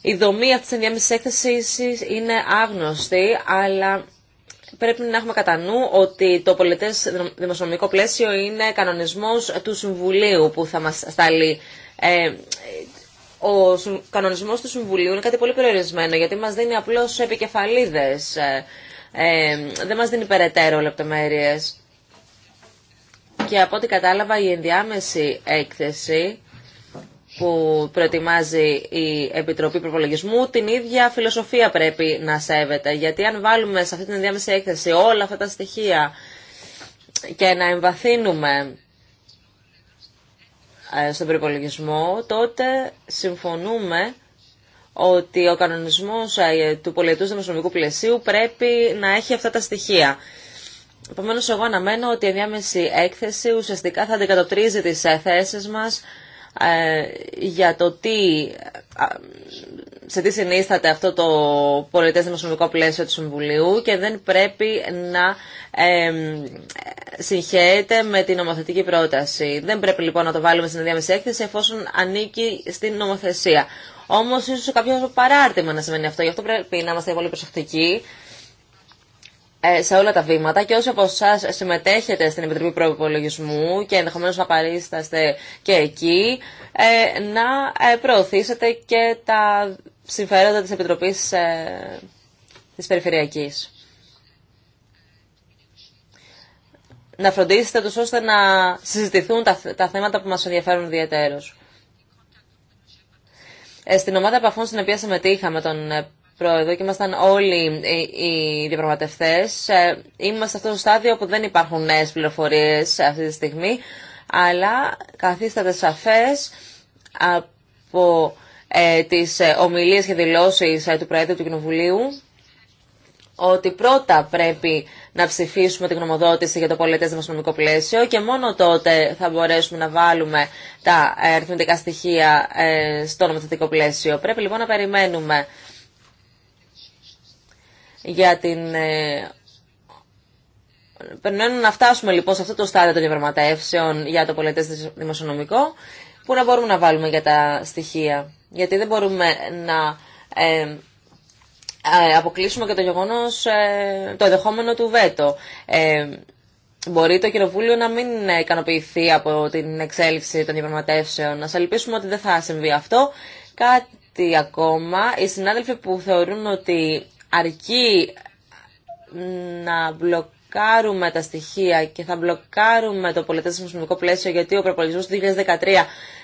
η δομή αυτής της ενδιάμεσης έκθεσης είναι άγνωστη, αλλά πρέπει να έχουμε κατά νου ότι το πολιτές δημοσιονομικό πλαίσιο είναι κανονισμός του Συμβουλίου που θα μας σταλεί. Ε, ο κανονισμός του Συμβουλίου είναι κάτι πολύ περιορισμένο γιατί μας δίνει απλώς επικεφαλίδες, ε, δεν μας δίνει περαιτέρω λεπτομέρειες. Και από ό,τι κατάλαβα η ενδιάμεση έκθεση που προετοιμάζει η Επιτροπή Προπολογισμού, την ίδια φιλοσοφία πρέπει να σέβεται. Γιατί αν βάλουμε σε αυτή την ενδιάμεση έκθεση όλα αυτά τα στοιχεία και να εμβαθύνουμε ε, στον προπολογισμό, τότε συμφωνούμε ότι ο κανονισμός ε, του πολιτού δημοσιονομικού πλαισίου πρέπει να έχει αυτά τα στοιχεία. Επομένω, εγώ αναμένω ότι η ενδιάμεση έκθεση ουσιαστικά θα αντικατοπτρίζει τις ε, θέσεις μας ε, για το τι, σε τι συνίσταται αυτό το πολιτέ δημοσιονομικό πλαίσιο του Συμβουλίου και δεν πρέπει να ε, συγχαίεται με την νομοθετική πρόταση. Δεν πρέπει λοιπόν να το βάλουμε στην ενδιάμεση έκθεση εφόσον ανήκει στην νομοθεσία. Όμως ίσως κάποιο παράρτημα να σημαίνει αυτό, γι' αυτό πρέπει να είμαστε πολύ προσεκτικοί ε, σε όλα τα βήματα και όσοι από εσά συμμετέχετε στην Επιτροπή Προπολογισμού και ενδεχομένω να παρίσταστε και εκεί, ε, να ε, προωθήσετε και τα συμφέροντα της Επιτροπής της Περιφερειακής. Να φροντίσετε τους ώστε να συζητηθούν τα, θέματα που μας ενδιαφέρουν ιδιαίτερως. στην ομάδα επαφών στην οποία συμμετείχαμε τον πρόεδρο και ήμασταν όλοι οι διαπραγματευτέ. Ε, είμαστε σε αυτό το στάδιο που δεν υπάρχουν νέε πληροφορίε αυτή τη στιγμή, αλλά καθίσταται σαφέ από ε, τι ε, ομιλίε και δηλώσεις του Προέδρου του Κοινοβουλίου ότι πρώτα πρέπει να ψηφίσουμε την γνωμοδότηση για το πολιτές δημοσιονομικό πλαίσιο και μόνο τότε θα μπορέσουμε να βάλουμε τα αριθμητικά στοιχεία στο νομοθετικό πλαίσιο. Πρέπει λοιπόν να περιμένουμε για την... Ε, Περιμένουμε να φτάσουμε λοιπόν σε αυτό το στάδιο των διαπραγματεύσεων για το πολιτές δημοσιονομικό που να μπορούμε να βάλουμε για τα στοιχεία. Γιατί δεν μπορούμε να ε, ε αποκλείσουμε και το γεγονός, ε, το εδεχόμενο του βέτο. Ε, μπορεί το Κοινοβούλιο να μην ικανοποιηθεί από την εξέλιξη των διαπραγματεύσεων. Να ελπίσουμε ότι δεν θα συμβεί αυτό. Κάτι ακόμα, οι συνάδελφοι που θεωρούν ότι αρκεί να μπλοκάρουμε τα στοιχεία και θα μπλοκάρουμε το πολιτές πλαίσιο γιατί ο προπολογισμός του 2013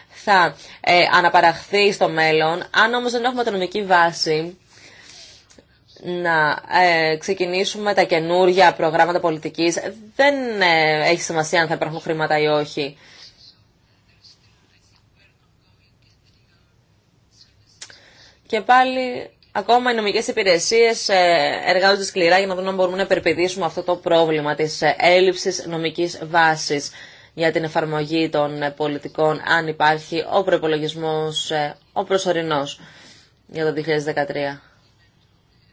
θα ε, αναπαραχθεί στο μέλλον. Αν όμως δεν έχουμε νομική βάση να ε, ξεκινήσουμε τα καινούργια προγράμματα πολιτικής, δεν ε, έχει σημασία αν θα υπάρχουν χρήματα ή όχι. Και πάλι Ακόμα οι νομικέ υπηρεσίε ε, εργάζονται σκληρά για να δουν αν μπορούμε να περπαιδίσουμε αυτό το πρόβλημα της ε, έλλειψης νομικής βάσης για την εφαρμογή των ε, πολιτικών, αν υπάρχει ο προπολογισμό ο προσωρινός για το 2013.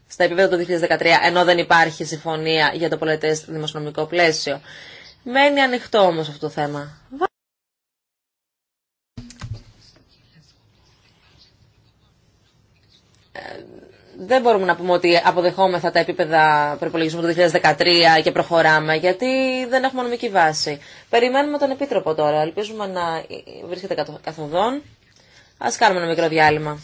Στα επίπεδα του 2013, ενώ δεν υπάρχει συμφωνία για το πολιτέ δημοσιονομικό πλαίσιο. Μένει ανοιχτό όμω αυτό το θέμα. δεν μπορούμε να πούμε ότι αποδεχόμεθα τα επίπεδα προπολογισμού του 2013 και προχωράμε, γιατί δεν έχουμε νομική βάση. Περιμένουμε τον Επίτροπο τώρα. Ελπίζουμε να βρίσκεται καθοδόν. Ας κάνουμε ένα μικρό διάλειμμα.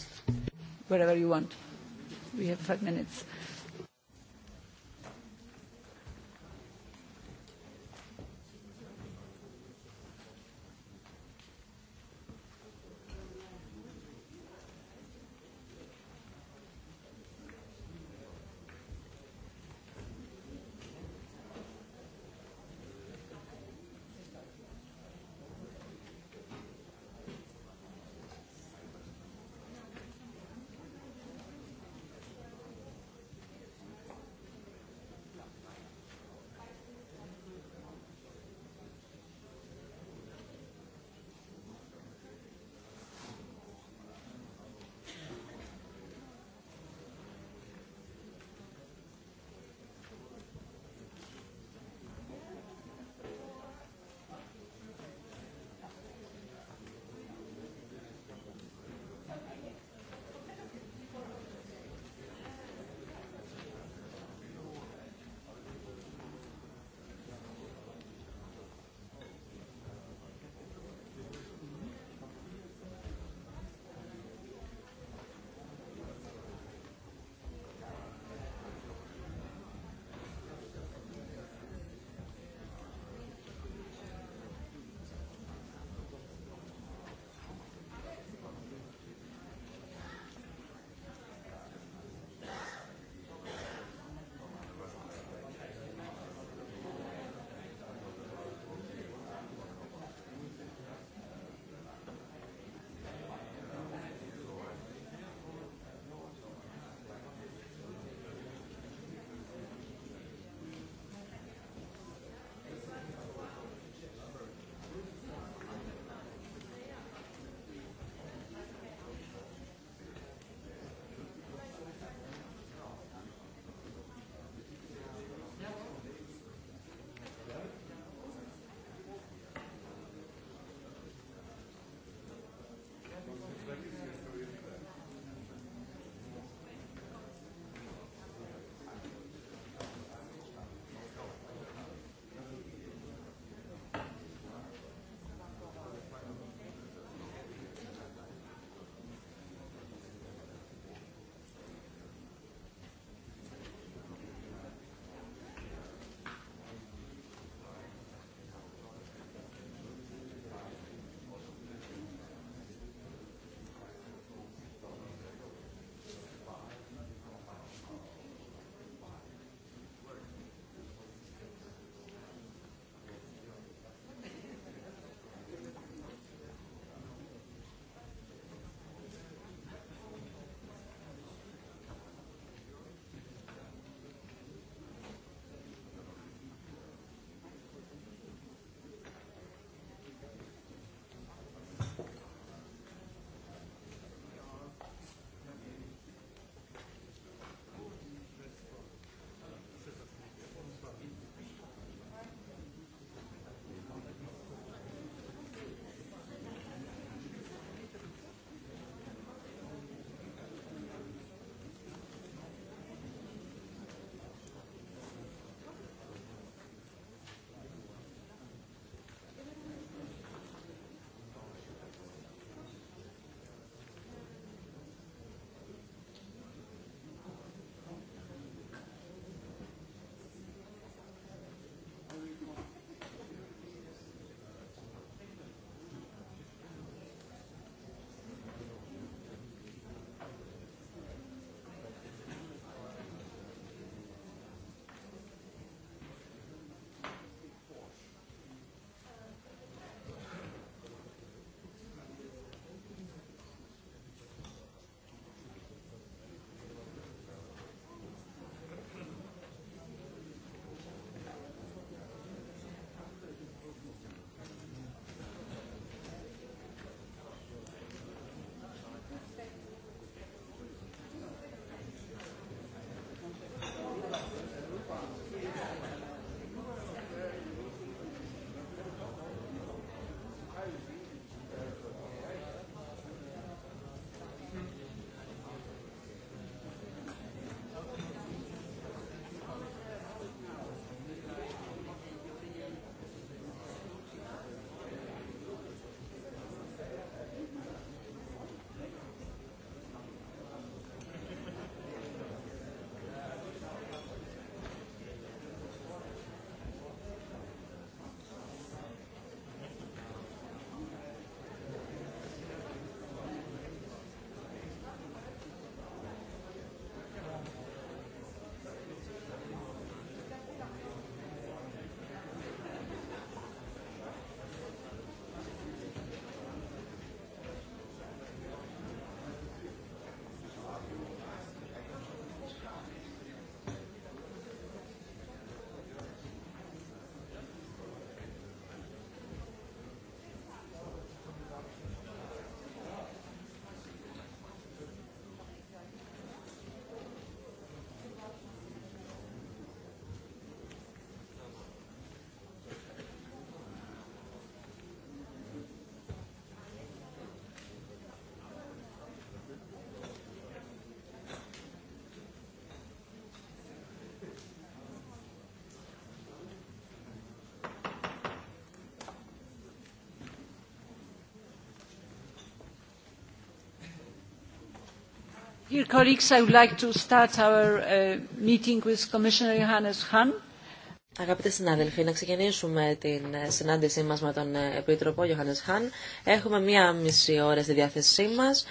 Αγαπητοί συνάδελφοι, να ξεκινήσουμε την ε, συνάντησή μας με τον ε, Επίτροπο Γιώχανες Χάν. Έχουμε μία μισή ώρα στη διάθεσή μας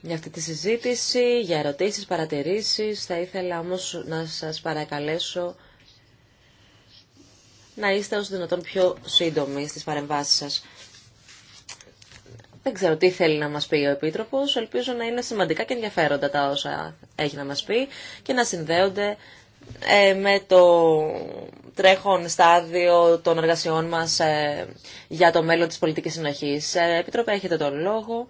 για αυτή τη συζήτηση, για ερωτήσεις, παρατηρήσεις. Θα ήθελα όμως να σας παρακαλέσω να είστε όσο δυνατόν πιο σύντομοι στις παρεμβάσεις σας. Δεν ξέρω τι θέλει να μας πει ο Επίτροπος. Ελπίζω να είναι σημαντικά και ενδιαφέροντα τα όσα έχει να μας πει και να συνδέονται ε, με το τρέχον στάδιο των εργασιών μας ε, για το μέλλον της πολιτικής συνοχής. Ε, Επίτροπε, έχετε τον λόγο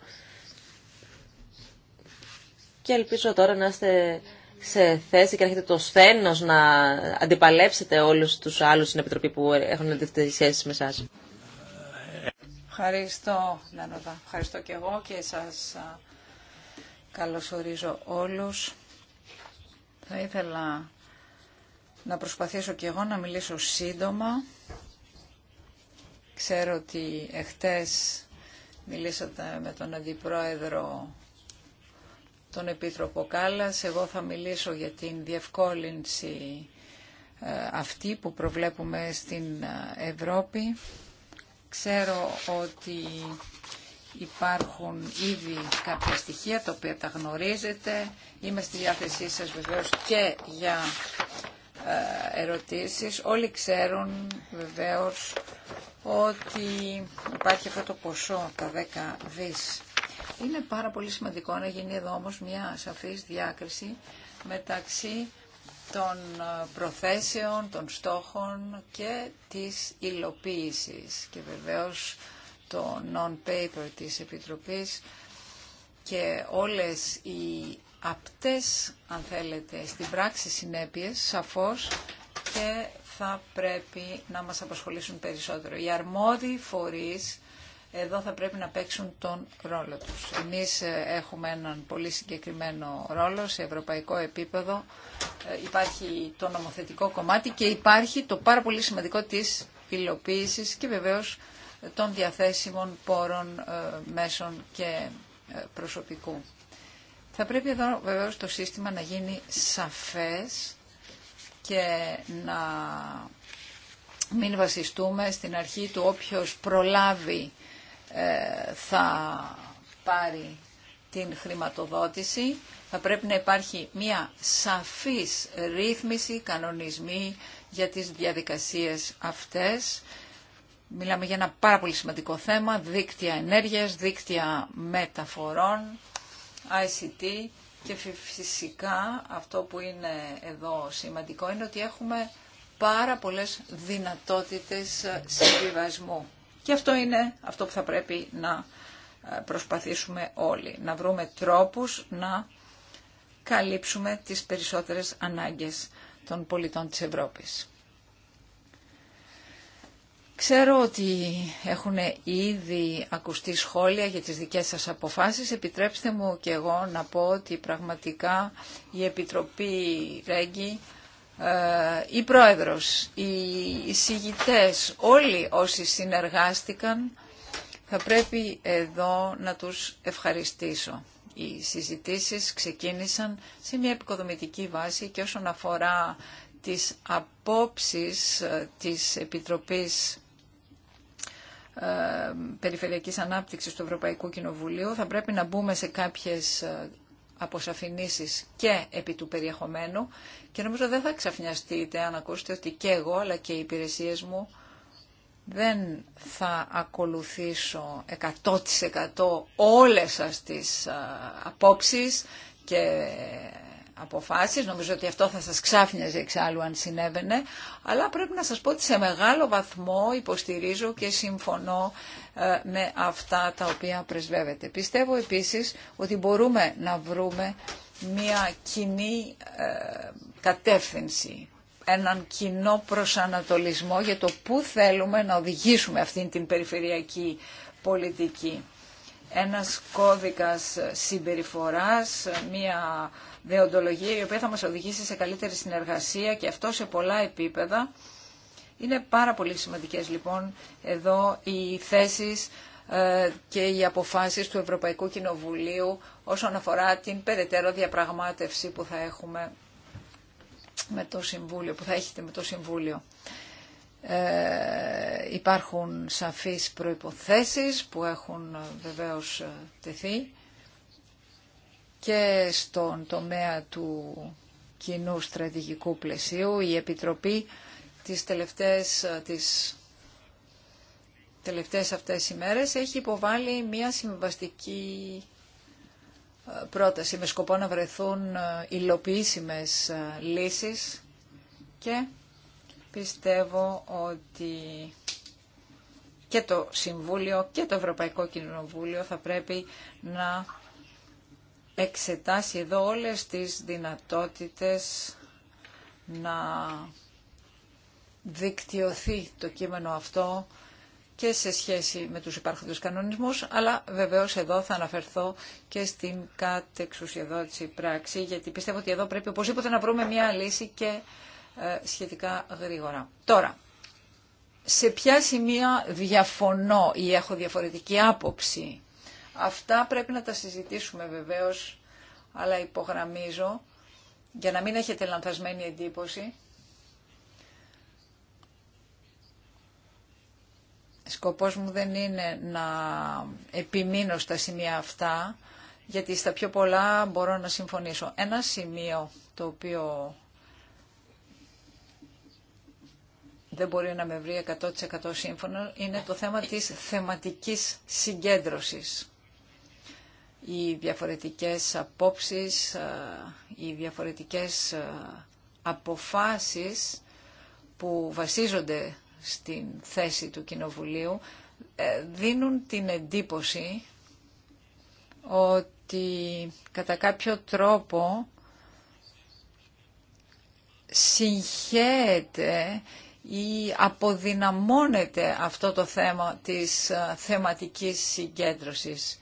και ελπίζω τώρα να είστε σε θέση και να έχετε το σθένος να αντιπαλέψετε όλους τους άλλους στην Επιτροπή που έχουν αντιθέσει με εσάς. Ευχαριστώ, Νανοδά. Ευχαριστώ και εγώ και σας καλωσορίζω όλους. Θα ήθελα να προσπαθήσω και εγώ να μιλήσω σύντομα. Ξέρω ότι εχθές μιλήσατε με τον Αντιπρόεδρο τον Επίτροπο Κάλλας. Εγώ θα μιλήσω για την διευκόλυνση ε, αυτή που προβλέπουμε στην ε, Ευρώπη. Ξέρω ότι υπάρχουν ήδη κάποια στοιχεία τα οποία τα γνωρίζετε. Είμαι στη διάθεσή σας βεβαίως και για ε, ερωτήσεις. Όλοι ξέρουν βεβαίως ότι υπάρχει αυτό το ποσό, τα 10 δις. Είναι πάρα πολύ σημαντικό να γίνει εδώ όμως μια σαφής διάκριση μεταξύ των ε, προθέσεων, των στόχων και της υλοποίησης. Και βεβαίως το non-paper της Επιτροπής και όλες οι απτές, αν θέλετε, στην πράξη συνέπειες, σαφώς και θα πρέπει να μας απασχολήσουν περισσότερο. Οι αρμόδιοι φορείς εδώ θα πρέπει να παίξουν τον ρόλο τους. Εμείς ε, έχουμε έναν πολύ συγκεκριμένο ρόλο σε ευρωπαϊκό επίπεδο. Ε, υπάρχει το νομοθετικό κομμάτι και υπάρχει το πάρα πολύ σημαντικό της υλοποίησης και βεβαίως ε, των διαθέσιμων πόρων, μέσων και προσωπικού. Θα πρέπει εδώ βεβαίως το σύστημα να γίνει σαφές και να μην βασιστούμε στην αρχή του όποιος προλάβει ε, θα πάρει την χρηματοδότηση. Θα πρέπει να υπάρχει μια σαφής ρύθμιση, κανονισμοί για τις διαδικασίες αυτές. Μιλάμε για ένα πάρα πολύ σημαντικό θέμα, δίκτυα ενέργειας, δίκτυα μεταφορών, ICT και φυσικά αυτό που είναι εδώ σημαντικό είναι ότι έχουμε πάρα πολλές δυνατότητες συμβιβασμού. Και αυτό είναι αυτό που θα πρέπει να ε, προσπαθήσουμε όλοι, να βρούμε τρόπους να καλύψουμε τις περισσότερες ανάγκες των πολιτών της Ευρώπης. Ξέρω ότι έχουν ήδη ακουστεί σχόλια για τις δικές σας αποφάσεις. Επιτρέψτε μου και εγώ να πω ότι πραγματικά η Επιτροπή Ρέγγι οι ε, πρόεδρος, οι εισηγητές, όλοι όσοι συνεργάστηκαν, θα πρέπει εδώ να τους ευχαριστήσω. Οι συζητήσεις ξεκίνησαν σε μια επικοδομητική βάση και όσον αφορά τις απόψεις ε, της Επιτροπής ε, Περιφερειακής Ανάπτυξης του Ευρωπαϊκού Κοινοβουλίου θα πρέπει να μπούμε σε κάποιες αποσαφηνήσεις και επί του περιεχομένου και νομίζω δεν θα ξαφνιαστείτε αν ακούσετε ότι και εγώ αλλά και οι υπηρεσίες μου δεν θα ακολουθήσω 100% όλες σας τις απόψεις και αποφάσεις. Νομίζω ότι αυτό θα σας ξάφνιαζε εξάλλου αν συνέβαινε. Αλλά πρέπει να σας πω ότι σε μεγάλο βαθμό υποστηρίζω και συμφωνώ ε, με αυτά τα οποία πρεσβεύεται. Πιστεύω επίσης ότι μπορούμε να βρούμε μια κοινή ε, κατεύθυνση, έναν κοινό προσανατολισμό για το πού θέλουμε να οδηγήσουμε αυτήν την περιφερειακή πολιτική. Ένας κώδικας συμπεριφοράς, μια δεοντολογία η οποία θα μας οδηγήσει σε καλύτερη συνεργασία και αυτό σε πολλά επίπεδα είναι πάρα πολύ σημαντικές λοιπόν εδώ οι θέσεις ε, και οι αποφάσεις του Ευρωπαϊκού Κοινοβουλίου όσον αφορά την περαιτέρω διαπραγμάτευση που θα έχουμε με το Συμβούλιο, που θα έχετε με το Συμβούλιο. Ε, υπάρχουν σαφείς προϋποθέσεις που έχουν ε, βεβαίως ε, τεθεί και στον τομέα του κοινού στρατηγικού πλαισίου η Επιτροπή τις τελευταίες, ε, τις τελευταίες αυτές ημέρες έχει υποβάλει μια συμβαστική ε, πρόταση με σκοπό να βρεθούν ε, υλοποιήσιμες λύσεις και πιστεύω ότι και το Συμβούλιο και το Ευρωπαϊκό Κοινοβούλιο θα πρέπει να εξετάσει εδώ όλες τις δυνατότητες να δικτυωθεί το κείμενο αυτό και σε σχέση με τους υπάρχοντες κανονισμούς, αλλά βεβαίως εδώ θα αναφερθώ και στην κατεξουσιοδότηση πράξη, γιατί πιστεύω ότι εδώ πρέπει οπωσδήποτε να βρούμε μια λύση και ε, σχετικά γρήγορα. Τώρα, σε ποια σημεία διαφωνώ ή έχω διαφορετική άποψη. Αυτά πρέπει να τα συζητήσουμε βεβαίως, αλλά υπογραμμίζω, για να μην έχετε λανθασμένη εντύπωση, Σκοπός μου δεν είναι να επιμείνω στα σημεία αυτά, γιατί στα πιο πολλά μπορώ να συμφωνήσω. Ένα σημείο το οποίο δεν μπορεί να με βρει 100% σύμφωνο είναι το θέμα της θεματικής συγκέντρωσης. Οι διαφορετικές απόψεις, ε, οι διαφορετικές ε, αποφάσεις που βασίζονται στην θέση του Κοινοβουλίου ε, δίνουν την εντύπωση ότι κατά κάποιο τρόπο συγχέεται ή αποδυναμώνεται αυτό το θέμα της ε, θεματικής συγκέντρωσης.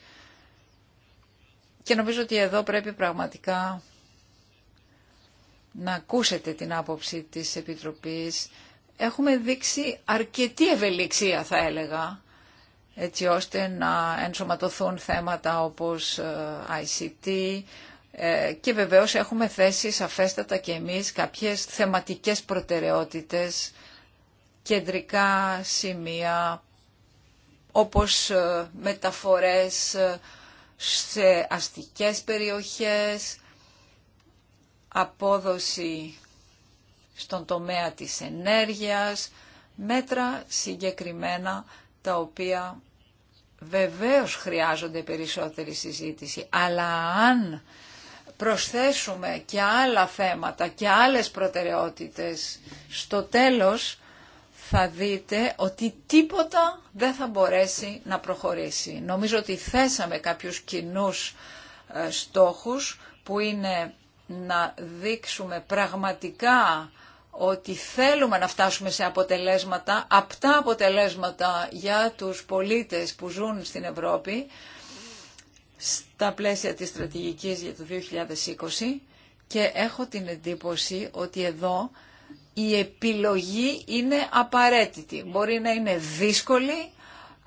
Και νομίζω ότι εδώ πρέπει πραγματικά να ακούσετε την άποψη της Επιτροπής, έχουμε δείξει αρκετή ευελιξία θα έλεγα έτσι ώστε να ενσωματωθούν θέματα όπως ε, ICT ε, και βεβαίως έχουμε θέσει σαφέστατα και εμείς κάποιες θεματικές προτεραιότητες, κεντρικά σημεία όπως ε, μεταφορές σε αστικές περιοχές, απόδοση στον τομέα της ενέργειας, μέτρα συγκεκριμένα τα οποία βεβαίως χρειάζονται περισσότερη συζήτηση. Αλλά αν προσθέσουμε και άλλα θέματα και άλλες προτεραιότητες στο τέλος θα δείτε ότι τίποτα δεν θα μπορέσει να προχωρήσει. Νομίζω ότι θέσαμε κάποιους κοινού ε, στόχους που είναι να δείξουμε πραγματικά ότι θέλουμε να φτάσουμε σε αποτελέσματα, απτά αποτελέσματα για τους πολίτες που ζουν στην Ευρώπη στα πλαίσια της στρατηγικής για το 2020 και έχω την εντύπωση ότι εδώ η επιλογή είναι απαραίτητη. Μπορεί να είναι δύσκολη,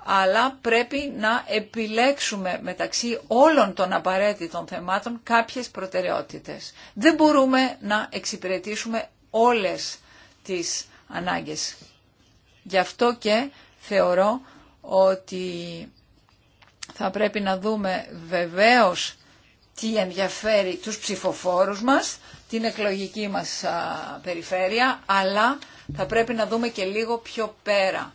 αλλά πρέπει να επιλέξουμε μεταξύ όλων των απαραίτητων θεμάτων κάποιες προτεραιότητες. Δεν μπορούμε να εξυπηρετήσουμε όλες τις ανάγκες. Γι' αυτό και θεωρώ ότι θα πρέπει να δούμε βεβαίως τι ενδιαφέρει τους ψηφοφόρους μας, την εκλογική μας περιφέρεια, αλλά θα πρέπει να δούμε και λίγο πιο πέρα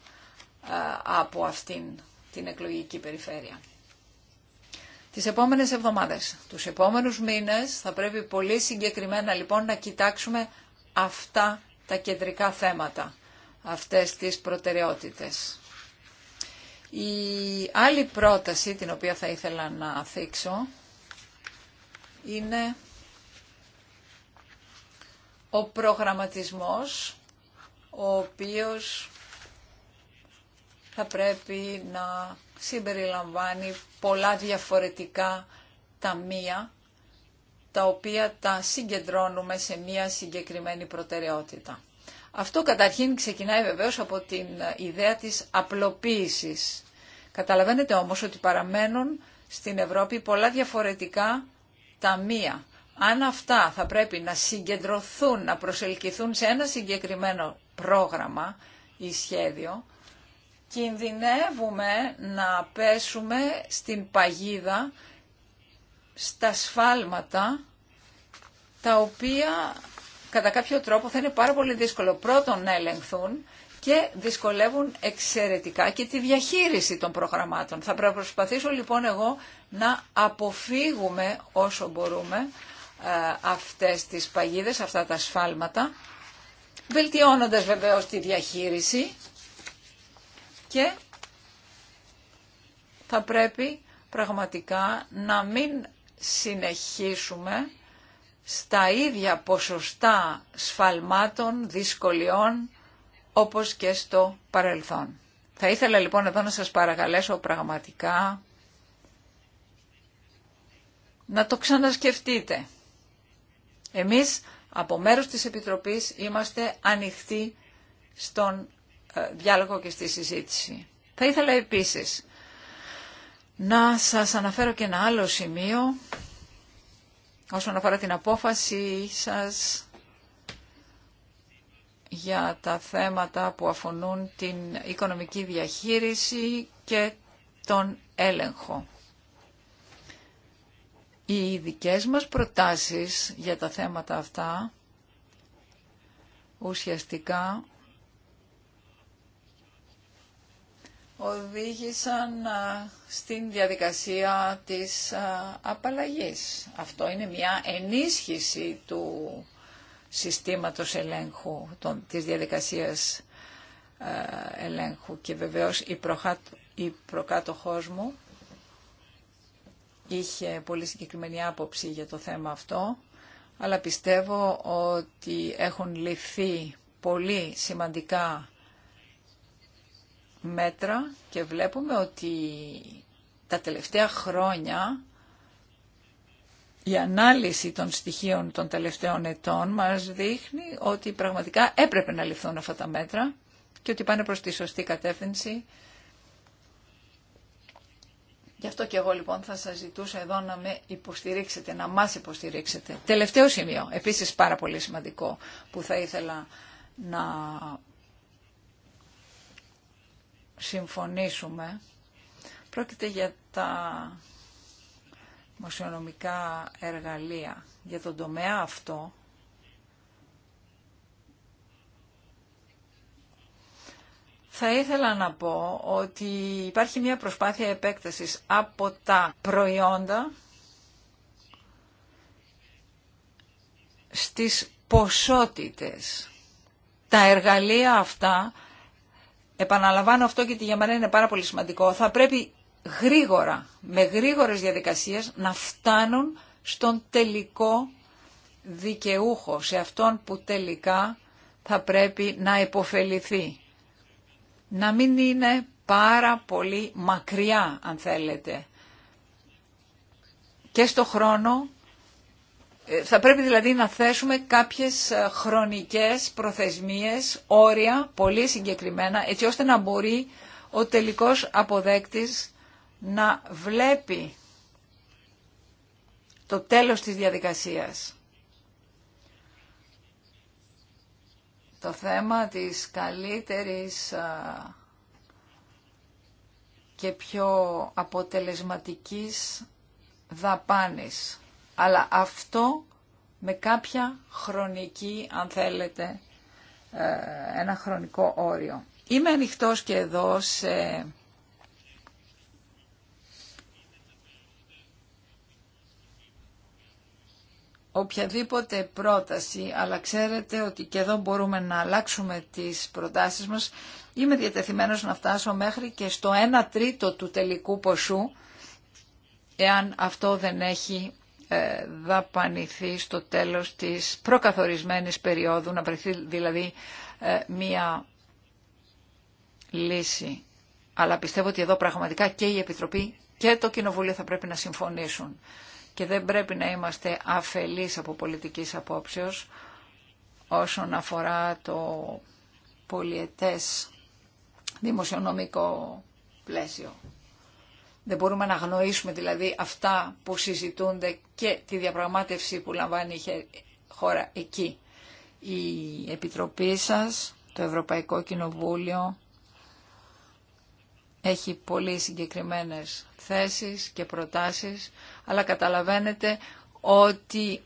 από αυτήν την εκλογική περιφέρεια. Τις επόμενες εβδομάδες, τους επόμενους μήνες θα πρέπει πολύ συγκεκριμένα λοιπόν να κοιτάξουμε αυτά τα κεντρικά θέματα, αυτές τις προτεραιότητες. Η άλλη πρόταση την οποία θα ήθελα να θίξω είναι ο προγραμματισμός ο οποίος θα πρέπει να συμπεριλαμβάνει πολλά διαφορετικά ταμεία τα οποία τα συγκεντρώνουμε σε μία συγκεκριμένη προτεραιότητα. Αυτό καταρχήν ξεκινάει βεβαίως από την ιδέα της απλοποίησης. Καταλαβαίνετε όμως ότι παραμένουν στην Ευρώπη πολλά διαφορετικά ταμεία. Αν αυτά θα πρέπει να συγκεντρωθούν, να προσελκυθούν σε ένα συγκεκριμένο πρόγραμμα ή σχέδιο, κινδυνεύουμε να πέσουμε στην παγίδα στα σφάλματα τα οποία κατά κάποιο τρόπο θα είναι πάρα πολύ δύσκολο πρώτον να ελεγχθούν και δυσκολεύουν εξαιρετικά και τη διαχείριση των προγραμμάτων. Θα προσπαθήσω λοιπόν εγώ να αποφύγουμε όσο μπορούμε ε, αυτές τις παγίδες, αυτά τα σφάλματα, βελτιώνοντας βεβαίως τη διαχείριση και θα πρέπει πραγματικά να μην συνεχίσουμε στα ίδια ποσοστά σφαλμάτων, δυσκολιών, όπως και στο παρελθόν. Θα ήθελα λοιπόν εδώ να σας παρακαλέσω πραγματικά να το ξανασκεφτείτε. Εμείς από μέρος της Επιτροπής είμαστε ανοιχτοί στον ε, διάλογο και στη συζήτηση. Θα ήθελα επίσης να σας αναφέρω και ένα άλλο σημείο όσον αφορά την απόφαση σας για τα θέματα που αφορούν την οικονομική διαχείριση και τον έλεγχο. Οι δικές μας προτάσεις για τα θέματα αυτά ουσιαστικά οδήγησαν στην διαδικασία της απαλλαγής. Αυτό είναι μια ενίσχυση του συστήματος ελέγχου, των, της διαδικασίας ελέγχου και βεβαίως η, προχά, η προκάτοχός μου είχε πολύ συγκεκριμένη άποψη για το θέμα αυτό, αλλά πιστεύω ότι έχουν ληφθεί πολύ σημαντικά μέτρα και βλέπουμε ότι τα τελευταία χρόνια η ανάλυση των στοιχείων των τελευταίων ετών μας δείχνει ότι πραγματικά έπρεπε να ληφθούν αυτά τα μέτρα και ότι πάνε προς τη σωστή κατεύθυνση. Γι' αυτό και εγώ λοιπόν θα σας ζητούσα εδώ να με υποστηρίξετε, να μας υποστηρίξετε. Τελευταίο σημείο, επίσης πάρα πολύ σημαντικό, που θα ήθελα να συμφωνήσουμε. Πρόκειται για τα δημοσιονομικά εργαλεία. Για τον τομέα αυτό Θα ήθελα να πω ότι υπάρχει μια προσπάθεια επέκτασης από τα προϊόντα στις ποσότητες. Τα εργαλεία αυτά επαναλαμβάνω αυτό γιατί για μένα είναι πάρα πολύ σημαντικό, θα πρέπει γρήγορα, με γρήγορες διαδικασίες να φτάνουν στον τελικό δικαιούχο, σε αυτόν που τελικά θα πρέπει να υποφεληθεί. Να μην είναι πάρα πολύ μακριά, αν θέλετε, και στο χρόνο ε, θα πρέπει δηλαδή να θέσουμε κάποιες ε, χρονικές προθεσμίες, όρια, πολύ συγκεκριμένα, έτσι ώστε να μπορεί ο τελικός αποδέκτης να βλέπει το τέλος της διαδικασίας. Το θέμα της καλύτερης ε, και πιο αποτελεσματικής δαπάνης αλλά αυτό με κάποια χρονική, αν θέλετε, ε, ένα χρονικό όριο. Είμαι ανοιχτό και εδώ σε οποιαδήποτε πρόταση, αλλά ξέρετε ότι και εδώ μπορούμε να αλλάξουμε τις προτάσεις μας, είμαι διατεθειμένος να φτάσω μέχρι και στο 1 τρίτο του τελικού ποσού, εάν αυτό δεν έχει ε, δαπανηθεί στο τέλος της προκαθορισμένης περίοδου, να βρεθεί δηλαδή ε, μία λύση. Αλλά πιστεύω ότι εδώ πραγματικά και η Επιτροπή και το Κοινοβούλιο θα πρέπει να συμφωνήσουν. Και δεν πρέπει να είμαστε αφελείς από πολιτικής απόψεως όσον αφορά το πολιετές δημοσιονομικό πλαίσιο. Δεν μπορούμε να γνωρίσουμε δηλαδή αυτά που συζητούνται και τη διαπραγμάτευση που λαμβάνει η χώρα εκεί. Η Επιτροπή σας, το Ευρωπαϊκό Κοινοβούλιο, έχει πολύ συγκεκριμένες θέσεις και προτάσεις, αλλά καταλαβαίνετε ότι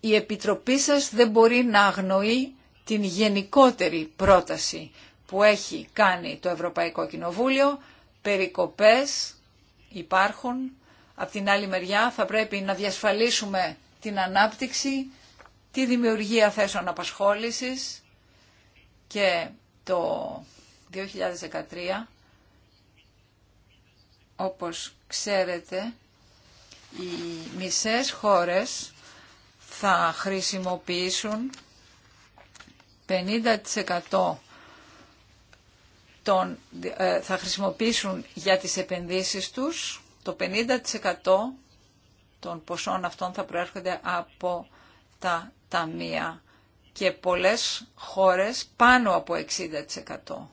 η Επιτροπή σας δεν μπορεί να αγνοεί την γενικότερη πρόταση που έχει κάνει το Ευρωπαϊκό Κοινοβούλιο περικοπές υπάρχουν. Απ' την άλλη μεριά θα πρέπει να διασφαλίσουμε την ανάπτυξη, τη δημιουργία θέσεων απασχόλησης και το 2013, όπως ξέρετε, οι μισές χώρες θα χρησιμοποιήσουν 50% τον, ε, θα χρησιμοποιήσουν για τις επενδύσεις τους. Το 50% των ποσών αυτών θα προέρχονται από τα ταμεία και πολλές χώρες πάνω από 60%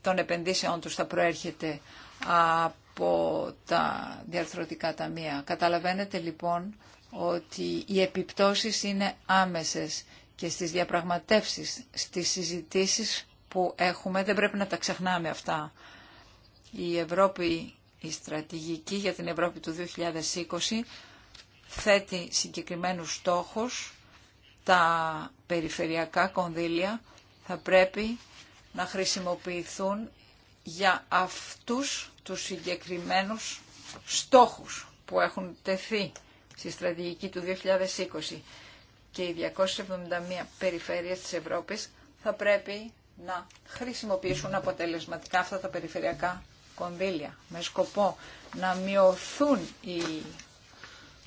των επενδύσεων τους θα προέρχεται από τα διαρθρωτικά ταμεία. Καταλαβαίνετε λοιπόν ότι οι επιπτώσεις είναι άμεσες και στις διαπραγματεύσεις, στις συζητήσεις που έχουμε, δεν πρέπει να τα ξεχνάμε αυτά. Η Ευρώπη, η στρατηγική για την Ευρώπη του 2020 θέτει συγκεκριμένους στόχους, τα περιφερειακά κονδύλια θα πρέπει να χρησιμοποιηθούν για αυτούς τους συγκεκριμένους στόχους που έχουν τεθεί στη στρατηγική του 2020 και οι 271 περιφέρειες της Ευρώπης θα πρέπει να χρησιμοποιήσουν αποτελεσματικά αυτά τα περιφερειακά κονδύλια με σκοπό να μειωθούν οι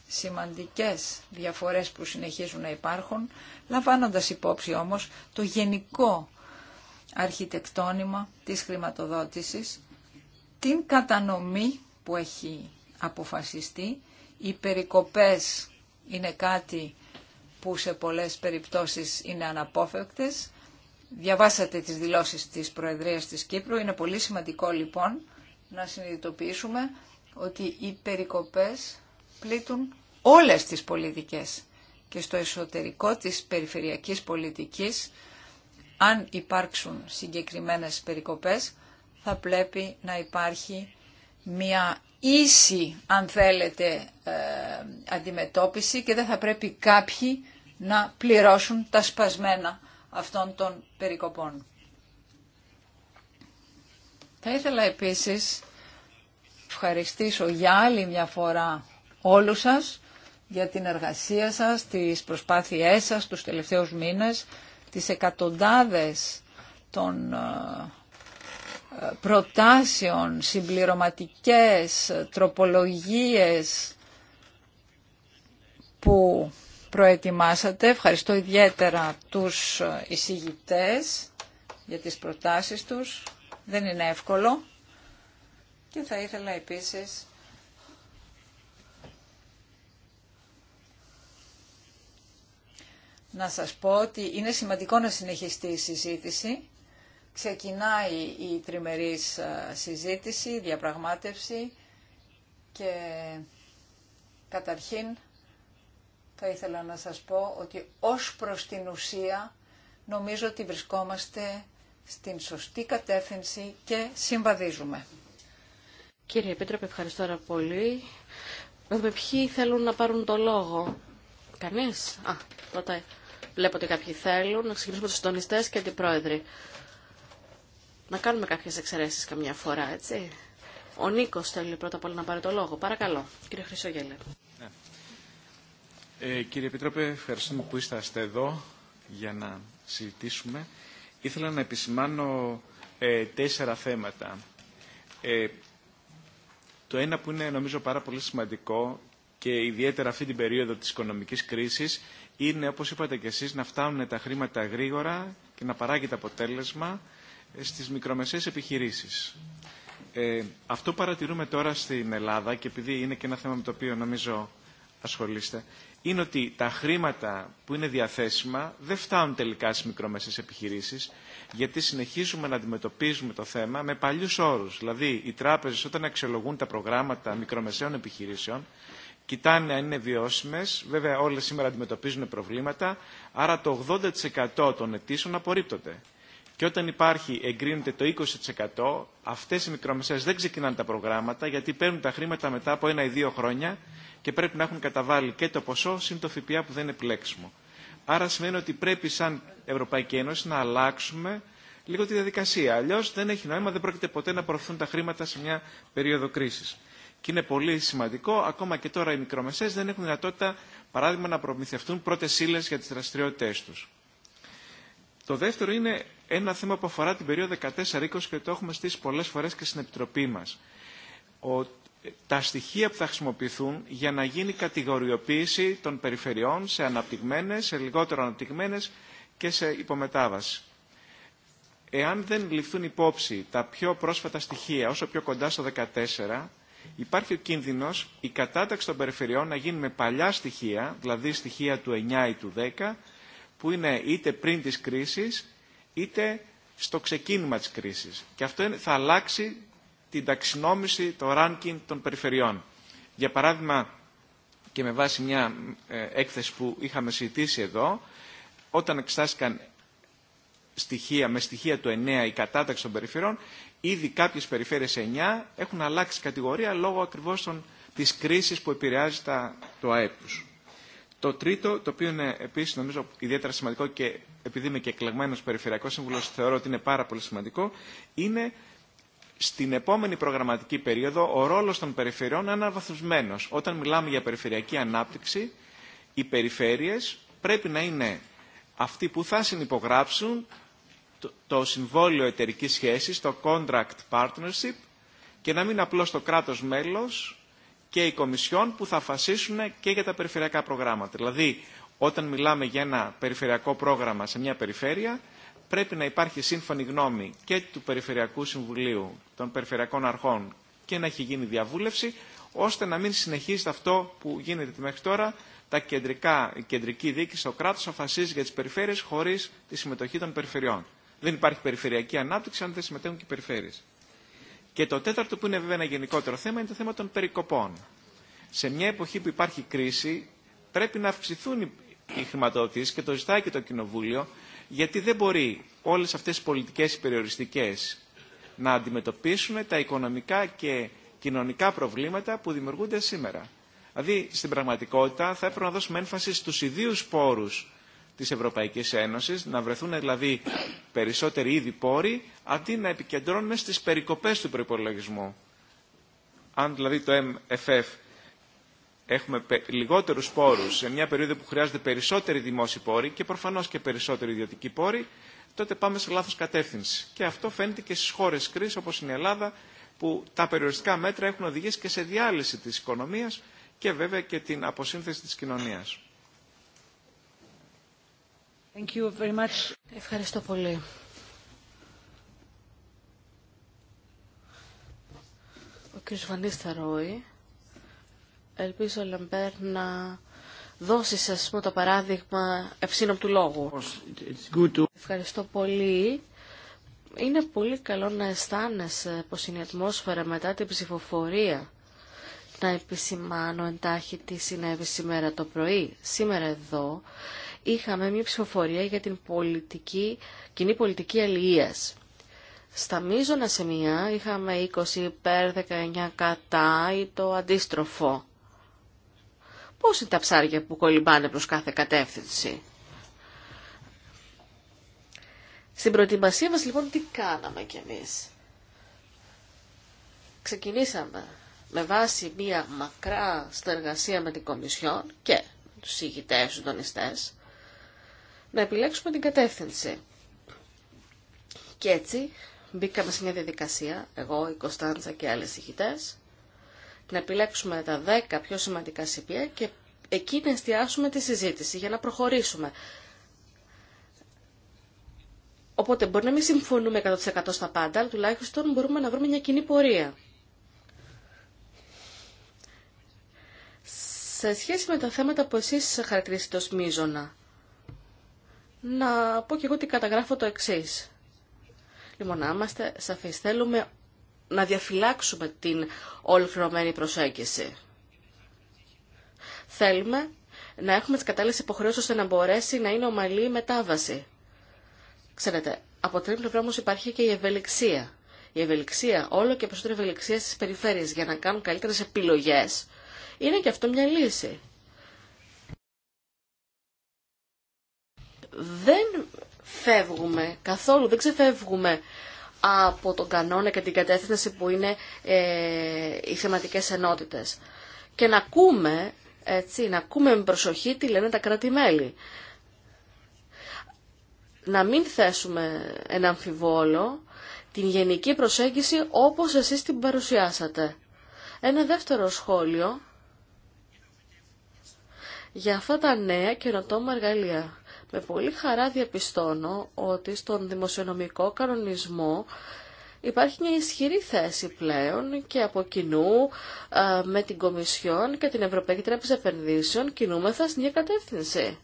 σημαντικές διαφορές που συνεχίζουν να υπάρχουν, λαμβάνοντας υπόψη όμως το γενικό αρχιτεκτόνημα της χρηματοδότησης, την κατανομή που έχει αποφασιστεί, οι περικοπές είναι κάτι που σε πολλές περιπτώσεις είναι αναπόφευκτες Διαβάσατε τις δηλώσεις της Προεδρίας της Κύπρου. Είναι πολύ σημαντικό λοιπόν να συνειδητοποιήσουμε ότι οι περικοπές πλήττουν όλες τις πολιτικές και στο εσωτερικό της περιφερειακής πολιτικής αν υπάρξουν συγκεκριμένες περικοπές θα πρέπει να υπάρχει μια ίση αν θέλετε ε, αντιμετώπιση και δεν θα πρέπει κάποιοι να πληρώσουν τα σπασμένα αυτών των περικοπών. Θα ήθελα επίσης ευχαριστήσω για άλλη μια φορά όλους σας για την εργασία σας, τις προσπάθειές σας τους τελευταίους μήνες, τις εκατοντάδες των ε, προτάσεων, συμπληρωματικές τροπολογίες που προετοιμάσατε. Ευχαριστώ ιδιαίτερα τους εισηγητές για τις προτάσεις τους. Δεν είναι εύκολο. Και θα ήθελα επίσης να σας πω ότι είναι σημαντικό να συνεχιστεί η συζήτηση. Ξεκινάει η τριμερής συζήτηση, διαπραγμάτευση και καταρχήν θα ήθελα να σας πω ότι ως προς την ουσία νομίζω ότι βρισκόμαστε στην σωστή κατεύθυνση και συμβαδίζουμε. Κύριε Επίτροπε, ευχαριστώ πολύ. Να ποιοι θέλουν να πάρουν το λόγο. Κανείς? Α, τότε βλέπω ότι κάποιοι θέλουν. Να ξεκινήσουμε τους συντονιστές και την πρόεδρη. Να κάνουμε κάποιες εξαιρέσεις καμιά φορά, έτσι. Ο Νίκος θέλει πρώτα απ' όλα να πάρει το λόγο. Παρακαλώ, κύριε Χρυσόγελε. Ε, κύριε Επίτροπε, ευχαριστούμε που είσαστε εδώ για να συζητήσουμε. Ήθελα να επισημάνω ε, τέσσερα θέματα. Ε, το ένα που είναι νομίζω πάρα πολύ σημαντικό και ιδιαίτερα αυτή την περίοδο της οικονομικής κρίσης είναι, όπως είπατε και εσείς, να φτάνουν τα χρήματα γρήγορα και να παράγεται αποτέλεσμα ε, στις μικρομεσαίες επιχειρήσεις. Ε, αυτό παρατηρούμε τώρα στην Ελλάδα και επειδή είναι και ένα θέμα με το οποίο νομίζω ασχολείστε, είναι ότι τα χρήματα που είναι διαθέσιμα δεν φτάνουν τελικά στις μικρομεσαίες επιχειρήσεις, γιατί συνεχίζουμε να αντιμετωπίζουμε το θέμα με παλιούς όρους. Δηλαδή, οι τράπεζες όταν αξιολογούν τα προγράμματα μικρομεσαίων επιχειρήσεων, κοιτάνε αν είναι βιώσιμες, βέβαια όλες σήμερα αντιμετωπίζουν προβλήματα, άρα το 80% των αιτήσεων απορρίπτονται. Και όταν υπάρχει, εγκρίνεται το 20%, αυτές οι μικρομεσαίες δεν ξεκινάνε τα προγράμματα, γιατί παίρνουν τα χρήματα μετά από ένα ή δύο χρόνια και πρέπει να έχουν καταβάλει και το ποσό συν το ΦΠΑ που δεν είναι πλέξιμο. Άρα σημαίνει ότι πρέπει σαν Ευρωπαϊκή Ένωση να αλλάξουμε λίγο τη διαδικασία. Αλλιώ δεν έχει νόημα, δεν πρόκειται ποτέ να προωθούν τα χρήματα σε μια περίοδο κρίση. Και είναι πολύ σημαντικό, ακόμα και τώρα οι μικρομεσαίε δεν έχουν δυνατότητα, παράδειγμα, να προμηθευτούν πρώτε ύλε για τι δραστηριότητέ του. Το δεύτερο είναι ένα θέμα που αφορά την περίοδο 14-20 και το έχουμε στήσει πολλέ φορέ και στην Επιτροπή μα τα στοιχεία που θα χρησιμοποιηθούν για να γίνει κατηγοριοποίηση των περιφερειών σε αναπτυγμένες, σε λιγότερο αναπτυγμένες και σε υπομετάβαση. Εάν δεν ληφθούν υπόψη τα πιο πρόσφατα στοιχεία, όσο πιο κοντά στο 2014, υπάρχει ο κίνδυνος η κατάταξη των περιφερειών να γίνει με παλιά στοιχεία, δηλαδή στοιχεία του 9 ή του 10, που είναι είτε πριν της κρίσης, είτε στο ξεκίνημα της κρίσης. Και αυτό θα αλλάξει την ταξινόμηση, το ranking των περιφερειών. Για παράδειγμα, και με βάση μια ε, έκθεση που είχαμε συζητήσει εδώ, όταν εξετάστηκαν στοιχεία, με στοιχεία του 9 η κατάταξη των περιφερειών, ήδη κάποιες περιφέρειες 9 έχουν αλλάξει κατηγορία λόγω ακριβώς των, της κρίσης που επηρεάζει τα, το ΑΕΠ τους. Το τρίτο, το οποίο είναι επίσης νομίζω ιδιαίτερα σημαντικό και επειδή είμαι και εκλεγμένος περιφερειακός σύμβουλος θεωρώ ότι είναι πάρα πολύ σημαντικό, είναι στην επόμενη προγραμματική περίοδο ο ρόλος των περιφερειών είναι αναβαθμισμένος. Όταν μιλάμε για περιφερειακή ανάπτυξη, οι περιφέρειες πρέπει να είναι αυτοί που θα συνυπογράψουν το, το συμβόλαιο εταιρική σχέσης, το contract partnership και να μην είναι απλώς το κράτος μέλος και οι κομισιόν που θα αφασίσουν και για τα περιφερειακά προγράμματα. Δηλαδή, όταν μιλάμε για ένα περιφερειακό πρόγραμμα σε μια περιφέρεια, πρέπει να υπάρχει σύμφωνη γνώμη και του Περιφερειακού Συμβουλίου των Περιφερειακών Αρχών και να έχει γίνει διαβούλευση, ώστε να μην συνεχίζεται αυτό που γίνεται μέχρι τώρα, τα κεντρικά, η κεντρική διοίκηση, ο κράτο αποφασίζει για τι περιφέρειες χωρί τη συμμετοχή των περιφερειών. Δεν υπάρχει περιφερειακή ανάπτυξη αν δεν συμμετέχουν και οι περιφέρειες. Και το τέταρτο που είναι βέβαια ένα γενικότερο θέμα είναι το θέμα των περικοπών. Σε μια εποχή που υπάρχει κρίση πρέπει να αυξηθούν οι χρηματοδοτήσει και το ζητάει το Κοινοβούλιο γιατί δεν μπορεί όλες αυτές οι πολιτικές περιοριστικές να αντιμετωπίσουν τα οικονομικά και κοινωνικά προβλήματα που δημιουργούνται σήμερα. Δηλαδή, στην πραγματικότητα θα έπρεπε να δώσουμε έμφαση στους ιδίους πόρους της Ευρωπαϊκής Ένωσης, να βρεθούν δηλαδή περισσότεροι ήδη πόροι, αντί να επικεντρώνουμε στις περικοπές του προϋπολογισμού. Αν δηλαδή το MFF έχουμε λιγότερους πόρους σε μια περίοδο που χρειάζονται περισσότεροι δημόσιοι πόροι και προφανώς και περισσότεροι ιδιωτικοί πόροι, τότε πάμε σε λάθος κατεύθυνση. Και αυτό φαίνεται και στις χώρες κρίση όπως είναι η Ελλάδα, που τα περιοριστικά μέτρα έχουν οδηγήσει και σε διάλυση της οικονομίας και βέβαια και την αποσύνθεση τη κοινωνία. Ευχαριστώ πολύ. Ο κ. Βανίστα ελπίζω Λεμπέρ, να δώσει σας πούμε το παράδειγμα ευσύνων του λόγου. Ευχαριστώ πολύ. Είναι πολύ καλό να αισθάνεσαι πως είναι η ατμόσφαιρα μετά την ψηφοφορία. Να επισημάνω εντάχει τι συνέβη σήμερα το πρωί. Σήμερα εδώ είχαμε μια ψηφοφορία για την πολιτική, κοινή πολιτική αλληλείας. Στα μείζωνα σημεία είχαμε 20 υπέρ 19 κατά ή το αντίστροφο. Πώς είναι τα ψάρια που κολυμπάνε προς κάθε κατεύθυνση. Στην προετοιμασία μας λοιπόν τι κάναμε κι εμείς. Ξεκινήσαμε με βάση μία μακρά συνεργασία με την Κομισιόν και τους ηγητές, τους δονηστές, να επιλέξουμε την κατεύθυνση. Και έτσι μπήκαμε σε μια διαδικασία, εγώ, η Κωνσταντζα και άλλες ηγητές, να επιλέξουμε τα 10 πιο σημαντικά σημεία και εκεί να εστιάσουμε τη συζήτηση για να προχωρήσουμε. Οπότε μπορεί να μην συμφωνούμε 100% στα πάντα, αλλά τουλάχιστον μπορούμε να βρούμε μια κοινή πορεία. Σε σχέση με τα θέματα που εσείς χαρακτηρίσετε ως μίζωνα, να πω και εγώ ότι καταγράφω το εξής. Λοιπόν, να είμαστε σαφείς. Θέλουμε να διαφυλάξουμε την ολοκληρωμένη προσέγγιση. Θέλουμε να έχουμε τις κατάλληλες υποχρεώσεις ώστε να μπορέσει να είναι ομαλή η μετάβαση. Ξέρετε, από την πλευρά όμως υπάρχει και η ευελιξία. Η ευελιξία, όλο και περισσότερη ευελιξία στις περιφέρειες για να κάνουν καλύτερες επιλογές. Είναι και αυτό μια λύση. Δεν φεύγουμε καθόλου, δεν ξεφεύγουμε από τον κανόνα και την κατεύθυνση που είναι ε, οι θεματικές ενότητες. Και να ακούμε, έτσι, να με προσοχή τι λένε τα κράτη-μέλη. Να μην θέσουμε ένα αμφιβόλο την γενική προσέγγιση όπως εσείς την παρουσιάσατε. Ένα δεύτερο σχόλιο για αυτά τα νέα καινοτόμα εργαλεία. Με πολύ χαρά διαπιστώνω ότι στον δημοσιονομικό κανονισμό υπάρχει μια ισχυρή θέση πλέον και από κοινού με την Κομισιόν και την Ευρωπαϊκή Τράπεζα Επενδύσεων κινούμεθα στην κατεύθυνση.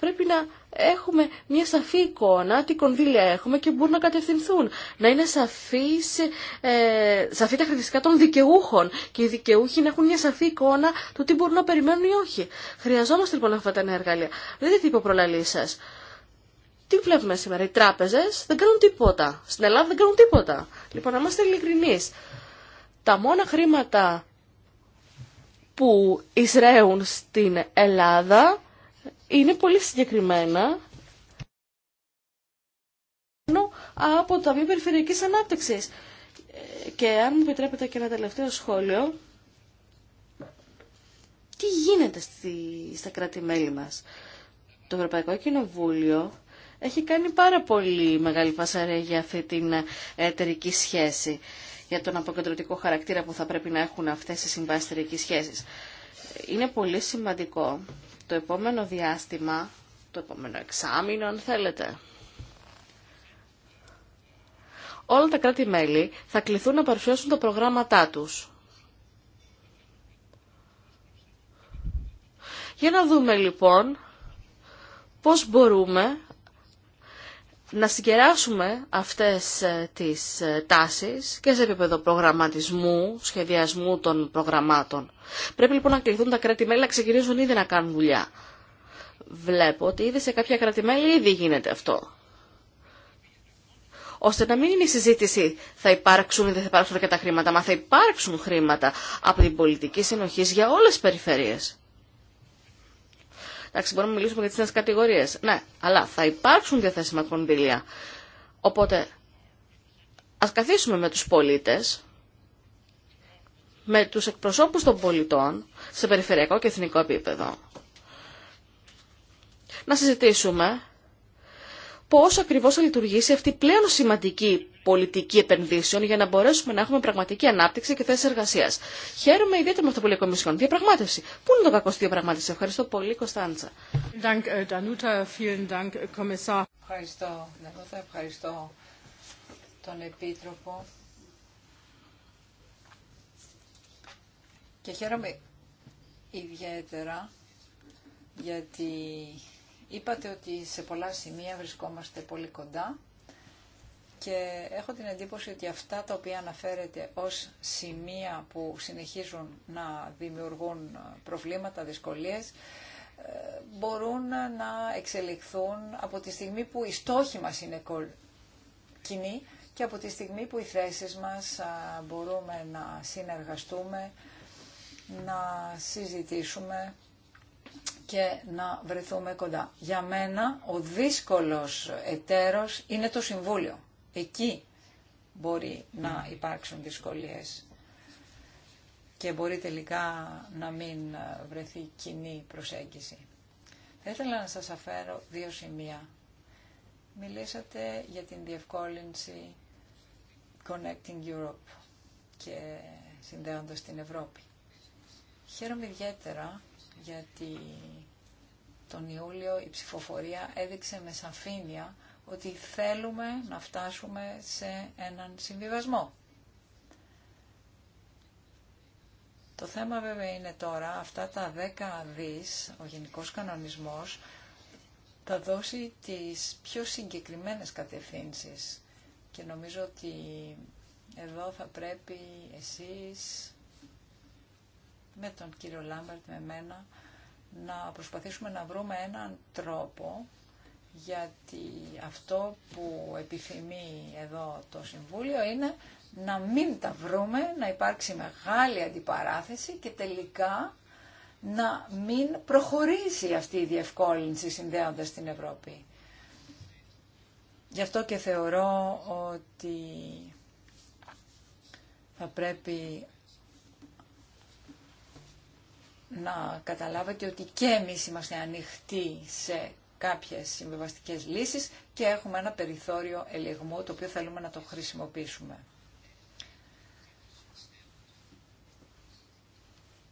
πρέπει να έχουμε μια σαφή εικόνα τι κονδύλια έχουμε και μπορούν να κατευθυνθούν. Να είναι σαφής, ε, σαφή τα χαρακτηριστικά των δικαιούχων και οι δικαιούχοι να έχουν μια σαφή εικόνα του τι μπορούν να περιμένουν ή όχι. Χρειαζόμαστε λοιπόν αυτά τα νέα εργαλεία. Δεν τι είπε προλαλή Τι βλέπουμε σήμερα. Οι τράπεζε δεν κάνουν τίποτα. Στην Ελλάδα δεν κάνουν τίποτα. Λοιπόν, να είμαστε ειλικρινεί. Τα μόνα χρήματα που εισραίουν στην Ελλάδα είναι πολύ συγκεκριμένα από τα Ταμείο περιφερειακή ανάπτυξη. Και αν μου επιτρέπετε και ένα τελευταίο σχόλιο, τι γίνεται στη, στα κράτη-μέλη μας. Το Ευρωπαϊκό Κοινοβούλιο έχει κάνει πάρα πολύ μεγάλη φασαρία για αυτή την εταιρική σχέση, για τον αποκεντρωτικό χαρακτήρα που θα πρέπει να έχουν αυτές οι συμβάσεις εταιρικής σχέσης. Είναι πολύ σημαντικό το επόμενο διάστημα, το επόμενο εξάμεινο αν θέλετε, όλα τα κράτη-μέλη θα κληθούν να παρουσιάσουν τα προγράμματά τους. Για να δούμε λοιπόν πώς μπορούμε να συγκεράσουμε αυτές ε, τις ε, τάσεις και σε επίπεδο προγραμματισμού, σχεδιασμού των προγραμμάτων. Πρέπει λοιπόν να κληθούν τα κράτη-μέλη να ξεκινήσουν ήδη να κάνουν δουλειά. Βλέπω ότι ήδη σε κάποια κράτη-μέλη ήδη γίνεται αυτό. Ώστε να μην είναι η συζήτηση θα υπάρξουν ή δεν θα υπάρξουν και τα χρήματα, μα θα υπάρξουν χρήματα από την πολιτική συνοχή για όλες τις περιφερειές. Εντάξει, μπορούμε να μιλήσουμε για νέε κατηγορίες. Ναι, αλλά θα υπάρξουν διαθέσιμα κονδύλια. Οπότε, α καθίσουμε με τους πολίτες, με τους εκπροσώπους των πολιτών, σε περιφερειακό και εθνικό επίπεδο. Να συζητήσουμε πώς ακριβώς θα λειτουργήσει αυτή η πλέον σημαντική πολιτική επενδύσεων για να μπορέσουμε να έχουμε πραγματική ανάπτυξη και θέσει εργασία. Χαίρομαι ιδιαίτερα με αυτό που λέει η Κομισιόν. Διαπραγμάτευση. Πού είναι το κακό στη διαπραγμάτευση. Ευχαριστώ πολύ, Κωνσταντζα. Ε, ε, Ευχαριστώ, Ντανούτα. Ευχαριστώ τον Επίτροπο. Και χαίρομαι ιδιαίτερα γιατί Είπατε ότι σε πολλά σημεία βρισκόμαστε πολύ κοντά και έχω την εντύπωση ότι αυτά τα οποία αναφέρετε ως σημεία που συνεχίζουν να δημιουργούν προβλήματα, δυσκολίες, ε, μπορούν να εξελιχθούν από τη στιγμή που οι στόχοι μας είναι κοινοί και από τη στιγμή που οι θέσεις μας μπορούμε να συνεργαστούμε, να συζητήσουμε και να βρεθούμε κοντά. Για μένα ο δύσκολος εταίρος είναι το Συμβούλιο. Εκεί μπορεί να υπάρξουν δυσκολίες και μπορεί τελικά να μην βρεθεί κοινή προσέγγιση. Θα ήθελα να σας αφέρω δύο σημεία. Μιλήσατε για την διευκόλυνση Connecting Europe και συνδέοντας την Ευρώπη. Χαίρομαι ιδιαίτερα γιατί τον Ιούλιο η ψηφοφορία έδειξε με σαφήνεια ότι θέλουμε να φτάσουμε σε έναν συμβιβασμό. Το θέμα βέβαια είναι τώρα αυτά τα 10 δις, ο γενικός κανονισμός, θα δώσει τις πιο συγκεκριμένες κατευθύνσεις και νομίζω ότι εδώ θα πρέπει εσείς με τον κύριο Λάμπερτ, με μένα, να προσπαθήσουμε να βρούμε έναν τρόπο γιατί αυτό που επιθυμεί εδώ το Συμβούλιο είναι να μην τα βρούμε, να υπάρξει μεγάλη αντιπαράθεση και τελικά να μην προχωρήσει αυτή η διευκόλυνση συνδέοντας την Ευρώπη. Γι' αυτό και θεωρώ ότι θα πρέπει να καταλάβετε ότι και εμείς είμαστε ανοιχτοί σε κάποιες συμβιβαστικέ λύσεις και έχουμε ένα περιθώριο ελιγμού το οποίο θέλουμε να το χρησιμοποιήσουμε.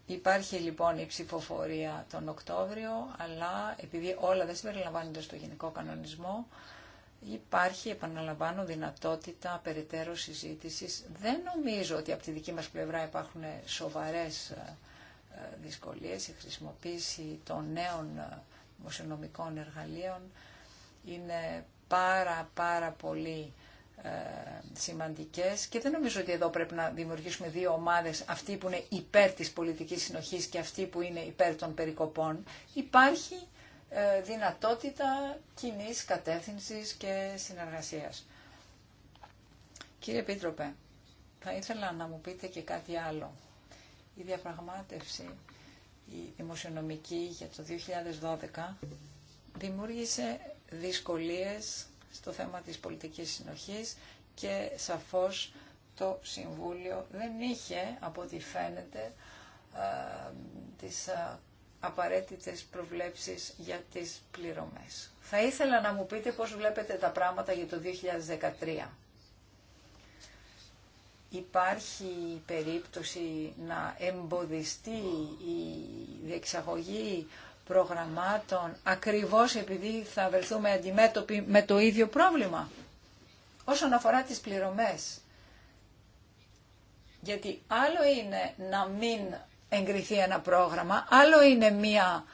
Υπάρχει λοιπόν η ψηφοφορία τον Οκτώβριο, αλλά επειδή όλα δεν συμπεριλαμβάνονται στο γενικό κανονισμό, υπάρχει, επαναλαμβάνω, δυνατότητα περαιτέρω συζήτησης. Δεν νομίζω ότι από τη δική μας πλευρά υπάρχουν σοβαρές ε, δυσκολίες. Η χρησιμοποίηση των νέων ε, δημοσιονομικών εργαλείων είναι πάρα πάρα πολύ ε, σημαντικές και δεν νομίζω ότι εδώ πρέπει να δημιουργήσουμε δύο ομάδες, αυτοί που είναι υπέρ της πολιτικής συνοχής και αυτοί που είναι υπέρ των περικοπών. Υπάρχει ε, δυνατότητα κοινή κατεύθυνσης και συνεργασίας. Κύριε Επίτροπε, θα ήθελα να μου πείτε και κάτι άλλο η διαπραγμάτευση η δημοσιονομική για το 2012 δημιούργησε δυσκολίες στο θέμα της πολιτικής συνοχής και σαφώς το Συμβούλιο δεν είχε, από ό,τι φαίνεται, τις απαραίτητες προβλέψεις για τις πληρωμές. Θα ήθελα να μου πείτε πώς βλέπετε τα πράγματα για το 2013 υπάρχει περίπτωση να εμποδιστεί η διεξαγωγή προγραμμάτων ακριβώς επειδή θα βρεθούμε αντιμέτωποι με το ίδιο πρόβλημα. Όσον αφορά τις πληρωμές, γιατί άλλο είναι να μην εγκριθεί ένα πρόγραμμα, άλλο είναι μία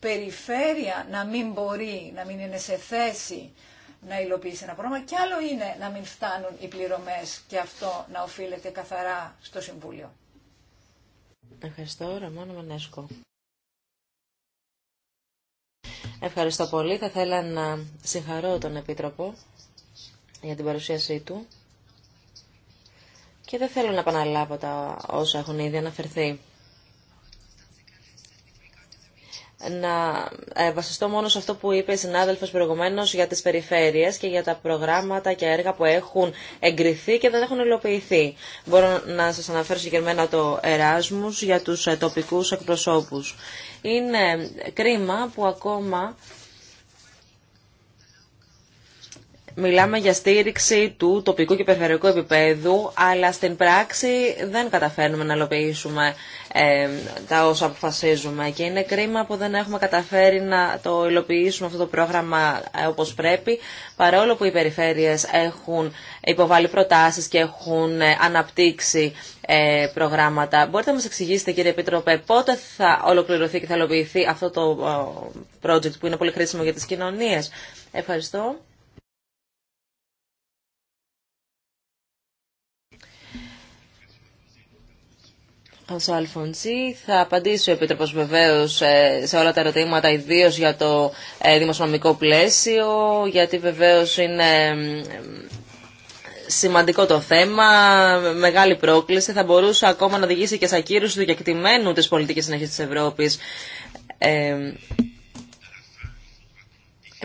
περιφέρεια να μην μπορεί, να μην είναι σε θέση να υλοποιήσει ένα πρόγραμμα και άλλο είναι να μην φτάνουν οι πληρωμές και αυτό να οφείλεται καθαρά στο Συμβούλιο. Ευχαριστώ, Ραμόνα Μανέσκο. Ευχαριστώ πολύ. Θα ήθελα να συγχαρώ τον Επίτροπο για την παρουσίασή του και δεν θέλω να επαναλάβω τα όσα έχουν ήδη αναφερθεί. να ε, βασιστώ μόνο σε αυτό που είπε η συνάδελφος προηγουμένως για τις περιφέρειες και για τα προγράμματα και έργα που έχουν εγκριθεί και δεν έχουν υλοποιηθεί. Μπορώ να σας αναφέρω συγκεκριμένα το Εράσμους για τους ε, τοπικούς εκπροσώπους. Είναι κρίμα που ακόμα Μιλάμε για στήριξη του τοπικού και περιφερειακού επίπεδου, αλλά στην πράξη δεν καταφέρνουμε να υλοποιήσουμε ε, τα όσα αποφασίζουμε και είναι κρίμα που δεν έχουμε καταφέρει να το υλοποιήσουμε αυτό το πρόγραμμα ε, όπως πρέπει, παρόλο που οι περιφέρειες έχουν υποβάλει προτάσεις και έχουν ε, αναπτύξει προγράμματα. Μπορείτε να μας εξηγήσετε κύριε Επίτροπε πότε θα ολοκληρωθεί και θα υλοποιηθεί αυτό το project που είναι πολύ χρήσιμο για τις κοινωνίες. Ευχαριστώ. Αλφονσί. Θα απαντήσει ο Επίτροπος βεβαίως ε, σε όλα τα ερωτήματα, ιδίως για το ε, δημοσιονομικό πλαίσιο, γιατί βεβαίως είναι ε, σημαντικό το θέμα, μεγάλη πρόκληση. Θα μπορούσε ακόμα να οδηγήσει και σε ακύρωση του διακτημένου της πολιτικής συνέχεια της Ευρώπης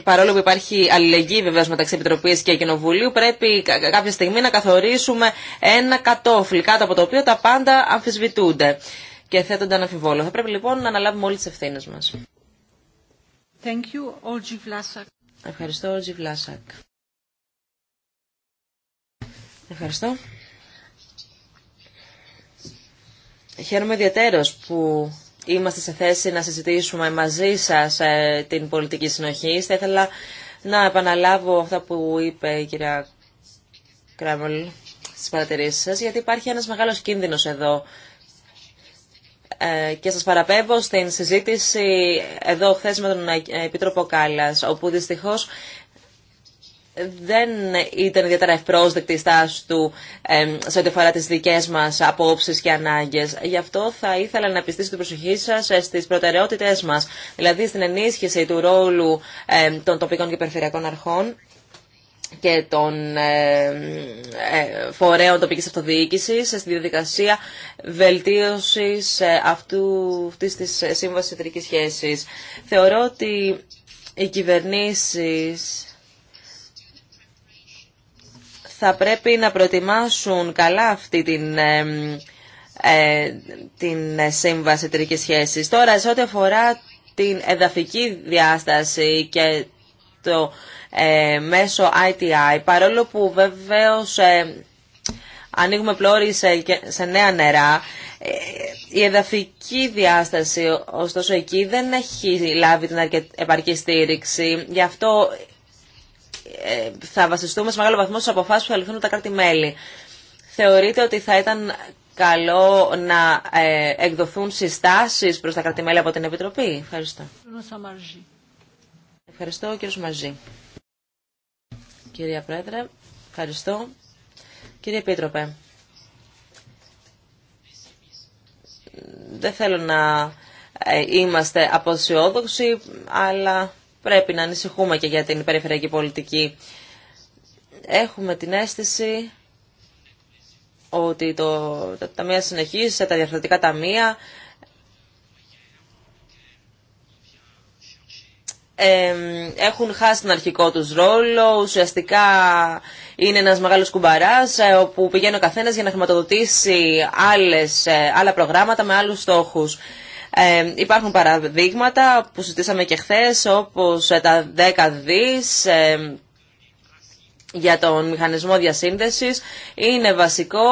παρόλο που υπάρχει αλληλεγγύη βεβαίω μεταξύ Επιτροπή και Κοινοβουλίου, πρέπει κάποια στιγμή να καθορίσουμε ένα κατόφλι κάτω από το οποίο τα πάντα αμφισβητούνται και θέτονται αναφιβόλω. Θα πρέπει λοιπόν να αναλάβουμε όλε τι ευθύνε μα. Ευχαριστώ, Ολτζι Βλάσακ. Ευχαριστώ. Χαίρομαι ιδιαίτερω που είμαστε σε θέση να συζητήσουμε μαζί σας ε, την πολιτική συνοχή. Θα ήθελα να επαναλάβω αυτά που είπε η κυρία Κράμολ στις παρατηρήσεις σας, γιατί υπάρχει ένας μεγάλος κίνδυνος εδώ. Ε, και σας παραπέμπω στην συζήτηση εδώ χθε με τον Επίτροπο Κάλλας, όπου δυστυχώς δεν ήταν ιδιαίτερα ευπρόσδεκτη η στάση του σε ό,τι αφορά τι δικέ μα απόψει και ανάγκε. Γι' αυτό θα ήθελα να πιστήσω την προσοχή σα ε, στι προτεραιότητέ μα, δηλαδή στην ενίσχυση του ρόλου των τοπικών και περιφερειακών αρχών και των ε, φορέων τοπικής αυτοδιοίκησης στη διαδικασία βελτίωσης ε, αυτού, αυτής της σύμβασης Θεωρώ ότι οι κυβερνήσεις θα πρέπει να προετοιμάσουν καλά αυτή την, ε, την σύμβαση τρικής σχέσης. Τώρα, σε ό,τι αφορά την εδαφική διάσταση και το ε, μέσο ITI, παρόλο που βεβαίως ε, ανοίγουμε πλώρη σε, σε νέα νερά, ε, η εδαφική διάσταση, ωστόσο, εκεί δεν έχει λάβει την επαρκή στήριξη. Γι' αυτό ε, θα βασιστούμε σε μεγάλο βαθμό στι αποφάσει που θα ληφθούν τα κράτη-μέλη. Θεωρείτε ότι θα ήταν καλό να ε, εκδοθούν συστάσεις προς τα κράτη-μέλη από την Επιτροπή. Ευχαριστώ. Ευχαριστώ, κύριο Μαζί. Κυρία Πρόεδρε, ευχαριστώ. Κύριε Επίτροπε, δεν θέλω να ε, είμαστε αποσιόδοξοι, αλλά πρέπει να ανησυχούμε και για την περιφερειακή πολιτική. Έχουμε την αίσθηση ότι το, τα ταμεία συνεχής, τα διαφορετικά ταμεία ε, έχουν χάσει τον αρχικό τους ρόλο, ουσιαστικά είναι ένας μεγάλος κουμπαράς ε, όπου πηγαίνει ο καθένας για να χρηματοδοτήσει άλλες, ε, άλλα προγράμματα με άλλους στόχους. Ε, υπάρχουν παραδείγματα που συζητήσαμε και χθε, όπω ε, τα 10 δι ε, για τον μηχανισμό διασύνδεση. Είναι βασικό,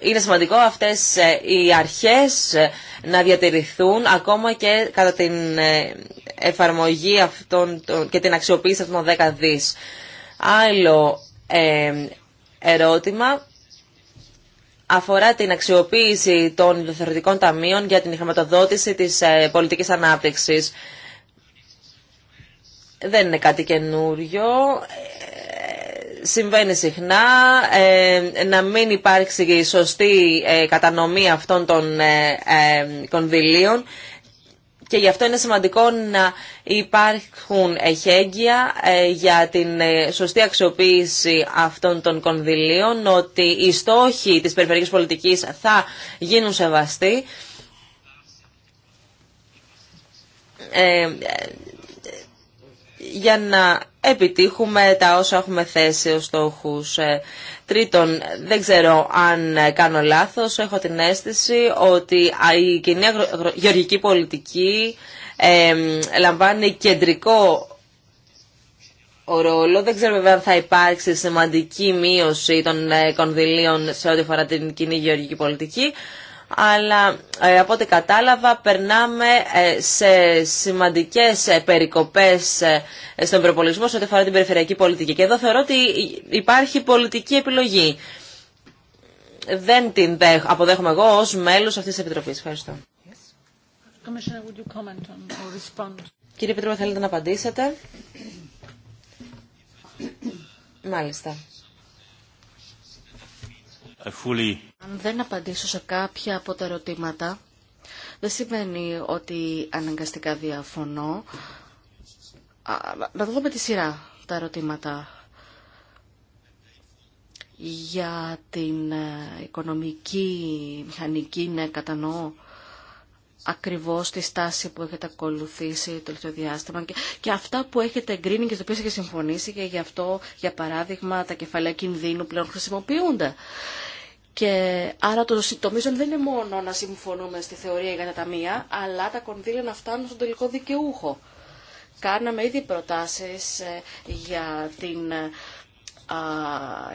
είναι σημαντικό αυτές ε, οι αρχές να διατηρηθούν ακόμα και κατά την εφαρμογή αυτών και την αξιοποίηση αυτών των 10 δι. Άλλο ερώτημα αφορά την αξιοποίηση των ελευθερωτικών ταμείων για την χρηματοδότηση της ε, πολιτικής ανάπτυξης. Δεν είναι κάτι καινούριο. Ε, συμβαίνει συχνά ε, να μην υπάρξει σωστή κατανομή αυτών των κονδυλίων και γι' αυτό είναι σημαντικό να υπάρχουν εχέγγυα ε, για την ε, σωστή αξιοποίηση αυτών των κονδυλίων, ότι οι στόχοι της περιφερειακής πολιτικής θα γίνουν σεβαστοί. Ε, για να επιτύχουμε τα όσα έχουμε θέσει ως στόχους. Ε, τρίτον, δεν ξέρω αν κάνω λάθος, έχω την αίσθηση ότι η κοινή γεωργική πολιτική λαμβάνει κεντρικό ρόλο. Δεν ξέρω βέβαια αν θα υπάρξει σημαντική μείωση των ε, κονδυλίων σε ό,τι αφορά την κοινή γεωργική πολιτική αλλά ε, από ό,τι κατάλαβα περνάμε ε, σε σημαντικές ε, περικοπές στον προπολογισμό σε ό,τι αφορά την περιφερειακή πολιτική. Και εδώ θεωρώ ότι υπάρχει πολιτική επιλογή. Δεν την αποδέχομαι εγώ ως μέλος αυτής της Επιτροπής. Ευχαριστώ. Κύριε Πετρούμα, θέλετε να απαντήσετε. Μάλιστα. Αν δεν απαντήσω σε κάποια από τα ερωτήματα, δεν σημαίνει ότι αναγκαστικά διαφωνώ. Να δούμε τη σειρά τα ερωτήματα για την ε, οικονομική μηχανική, ναι, κατανοώ ακριβώς τη στάση που έχετε ακολουθήσει το τελευταίο διάστημα και, και αυτά που έχετε εγκρίνει και στο οποίο έχετε συμφωνήσει και γι' αυτό, για παράδειγμα, τα κεφαλαία κινδύνου πλέον χρησιμοποιούνται και άρα το, το δεν είναι μόνο να συμφωνούμε στη θεωρία για τα ταμεία, αλλά τα κονδύλια να φτάνουν στον τελικό δικαιούχο. Κάναμε ήδη προτάσεις ε, για την ε, α,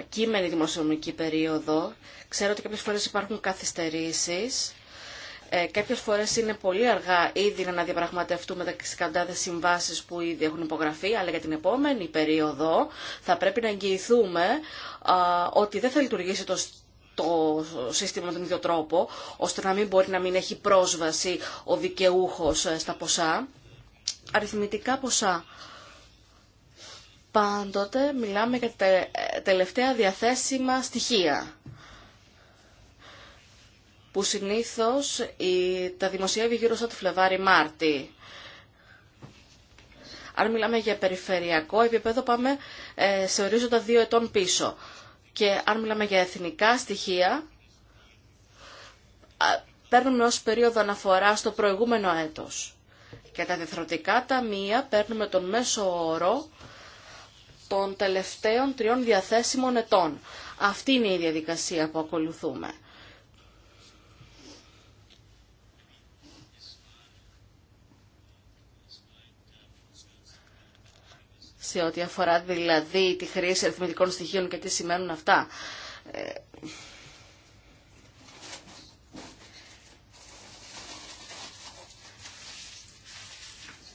κείμενη δημοσιονομική περίοδο. Ξέρω ότι κάποιες φορές υπάρχουν καθυστερήσεις. Ε, κάποιες φορές είναι πολύ αργά ήδη να διαπραγματευτούμε τα σκαντάδες συμβάσεις που ήδη έχουν υπογραφεί, αλλά για την επόμενη περίοδο θα πρέπει να εγγυηθούμε α, ότι δεν θα λειτουργήσει το το σύστημα τον ίδιο τρόπο, ώστε να μην μπορεί να μην έχει πρόσβαση ο δικαιούχος ε, στα ποσά. Αριθμητικά ποσά. Πάντοτε μιλάμε για ε, τελευταία διαθέσιμα στοιχεία που συνήθως η, τα δημοσιεύει γύρω στο Φλεβάρι-Μάρτι. Αν μιλάμε για περιφερειακό επίπεδο πάμε ε, σε ορίζοντα δύο ετών πίσω. Και αν μιλάμε για εθνικά στοιχεία, παίρνουμε ως περίοδο αναφορά στο προηγούμενο έτος. Και τα διεθνωτικά ταμεία παίρνουμε τον μέσο όρο των τελευταίων τριών διαθέσιμων ετών. Αυτή είναι η διαδικασία που ακολουθούμε. σε ό,τι αφορά δηλαδή τη χρήση αριθμητικών στοιχείων και τι σημαίνουν αυτά. Ε,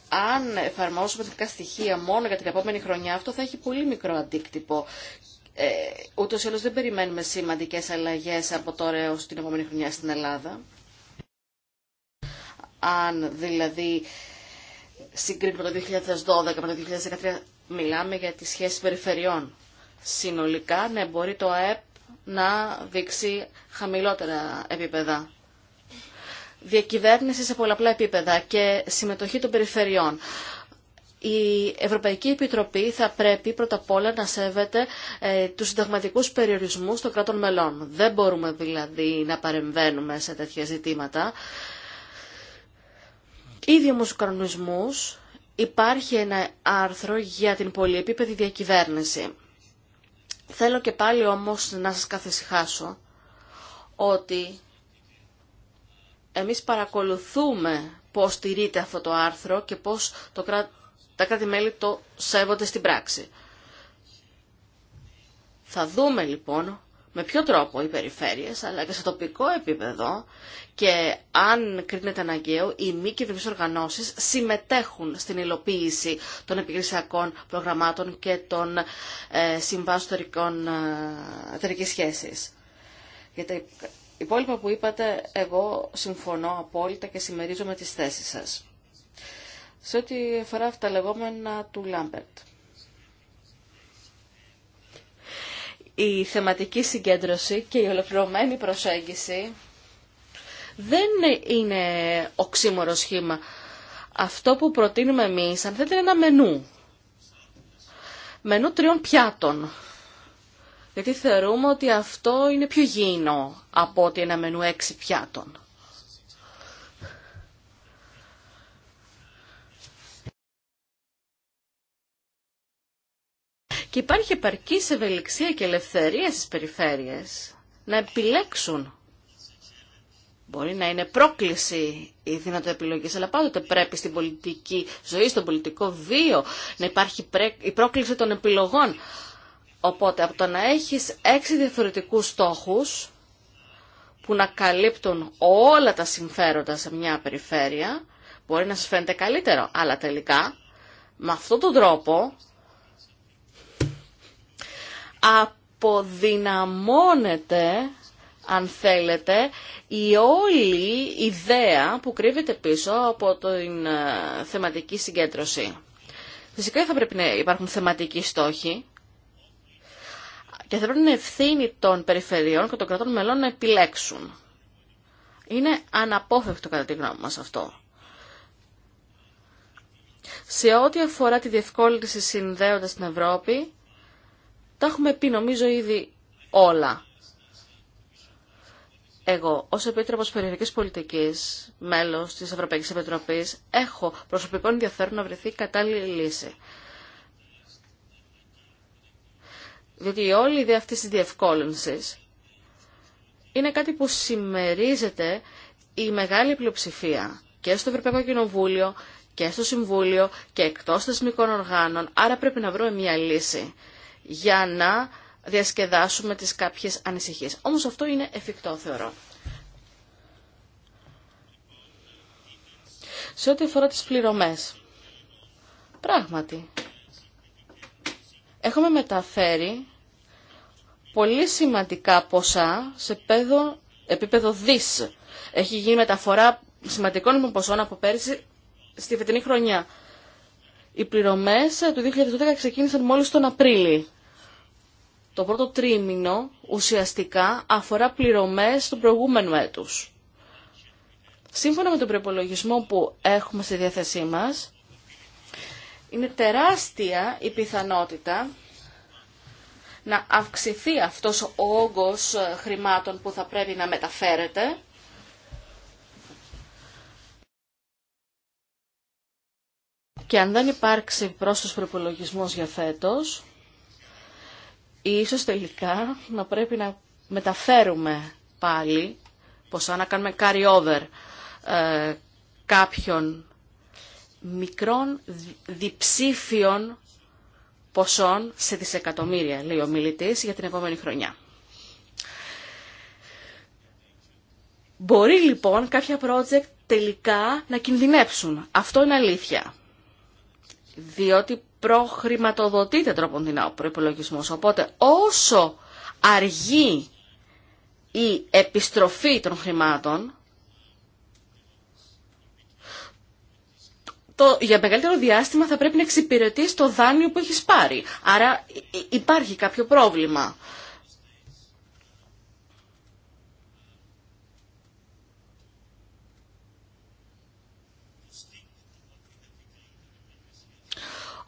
αν εφαρμόσουμε τα στοιχεία μόνο για την επόμενη χρονιά, αυτό θα έχει πολύ μικρό αντίκτυπο. Ε, Ούτω ή δεν περιμένουμε σημαντικέ αλλαγέ από τώρα έω την επόμενη χρονιά στην Ελλάδα. Αν δηλαδή συγκρίνουμε το 2012 με το 2013 μιλάμε για τη σχέση περιφερειών. Συνολικά, ναι, μπορεί το ΑΕΠ να δείξει χαμηλότερα επίπεδα. Διακυβέρνηση σε πολλαπλά επίπεδα και συμμετοχή των περιφερειών. Η Ευρωπαϊκή Επιτροπή θα πρέπει πρώτα απ' όλα να σέβεται ε, τους συνταγματικούς περιορισμούς των κρατών μελών. Δεν μπορούμε δηλαδή να παρεμβαίνουμε σε τέτοια ζητήματα. Ήδη όμως υπάρχει ένα άρθρο για την πολυεπίπεδη διακυβέρνηση. Θέλω και πάλι όμως να σας καθησυχάσω ότι εμείς παρακολουθούμε πώς τηρείται αυτό το άρθρο και πώς το τα κράτη-μέλη το σέβονται στην πράξη. Θα δούμε λοιπόν με ποιο τρόπο οι περιφέρειες, αλλά και σε τοπικό επίπεδο και αν κρίνεται αναγκαίο, οι μη κυβερνήσεις οργανώσεις συμμετέχουν στην υλοποίηση των επικρισιακών προγραμμάτων και των ε, συμβάσεων ε, εταιρικής σχέσης. Για τα υπόλοιπα που είπατε, εγώ συμφωνώ απόλυτα και συμμερίζομαι τις θέσεις σας. Σε ό,τι αφορά αυτά λεγόμενα του Λάμπερτ. η θεματική συγκέντρωση και η ολοκληρωμένη προσέγγιση δεν είναι οξύμορο σχήμα. Αυτό που προτείνουμε εμείς, αν θέλετε, είναι ένα μενού. Μενού τριών πιάτων. Γιατί θεωρούμε ότι αυτό είναι πιο γήινο από ότι ένα μενού έξι πιάτων. και υπάρχει επαρκή ευελιξία και ελευθερία στις περιφέρειες να επιλέξουν. Μπορεί να είναι πρόκληση η δυνατότητα επιλογή, αλλά πάντοτε πρέπει στην πολιτική ζωή, στον πολιτικό βίο, να υπάρχει η πρόκληση των επιλογών. Οπότε, από το να έχεις έξι διαφορετικούς στόχους που να καλύπτουν όλα τα συμφέροντα σε μια περιφέρεια, μπορεί να σας φαίνεται καλύτερο. Αλλά τελικά, με αυτόν τον τρόπο, αποδυναμώνεται αν θέλετε, η όλη ιδέα που κρύβεται πίσω από την ε, θεματική συγκέντρωση. Φυσικά θα πρέπει να υπάρχουν θεματικοί στόχοι και θα πρέπει να ευθύνη των περιφερειών και των κρατών μελών να επιλέξουν. Είναι αναπόφευκτο κατά τη γνώμη μας αυτό. Σε ό,τι αφορά τη διευκόλυνση συνδέοντας την Ευρώπη, τα έχουμε πει νομίζω ήδη όλα. Εγώ, ως Επίτροπος Περιφερειακής Πολιτικής, μέλος της Ευρωπαϊκής Επιτροπής, έχω προσωπικό ενδιαφέρον να βρεθεί κατάλληλη λύση. Διότι όλη η ιδέα αυτής της διευκόλυνσης είναι κάτι που συμμερίζεται η μεγάλη πλειοψηφία και στο Ευρωπαϊκό Κοινοβούλιο και στο Συμβούλιο και εκτός θεσμικών οργάνων, άρα πρέπει να βρούμε μια λύση για να διασκεδάσουμε τις κάποιες ανησυχίες. Όμως αυτό είναι εφικτό θεωρώ. Σε ό,τι αφορά τις πληρωμές, πράγματι, έχουμε μεταφέρει πολύ σημαντικά ποσά σε επίπεδο, επίπεδο δις. Έχει γίνει μεταφορά σημαντικών ποσών από πέρυσι στη φετινή χρονιά. Οι πληρωμές ε, του 2012 ξεκίνησαν μόλις τον Απρίλιο. Το πρώτο τρίμηνο ουσιαστικά αφορά πληρωμές του προηγούμενου έτους. Σύμφωνα με τον προπολογισμό που έχουμε στη διάθεσή μας, είναι τεράστια η πιθανότητα να αυξηθεί αυτός ο όγκος ε, χρημάτων που θα πρέπει να μεταφέρεται και αν δεν υπάρξει πρόσθετος προπολογισμό για φέτος, ίσως τελικά να πρέπει να μεταφέρουμε πάλι, ποσά να κάνουμε carry over ε, κάποιων μικρών διψήφιων ποσών σε δισεκατομμύρια, λέει ο μιλητής, για την επόμενη χρονιά. Μπορεί λοιπόν κάποια project τελικά να κινδυνεύσουν. Αυτό είναι αλήθεια διότι προχρηματοδοτείται τρόπον την προπολογισμό. Οπότε όσο αργεί η επιστροφή των χρημάτων, το, για μεγαλύτερο διάστημα θα πρέπει να εξυπηρετείς το δάνειο που έχεις πάρει. Άρα υπάρχει κάποιο πρόβλημα.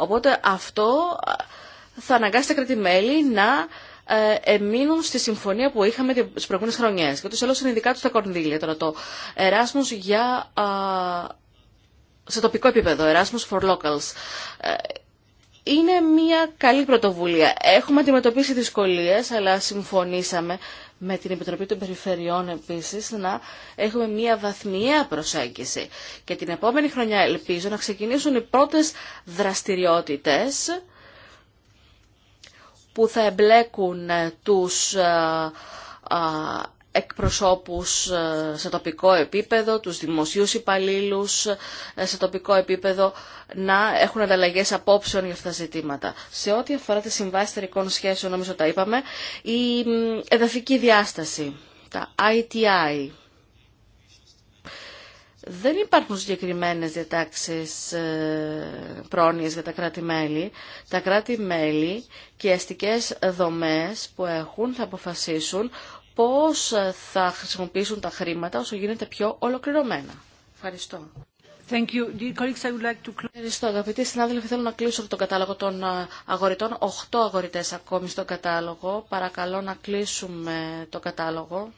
Οπότε αυτό θα αναγκάσει τα κρατημέλη να ε, εμείνουν στη συμφωνία που είχαμε τις προηγούμενες χρονιές. Και το άλλους είναι ειδικά τους τα κορνδύλια. Τώρα το Erasmus για, σε τοπικό επίπεδο, Erasmus for Locals. Ε, είναι μια καλή πρωτοβουλία. Έχουμε αντιμετωπίσει δυσκολίες, αλλά συμφωνήσαμε με την Επιτροπή των Περιφερειών επίσης να έχουμε μια βαθμιαία προσέγγιση. Και την επόμενη χρονιά ελπίζω να ξεκινήσουν οι πρώτες δραστηριότητες που θα εμπλέκουν ε, τους ε, ε, εκπροσώπους ε, σε τοπικό επίπεδο, τους δημοσίους υπαλλήλους ε, σε τοπικό επίπεδο να έχουν ανταλλαγές απόψεων για αυτά τα ζητήματα. Σε ό,τι αφορά τις συμβάσεις εταιρικών σχέσεων, νομίζω τα είπαμε, η εδαφική διάσταση, τα ITI, δεν υπάρχουν συγκεκριμένες διατάξεις ε, πρόνοιες για τα κράτη-μέλη. Τα κράτη-μέλη και οι αστικές δομές που έχουν θα αποφασίσουν πώς θα χρησιμοποιήσουν τα χρήματα όσο γίνεται πιο ολοκληρωμένα. Ευχαριστώ. Thank you. Colleagues, I would Ευχαριστώ αγαπητοί συνάδελφοι. Θέλω να κλείσω τον κατάλογο των ε, αγορητών. Οχτώ αγορητές ακόμη στον κατάλογο. Παρακαλώ να κλείσουμε το κατάλογο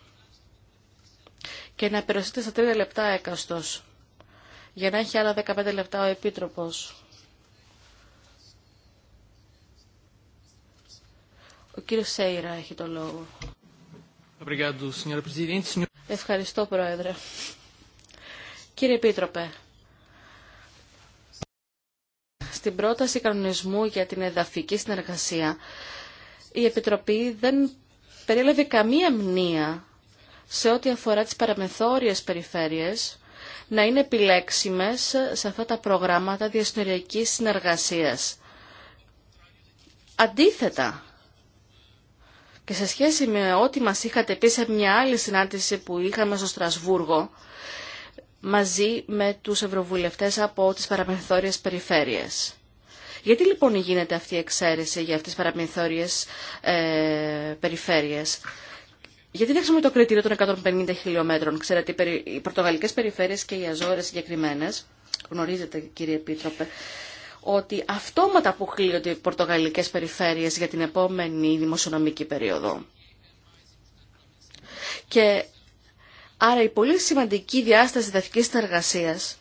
και να περιοριστείτε στα τρία λεπτά έκαστος για να έχει άλλα 15 λεπτά ο Επίτροπος. Ο κύριος Σέιρα έχει το λόγο. Ευχαριστώ, Πρόεδρε. Κύριε Επίτροπε, στην πρόταση κανονισμού για την εδαφική συνεργασία, η Επιτροπή δεν περίλαβε καμία μνήμα σε ό,τι αφορά τις παραμεθόριες περιφέρειες να είναι επιλέξιμες σε αυτά τα προγράμματα διασυνοριακής συνεργασίας. Αντίθετα, και σε σχέση με ό,τι μας είχατε πει σε μια άλλη συνάντηση που είχαμε στο Στρασβούργο, μαζί με τους ευρωβουλευτές από τις παραμεθόριες περιφέρειες. Γιατί λοιπόν γίνεται αυτή η εξαίρεση για αυτές τις παραμεθόριες ε, περιφέρειες. Γιατί έχουμε το κριτήριο των 150 χιλιόμετρων. Ξέρετε, οι πορτογαλικές περιφέρειες και οι Αζόρες συγκεκριμένε, γνωρίζετε κύριε Επίτροπε, ότι αυτόματα αποκλείονται οι πορτογαλικές περιφέρειες για την επόμενη δημοσιονομική περίοδο. Και άρα η πολύ σημαντική διάσταση δευτερική συνεργασίας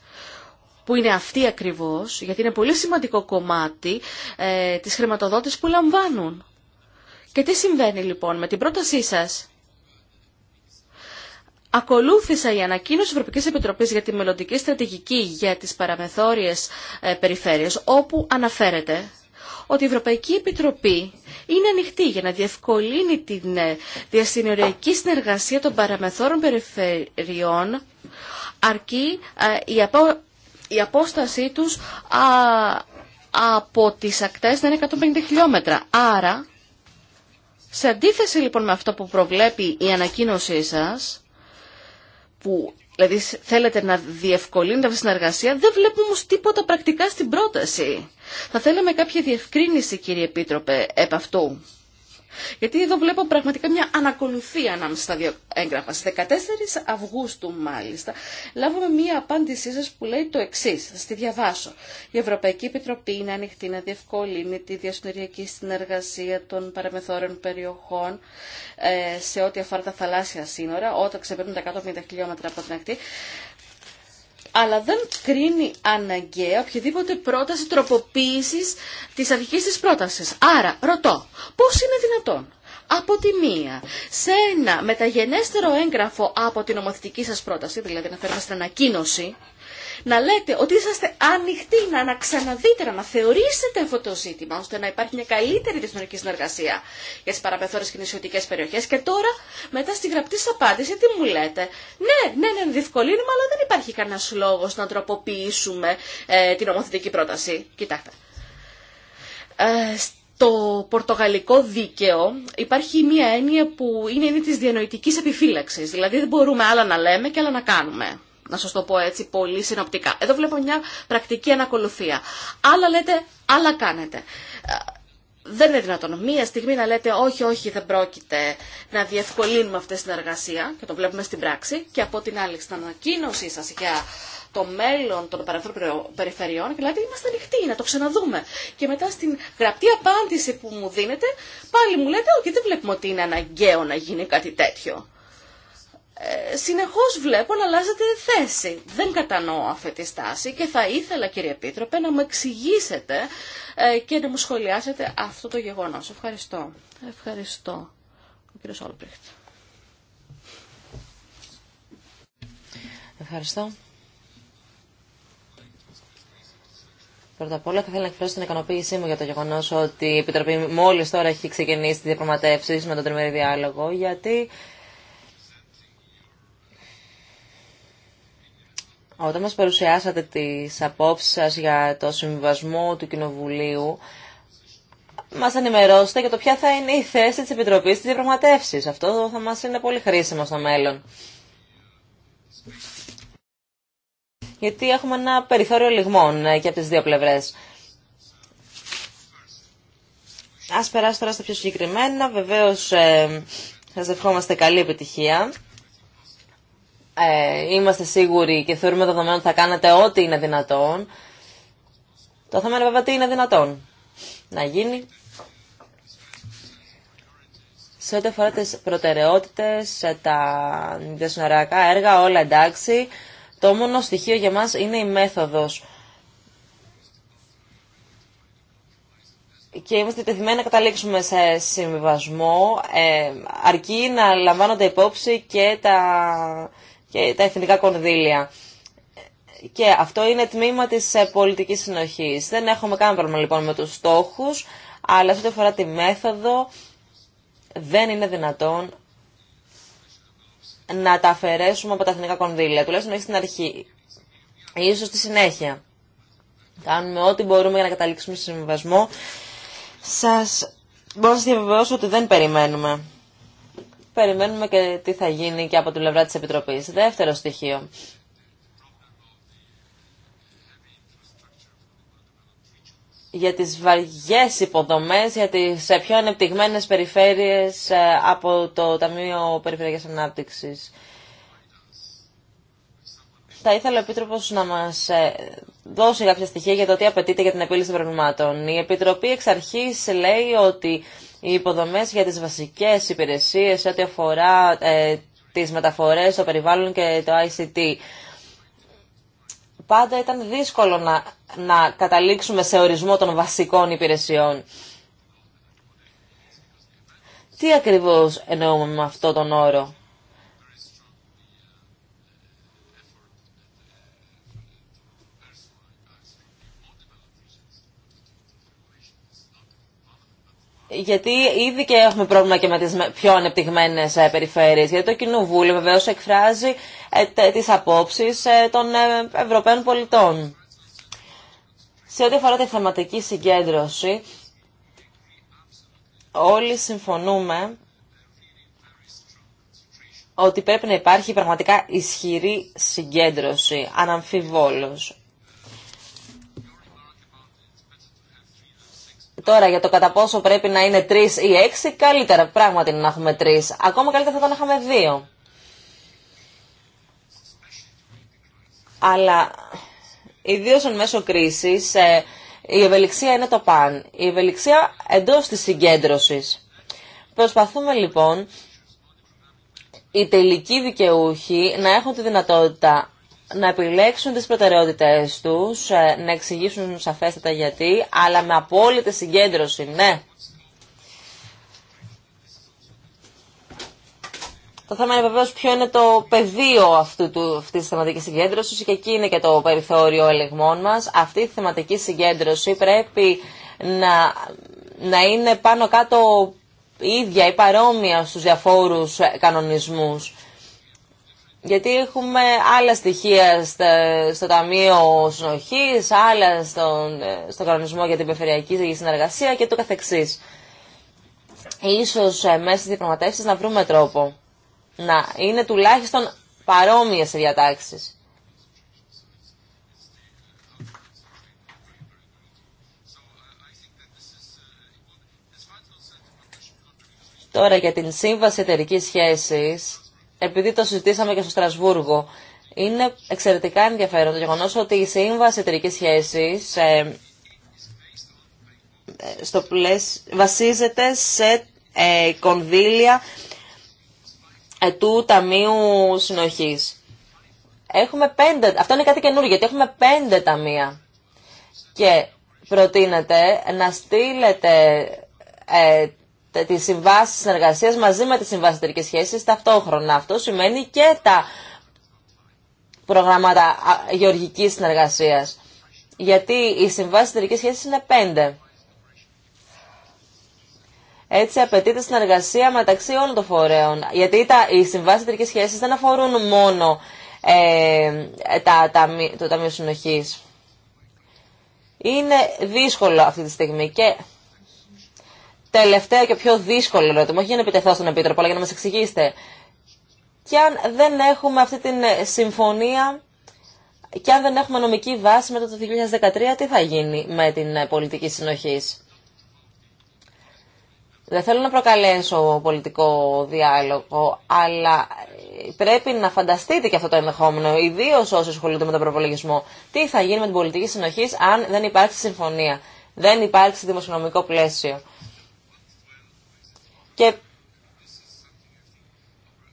που είναι αυτή ακριβώς, γιατί είναι πολύ σημαντικό κομμάτι ε, της χρηματοδότησης που λαμβάνουν. Και τι συμβαίνει λοιπόν με την πρότασή σας ακολούθησα η ανακοίνωση της Ευρωπαϊκής Επιτροπής για τη μελλοντική στρατηγική για τις παραμεθόριες ε, περιφέρειες, όπου αναφέρεται ότι η Ευρωπαϊκή Επιτροπή είναι ανοιχτή για να διευκολύνει την ε, διασυνοριακή συνεργασία των παραμεθόρων περιφερειών, αρκεί ε, η, η απόστασή τους από τις ακτές να είναι 150 χιλιόμετρα. Άρα, σε αντίθεση λοιπόν με αυτό που προβλέπει η ανακοίνωσή σας, που δηλαδή θέλετε να διευκολύνετε αυτή τη συνεργασία, δεν βλέπουμε όμως τίποτα πρακτικά στην πρόταση. Θα θέλαμε κάποια διευκρίνηση, κύριε Επίτροπε, επ' αυτού. Γιατί εδώ βλέπω πραγματικά μια ανακολουθία ανάμεσα στα δύο έγγραφα. Στις 14 Αυγούστου μάλιστα λάβουμε μια απάντησή σα που λέει το εξή. Θα τη διαβάσω. Η Ευρωπαϊκή Επιτροπή είναι ανοιχτή να διευκολύνει τη διασυνοριακή συνεργασία των παραμεθόρων περιοχών ε, σε ό,τι αφορά τα θαλάσσια σύνορα όταν ξεπέρνουν τα 150 χιλιόμετρα από την ακτή αλλά δεν κρίνει αναγκαία οποιαδήποτε πρόταση τροποποίησης της αρχικής της πρότασης. Άρα, ρωτώ, πώς είναι δυνατόν από τη μία σε ένα μεταγενέστερο έγγραφο από την ομοθετική σας πρόταση, δηλαδή να φέρουμε στην ανακοίνωση, να λέτε ότι είσαστε ανοιχτοί να αναξαναδείτε, να αναθεωρήσετε αυτό το ζήτημα, ώστε να υπάρχει μια καλύτερη διεθνική συνεργασία για τι παραπεθόρε και νησιωτικέ περιοχέ. Και τώρα, μετά στη γραπτή σα απάντηση, τι μου λέτε. Ναι, ναι, ναι, διευκολύνουμε, αλλά δεν υπάρχει κανένα λόγο να τροποποιήσουμε ε, την νομοθετική πρόταση. Κοιτάξτε. Ε, το πορτογαλικό δίκαιο υπάρχει μία έννοια που είναι η της διανοητικής επιφύλαξης. Δηλαδή δεν μπορούμε άλλα να λέμε και άλλα να κάνουμε να σας το πω έτσι πολύ συνοπτικά. Εδώ βλέπω μια πρακτική ανακολουθία. Άλλα λέτε, άλλα κάνετε. Ε, δεν είναι δυνατόν μία στιγμή να λέτε όχι, όχι, δεν πρόκειται να διευκολύνουμε αυτή την εργασία και το βλέπουμε στην πράξη και από την άλλη στην ανακοίνωσή σας για το μέλλον των παραθύρων περιφερειών και λέτε είμαστε ανοιχτοί να το ξαναδούμε. Και μετά στην γραπτή απάντηση που μου δίνετε πάλι μου λέτε όχι, δεν βλέπουμε ότι είναι αναγκαίο να γίνει κάτι τέτοιο. Ε, συνεχώς βλέπω να αλλάζετε θέση. Δεν κατανοώ αυτή τη στάση και θα ήθελα κύριε Επίτροπε να μου εξηγήσετε ε, και να μου σχολιάσετε αυτό το γεγονός. Ευχαριστώ. Ευχαριστώ. Ο κύριος Όλπριχτ. Ευχαριστώ. Πρώτα απ' όλα θα ήθελα να εκφράσω την ικανοποίησή μου για το γεγονό ότι η Επιτροπή μόλι τώρα έχει ξεκινήσει τι διαπραγματεύσει με τον τριμερή διάλογο, γιατί Όταν μας παρουσιάσατε τις απόψεις σας για το συμβιβασμό του Κοινοβουλίου, μας ενημερώσετε για το ποια θα είναι η θέση της Επιτροπής της Διαπραγματεύσης. Αυτό θα μας είναι πολύ χρήσιμο στο μέλλον. Γιατί έχουμε ένα περιθώριο λιγμών ε, και από τις δύο πλευρές. Ας περάσω τώρα στα πιο συγκεκριμένα. Βεβαίως, ε, σας ευχόμαστε καλή επιτυχία. Ε, είμαστε σίγουροι και θεωρούμε δεδομένο ότι θα κάνετε ό,τι είναι δυνατόν. Το θέμα είναι βέβαια τι είναι δυνατόν να γίνει. Σε ό,τι αφορά τις προτεραιότητες, τα διασυνοριακά έργα, όλα εντάξει. Το μόνο στοιχείο για μας είναι η μέθοδος. Και είμαστε τεθειμένοι να καταλήξουμε σε συμβιβασμό, ε, αρκεί να λαμβάνονται υπόψη και τα και τα εθνικά κονδύλια. Και αυτό είναι τμήμα της ε, πολιτική συνοχής. Δεν έχουμε κανένα πρόβλημα λοιπόν με τους στόχους, αλλά σε ό,τι αφορά τη μέθοδο δεν είναι δυνατόν να τα αφαιρέσουμε από τα εθνικά κονδύλια, τουλάχιστον όχι στην αρχή, ίσως στη συνέχεια. Κάνουμε ό,τι μπορούμε για να καταλήξουμε σε συμβιβασμό. Σας μπορώ να σας διαβεβαιώσω ότι δεν περιμένουμε περιμένουμε και τι θα γίνει και από την πλευρά της Επιτροπής. Δεύτερο στοιχείο. για τις βαριές υποδομές, για τις πιο ανεπτυγμένες περιφέρειες ε, από το Ταμείο Περιφερειακής Ανάπτυξης. Θα ήθελα ο Επίτροπος να μας ε, δώσει κάποια στοιχεία για το τι απαιτείται για την επίλυση των προβλημάτων. Η Επιτροπή εξ αρχή λέει ότι οι υποδομές για τις βασικές υπηρεσίες ό,τι αφορά ε, τις μεταφορές, το περιβάλλον και το ICT. Πάντα ήταν δύσκολο να, να καταλήξουμε σε ορισμό των βασικών υπηρεσιών. Τι ακριβώς εννοούμε με αυτό τον όρο. γιατί ήδη και έχουμε πρόβλημα και με τις πιο ανεπτυγμένες ε, περιφέρειες. Γιατί το Κοινοβούλιο βεβαίως εκφράζει ε, τις απόψεις ε, των Ευρωπαίων πολιτών. Σε ό,τι αφορά τη θεματική συγκέντρωση, όλοι συμφωνούμε ότι πρέπει να υπάρχει πραγματικά ισχυρή συγκέντρωση, αναμφιβόλως. Τώρα για το κατά πόσο πρέπει να είναι τρει ή έξι, καλύτερα πράγματι να έχουμε τρει. Ακόμα καλύτερα θα ήταν να είχαμε δύο. Αλλά ιδίω εν μέσω κρίση ε, η ευελιξία είναι το παν. Η ευελιξία εντό τη συγκέντρωση. Προσπαθούμε λοιπόν οι τελικοί δικαιούχοι να έχουν τη δυνατότητα να επιλέξουν τις προτεραιότητες τους, ε, να εξηγήσουν σαφέστατα γιατί, αλλά με απόλυτη συγκέντρωση, ναι. Το θέμα είναι βεβαίως ποιο είναι το πεδίο αυτού του, αυτής της θεματικής συγκέντρωσης και εκεί είναι και το περιθώριο ελεγμών μας. Αυτή η θεματική συγκέντρωση πρέπει να, να είναι πάνω κάτω ίδια ή παρόμοια στους διαφόρους κανονισμούς. Γιατί έχουμε άλλα στοιχεία στο Ταμείο συνοχή, άλλα στον, ε, στο κανονισμό για την περιφερειακή συνεργασία και το καθεξής. Ίσως ε, μέσα στις διαπραγματεύσεις να βρούμε τρόπο να είναι τουλάχιστον παρόμοιες οι διατάξεις. Τώρα για την σύμβαση εταιρική σχέσης, επειδή το συζητήσαμε και στο Στρασβούργο, είναι εξαιρετικά ενδιαφέρον το γεγονός ότι η σύμβαση εταιρικής σχέσης ε, ε, στο πλαίσιο, βασίζεται σε ε, κονδύλια του Ταμείου Συνοχής. Έχουμε πέντε, αυτό είναι κάτι καινούργιο, γιατί έχουμε πέντε ταμεία. Και προτείνεται να στείλετε ε, τις συμβάσεις συνεργασίας μαζί με τις συμβάσεις σχέσεις ταυτόχρονα. Αυτό σημαίνει και τα προγράμματα γεωργικής συνεργασίας. Γιατί οι συμβάσει σχέσεις είναι πέντε. Έτσι απαιτείται συνεργασία μεταξύ όλων των φορέων. Γιατί τα, οι συμβάσει σχέσεις σχέσει δεν αφορούν μόνο ε, τα, τα, το Ταμείο Συνοχή. Είναι δύσκολο αυτή τη στιγμή και τελευταίο και πιο δύσκολο ερώτημα, όχι για να επιτεθώ στον Επίτροπο, αλλά για να μας εξηγήσετε. Και αν δεν έχουμε αυτή την ε, συμφωνία και αν δεν έχουμε νομική βάση μετά το 2013, τι θα γίνει με την ε, πολιτική συνοχή. Δεν θέλω να προκαλέσω πολιτικό διάλογο, αλλά ε, πρέπει να φανταστείτε και αυτό το ενδεχόμενο, ιδίω όσοι ασχολούνται με τον προπολογισμό. Τι θα γίνει με την πολιτική συνοχή αν δεν υπάρξει συμφωνία, δεν υπάρξει δημοσιονομικό πλαίσιο. Και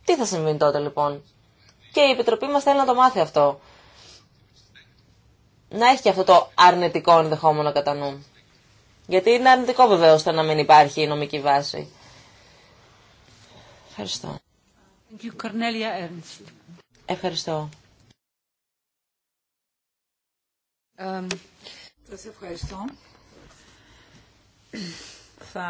τι θα συμβεί τότε λοιπόν. Και η Επιτροπή μας θέλει να το μάθει αυτό. Να έχει και αυτό το αρνητικό ενδεχόμενο κατά νου. Γιατί είναι αρνητικό βεβαίω το να μην υπάρχει η νομική βάση. Ευχαριστώ. Ευχαριστώ. ευχαριστώ. Θα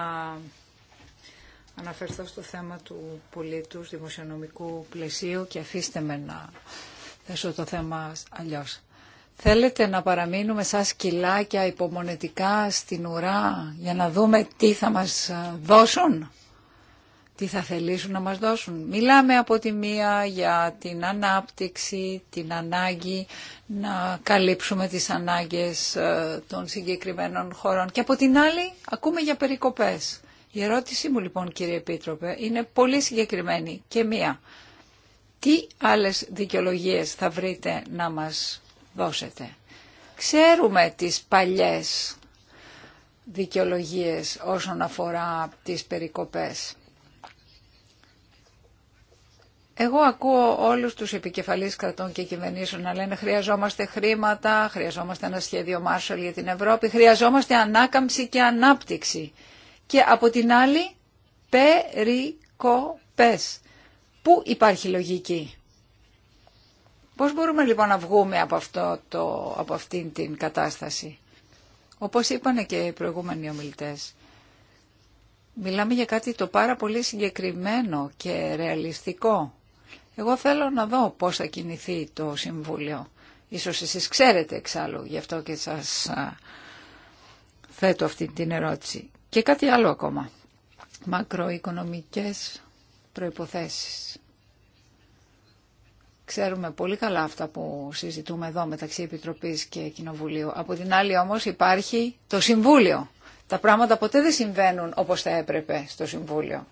αναφερθώ στο θέμα του πολίτου, δημοσιονομικού πλαισίου και αφήστε με να θέσω το θέμα αλλιώς. Θέλετε να παραμείνουμε σαν σκυλάκια υπομονετικά στην ουρά για να δούμε τι θα μας δώσουν, τι θα θελήσουν να μας δώσουν. Μιλάμε από τη μία για την ανάπτυξη, την ανάγκη να καλύψουμε τις ανάγκες ε, των συγκεκριμένων χωρών και από την άλλη ακούμε για περικοπές. Η ερώτησή μου λοιπόν κύριε Επίτροπε είναι πολύ συγκεκριμένη και μία. Τι άλλες δικαιολογίες θα βρείτε να μας δώσετε. Ξέρουμε τις παλιές δικαιολογίες όσον αφορά τις περικοπές. Εγώ ακούω όλους τους επικεφαλείς κρατών και κυβερνήσεων να λένε χρειαζόμαστε χρήματα, χρειαζόμαστε ένα σχέδιο Marshall για την Ευρώπη, χρειαζόμαστε ανάκαμψη και ανάπτυξη και από την άλλη περικοπές. Πού υπάρχει λογική. Πώς μπορούμε λοιπόν να βγούμε από, αυτό το, από αυτήν την κατάσταση. Όπως είπαν και οι προηγούμενοι ομιλητές. Μιλάμε για κάτι το πάρα πολύ συγκεκριμένο και ρεαλιστικό. Εγώ θέλω να δω πώς θα κινηθεί το Συμβούλιο. Ίσως εσείς ξέρετε εξάλλου, γι' αυτό και σας θέτω αυτή την ερώτηση. Και κάτι άλλο ακόμα. Μακροοικονομικές προϋποθέσεις. Ξέρουμε πολύ καλά αυτά που συζητούμε εδώ μεταξύ Επιτροπής και Κοινοβουλίου. Από την άλλη όμως υπάρχει το Συμβούλιο. Τα πράγματα ποτέ δεν συμβαίνουν όπως θα έπρεπε στο Συμβούλιο.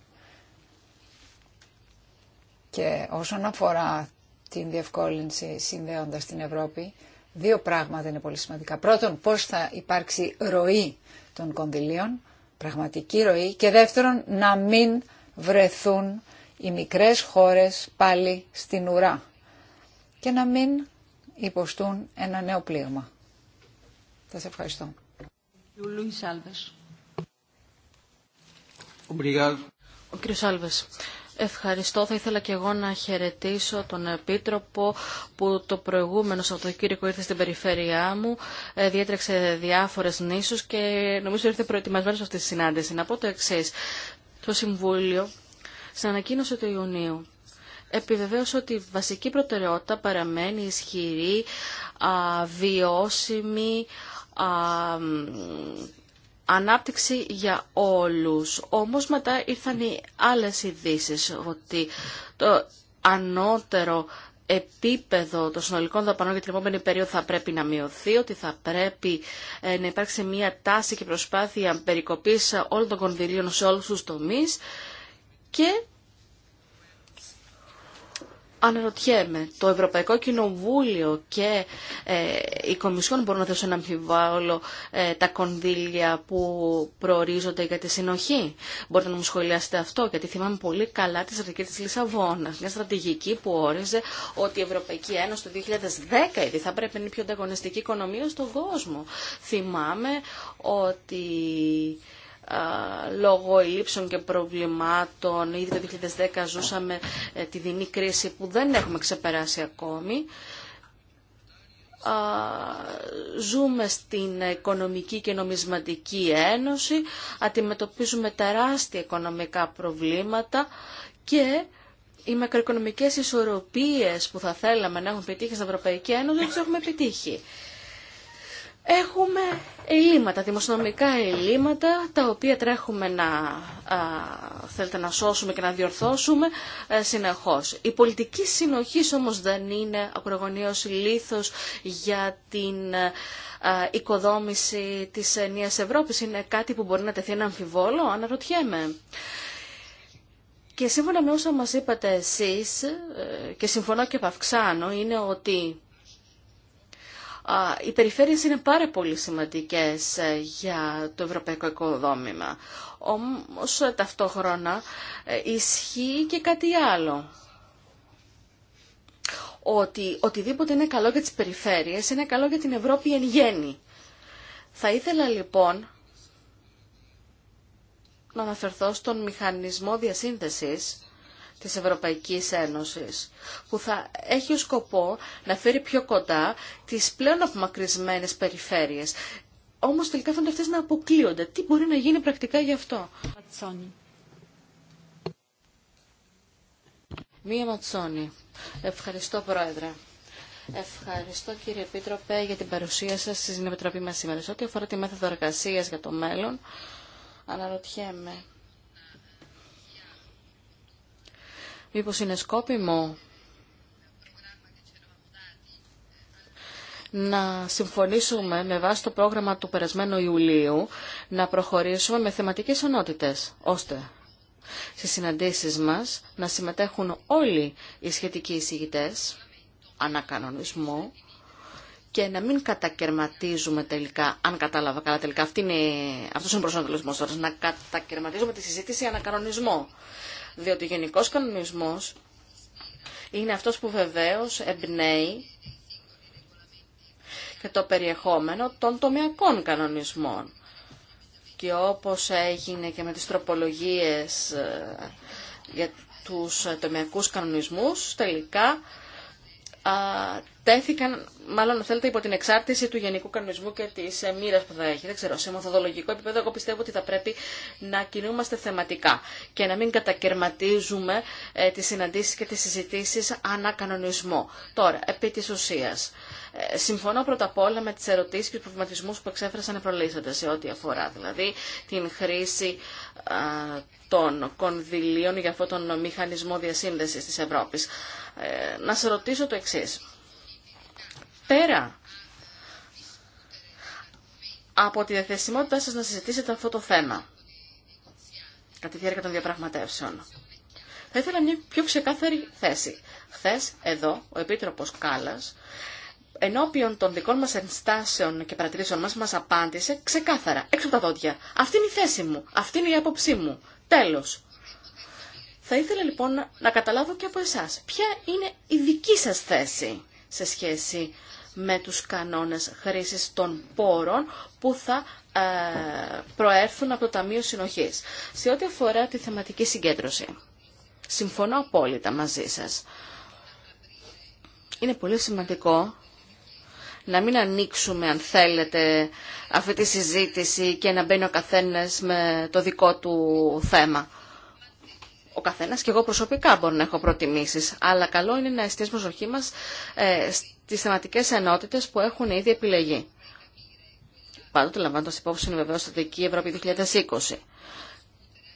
Και όσον αφορά την διευκόλυνση συνδέοντας την Ευρώπη, δύο πράγματα είναι πολύ σημαντικά. Πρώτον, πώς θα υπάρξει ροή των κονδυλίων πραγματική ροή και δεύτερον να μην βρεθούν οι μικρές χώρες πάλι στην ουρά και να μην υποστούν ένα νέο πλήγμα. Θα σε ευχαριστώ. Ο κύριος Άλβες. Ευχαριστώ. Θα ήθελα και εγώ να χαιρετήσω τον Επίτροπο που το προηγούμενο Σαββατοκύριακο ήρθε στην περιφέρειά μου, ε, διέτρεξε διάφορες νήσους και νομίζω ήρθε προετοιμασμένος αυτή τη συνάντηση. Να πω το εξή. Το Συμβούλιο, σε ανακοίνωση του Ιουνίου, επιβεβαίωσε ότι η βασική προτεραιότητα παραμένει ισχυρή, α, βιώσιμη, α, ανάπτυξη για όλους. Όμως μετά ήρθαν οι άλλες ειδήσει ότι το ανώτερο επίπεδο των συνολικών δαπανών για την επόμενη περίοδο θα πρέπει να μειωθεί, ότι θα πρέπει ε, να υπάρξει μια τάση και προσπάθεια περικοπής όλων των κονδυλίων σε όλους τους τομείς και Αναρωτιέμαι, το Ευρωπαϊκό Κοινοβούλιο και ε, οι Κομισιόν μπορούν να θέσουν να αμφιβάλλω ε, τα κονδύλια που προορίζονται για τη συνοχή. Μπορείτε να μου σχολιάσετε αυτό, γιατί θυμάμαι πολύ καλά τη στρατηγική της Λισαβόνας. Μια στρατηγική που όριζε ότι η Ευρωπαϊκή Ένωση το 2010 ήδη θα πρέπει να είναι η πιο ανταγωνιστική οικονομία στον κόσμο. Θυμάμαι ότι λόγω ελλείψεων και προβλημάτων. Ήδη το 2010 ζούσαμε ε, τη δινή κρίση που δεν έχουμε ξεπεράσει ακόμη. Ζούμε στην Οικονομική και Νομισματική Ένωση, αντιμετωπίζουμε τεράστια οικονομικά προβλήματα και οι μακροοικονομικές ισορροπίες που θα θέλαμε να έχουν πετύχει στην Ευρωπαϊκή Ένωση, τις έχουμε επιτύχει έχουμε ελλείμματα, δημοσιονομικά ελλείμματα, τα οποία τρέχουμε να, θέλετε να σώσουμε και να διορθώσουμε α, ε, συνεχώς. Η πολιτική συνοχή όμως δεν είναι ακρογωνίως λήθος για την ε, οικοδόμηση της νέας Ευρώπης. Είναι κάτι που μπορεί να τεθεί ένα αμφιβόλο, αναρωτιέμαι. Και σύμφωνα με όσα μας είπατε εσείς, ε, και συμφωνώ και επαυξάνω, είναι ότι οι περιφέρειες είναι πάρα πολύ σημαντικές ε, για το ευρωπαϊκό οικοδόμημα. Όμως ε, ταυτόχρονα ε, ισχύει και κάτι άλλο. Ότι οτιδήποτε είναι καλό για τις περιφέρειες είναι καλό για την Ευρώπη εν γέννη. Θα ήθελα λοιπόν να αναφερθώ στον μηχανισμό διασύνδεσης της Ευρωπαϊκής Ένωσης, που θα έχει ως σκοπό να φέρει πιο κοντά τις πλέον απομακρυσμένες περιφέρειες. Όμως τελικά φαίνονται αυτές να αποκλείονται. Τι μπορεί να γίνει πρακτικά γι' αυτό. Μία Ματσόνη. Ευχαριστώ Πρόεδρε. Ευχαριστώ κύριε Επίτροπε για την παρουσία σας στη Επιτροπή μας σήμερα. Σε ό,τι αφορά τη μέθοδο εργασίας για το μέλλον, αναρωτιέμαι Μήπως είναι σκόπιμο να συμφωνήσουμε με βάση το πρόγραμμα του περασμένου Ιουλίου να προχωρήσουμε με θεματικές ενότητες, ώστε στις συναντήσεις μας να συμμετέχουν όλοι οι σχετικοί εισηγητές ανακανονισμό και να μην κατακαιρματίζουμε τελικά, αν κατάλαβα καλά τελικά, αυτή είναι, αυτός είναι ο προσανατολισμός τώρα, να κατακαιρματίζουμε τη συζήτηση ανακανονισμό διότι ο γενικός κανονισμός είναι αυτός που βεβαίως εμπνέει και το περιεχόμενο των τομιακών κανονισμών. Και όπως έγινε και με τις τροπολογίες ε, για τους τομιακούς κανονισμούς, τελικά τέθηκαν, μάλλον θέλετε, υπό την εξάρτηση του γενικού κανονισμού και τη ε, μοίρα που θα έχει. Δεν ξέρω, σε μοθοδολογικό επίπεδο, εγώ πιστεύω ότι θα πρέπει να κινούμαστε θεματικά και να μην κατακαιρματίζουμε ε, τι συναντήσει και τι συζητήσει ανά κανονισμό. Τώρα, επί τη ουσία. Ε, συμφωνώ πρώτα απ' όλα με τις ερωτήσεις και τους προβληματισμούς που εξέφρασαν οι σε ό,τι αφορά δηλαδή την χρήση των κονδυλίων για αυτόν τον μηχανισμό διασύνδεσης της Ευρώπης. Ε, να σε ρωτήσω το εξή. Πέρα από τη διαθεσιμότητά σας να συζητήσετε αυτό το θέμα κατά τη διάρκεια των διαπραγματεύσεων. Θα ήθελα μια πιο ξεκάθαρη θέση. Χθε εδώ ο Επίτροπος Κάλλας ενώπιον των δικών μας ενστάσεων και παρατηρήσεων μας μας απάντησε ξεκάθαρα, έξω από τα δόντια. Αυτή είναι η θέση μου, αυτή είναι η άποψή μου. Τέλος. Θα ήθελα λοιπόν να καταλάβω και από εσάς ποια είναι η δική σας θέση σε σχέση με τους κανόνες χρήσης των πόρων που θα ε, προέρθουν από το Ταμείο Συνοχής. Σε ό,τι αφορά τη θεματική συγκέντρωση, συμφωνώ απόλυτα μαζί σας. Είναι πολύ σημαντικό να μην ανοίξουμε, αν θέλετε, αυτή τη συζήτηση και να μπαίνει ο καθένας με το δικό του θέμα. Ο καθένας και εγώ προσωπικά μπορώ να έχω προτιμήσεις, αλλά καλό είναι να εστιάσουμε προσοχή μας ε, στις θεματικές ενότητες που έχουν ήδη επιλεγεί. Πάντοτε λαμβάνοντας υπόψη είναι βεβαίως δική Ευρώπη 2020.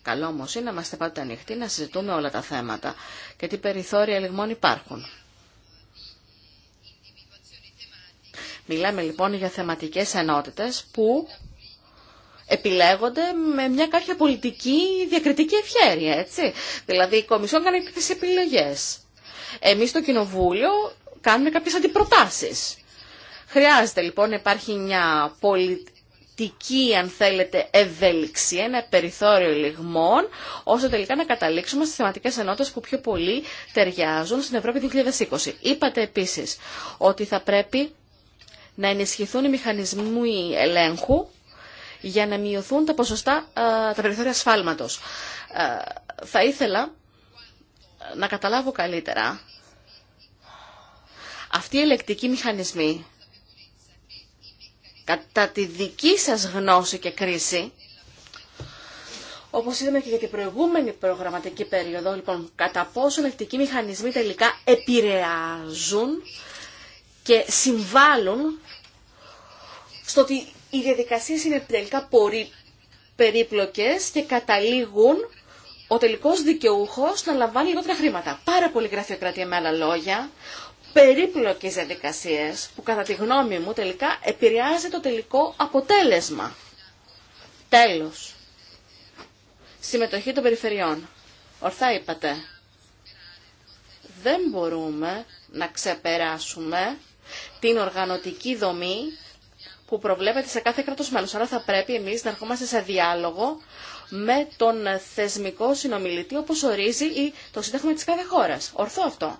Καλό όμως είναι να είμαστε πάντα ανοιχτοί να συζητούμε όλα τα θέματα και τι περιθώρια λιγμών υπάρχουν. Μιλάμε λοιπόν για θεματικές ενότητες που επιλέγονται με μια κάποια πολιτική διακριτική ευχέρεια, έτσι. Δηλαδή η Κομισιόν κάνει τις επιλογές. Εμείς στο Κοινοβούλιο κάνουμε κάποιες αντιπροτάσεις. Χρειάζεται λοιπόν να υπάρχει μια πολιτική, αν θέλετε, ευελιξία, ένα περιθώριο λιγμών, ώστε τελικά να καταλήξουμε στις θεματικές ενότητες που πιο πολύ ταιριάζουν στην Ευρώπη 2020. Είπατε επίσης ότι θα πρέπει να ενισχυθούν οι μηχανισμοί ελέγχου για να μειωθούν τα ποσοστά, ε, τα περιθώρια ασφάλματος. Ε, θα ήθελα να καταλάβω καλύτερα αυτοί οι ελεκτικοί μηχανισμοί κατά τη δική σας γνώση και κρίση όπως είδαμε και για την προηγούμενη προγραμματική περίοδο, λοιπόν, κατά πόσο ελεκτικοί μηχανισμοί τελικά επηρεάζουν και συμβάλλουν στο ότι οι διαδικασίες είναι τελικά πολύ περίπλοκες και καταλήγουν ο τελικός δικαιούχος να λαμβάνει λιγότερα χρήματα. Πάρα πολύ γραφειοκρατία με άλλα λόγια, περίπλοκες διαδικασίες που κατά τη γνώμη μου τελικά επηρεάζει το τελικό αποτέλεσμα. Τέλος. Συμμετοχή των περιφερειών. Ορθά είπατε. Δεν μπορούμε να ξεπεράσουμε την οργανωτική δομή που προβλέπεται σε κάθε κράτος μέλος. Άρα θα πρέπει εμείς να ερχόμαστε σε διάλογο με τον θεσμικό συνομιλητή όπως ορίζει το σύνταγμα της κάθε χώρας. Ορθό αυτό.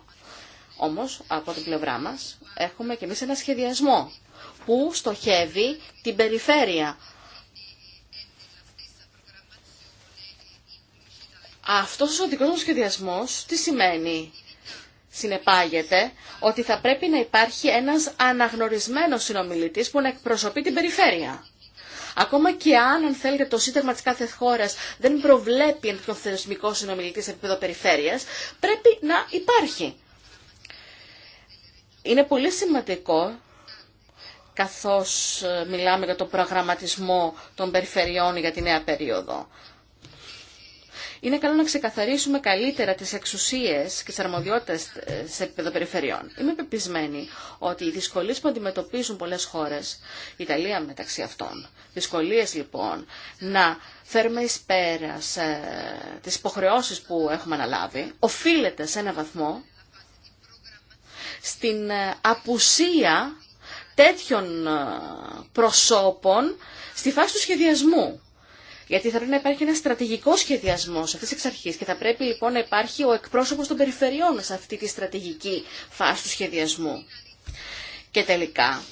Όμως, από την πλευρά μας, έχουμε και εμείς ένα σχεδιασμό που στοχεύει την περιφέρεια. Αυτός ο δικός μας σχεδιασμός τι σημαίνει συνεπάγεται ότι θα πρέπει να υπάρχει ένας αναγνωρισμένος συνομιλητής που να εκπροσωπεί την περιφέρεια. Ακόμα και αν, αν θέλετε, το σύνταγμα της κάθε χώρας δεν προβλέπει έναν θεσμικό συνομιλητή σε επίπεδο περιφέρειας, πρέπει να υπάρχει. Είναι πολύ σημαντικό καθώς ε, μιλάμε για τον προγραμματισμό των περιφερειών για τη νέα περίοδο είναι καλό να ξεκαθαρίσουμε καλύτερα τις εξουσίες και τις αρμοδιότητες ε, σε επίπεδο περιφερειών. Είμαι πεπισμένη ότι οι δυσκολίες που αντιμετωπίζουν πολλές χώρες, η Ιταλία μεταξύ αυτών, δυσκολίες λοιπόν να φέρουμε εις πέρας ε, τις υποχρεώσεις που έχουμε αναλάβει, οφείλεται σε ένα βαθμό στην ε, απουσία τέτοιων προσώπων στη φάση του σχεδιασμού. Γιατί θα πρέπει να υπάρχει ένα στρατηγικό σχεδιασμό αυτή εξ αρχή και θα πρέπει λοιπόν να υπάρχει ο εκπρόσωπο των περιφερειών σε αυτή τη στρατηγική φάση του σχεδιασμού. Και τελικά,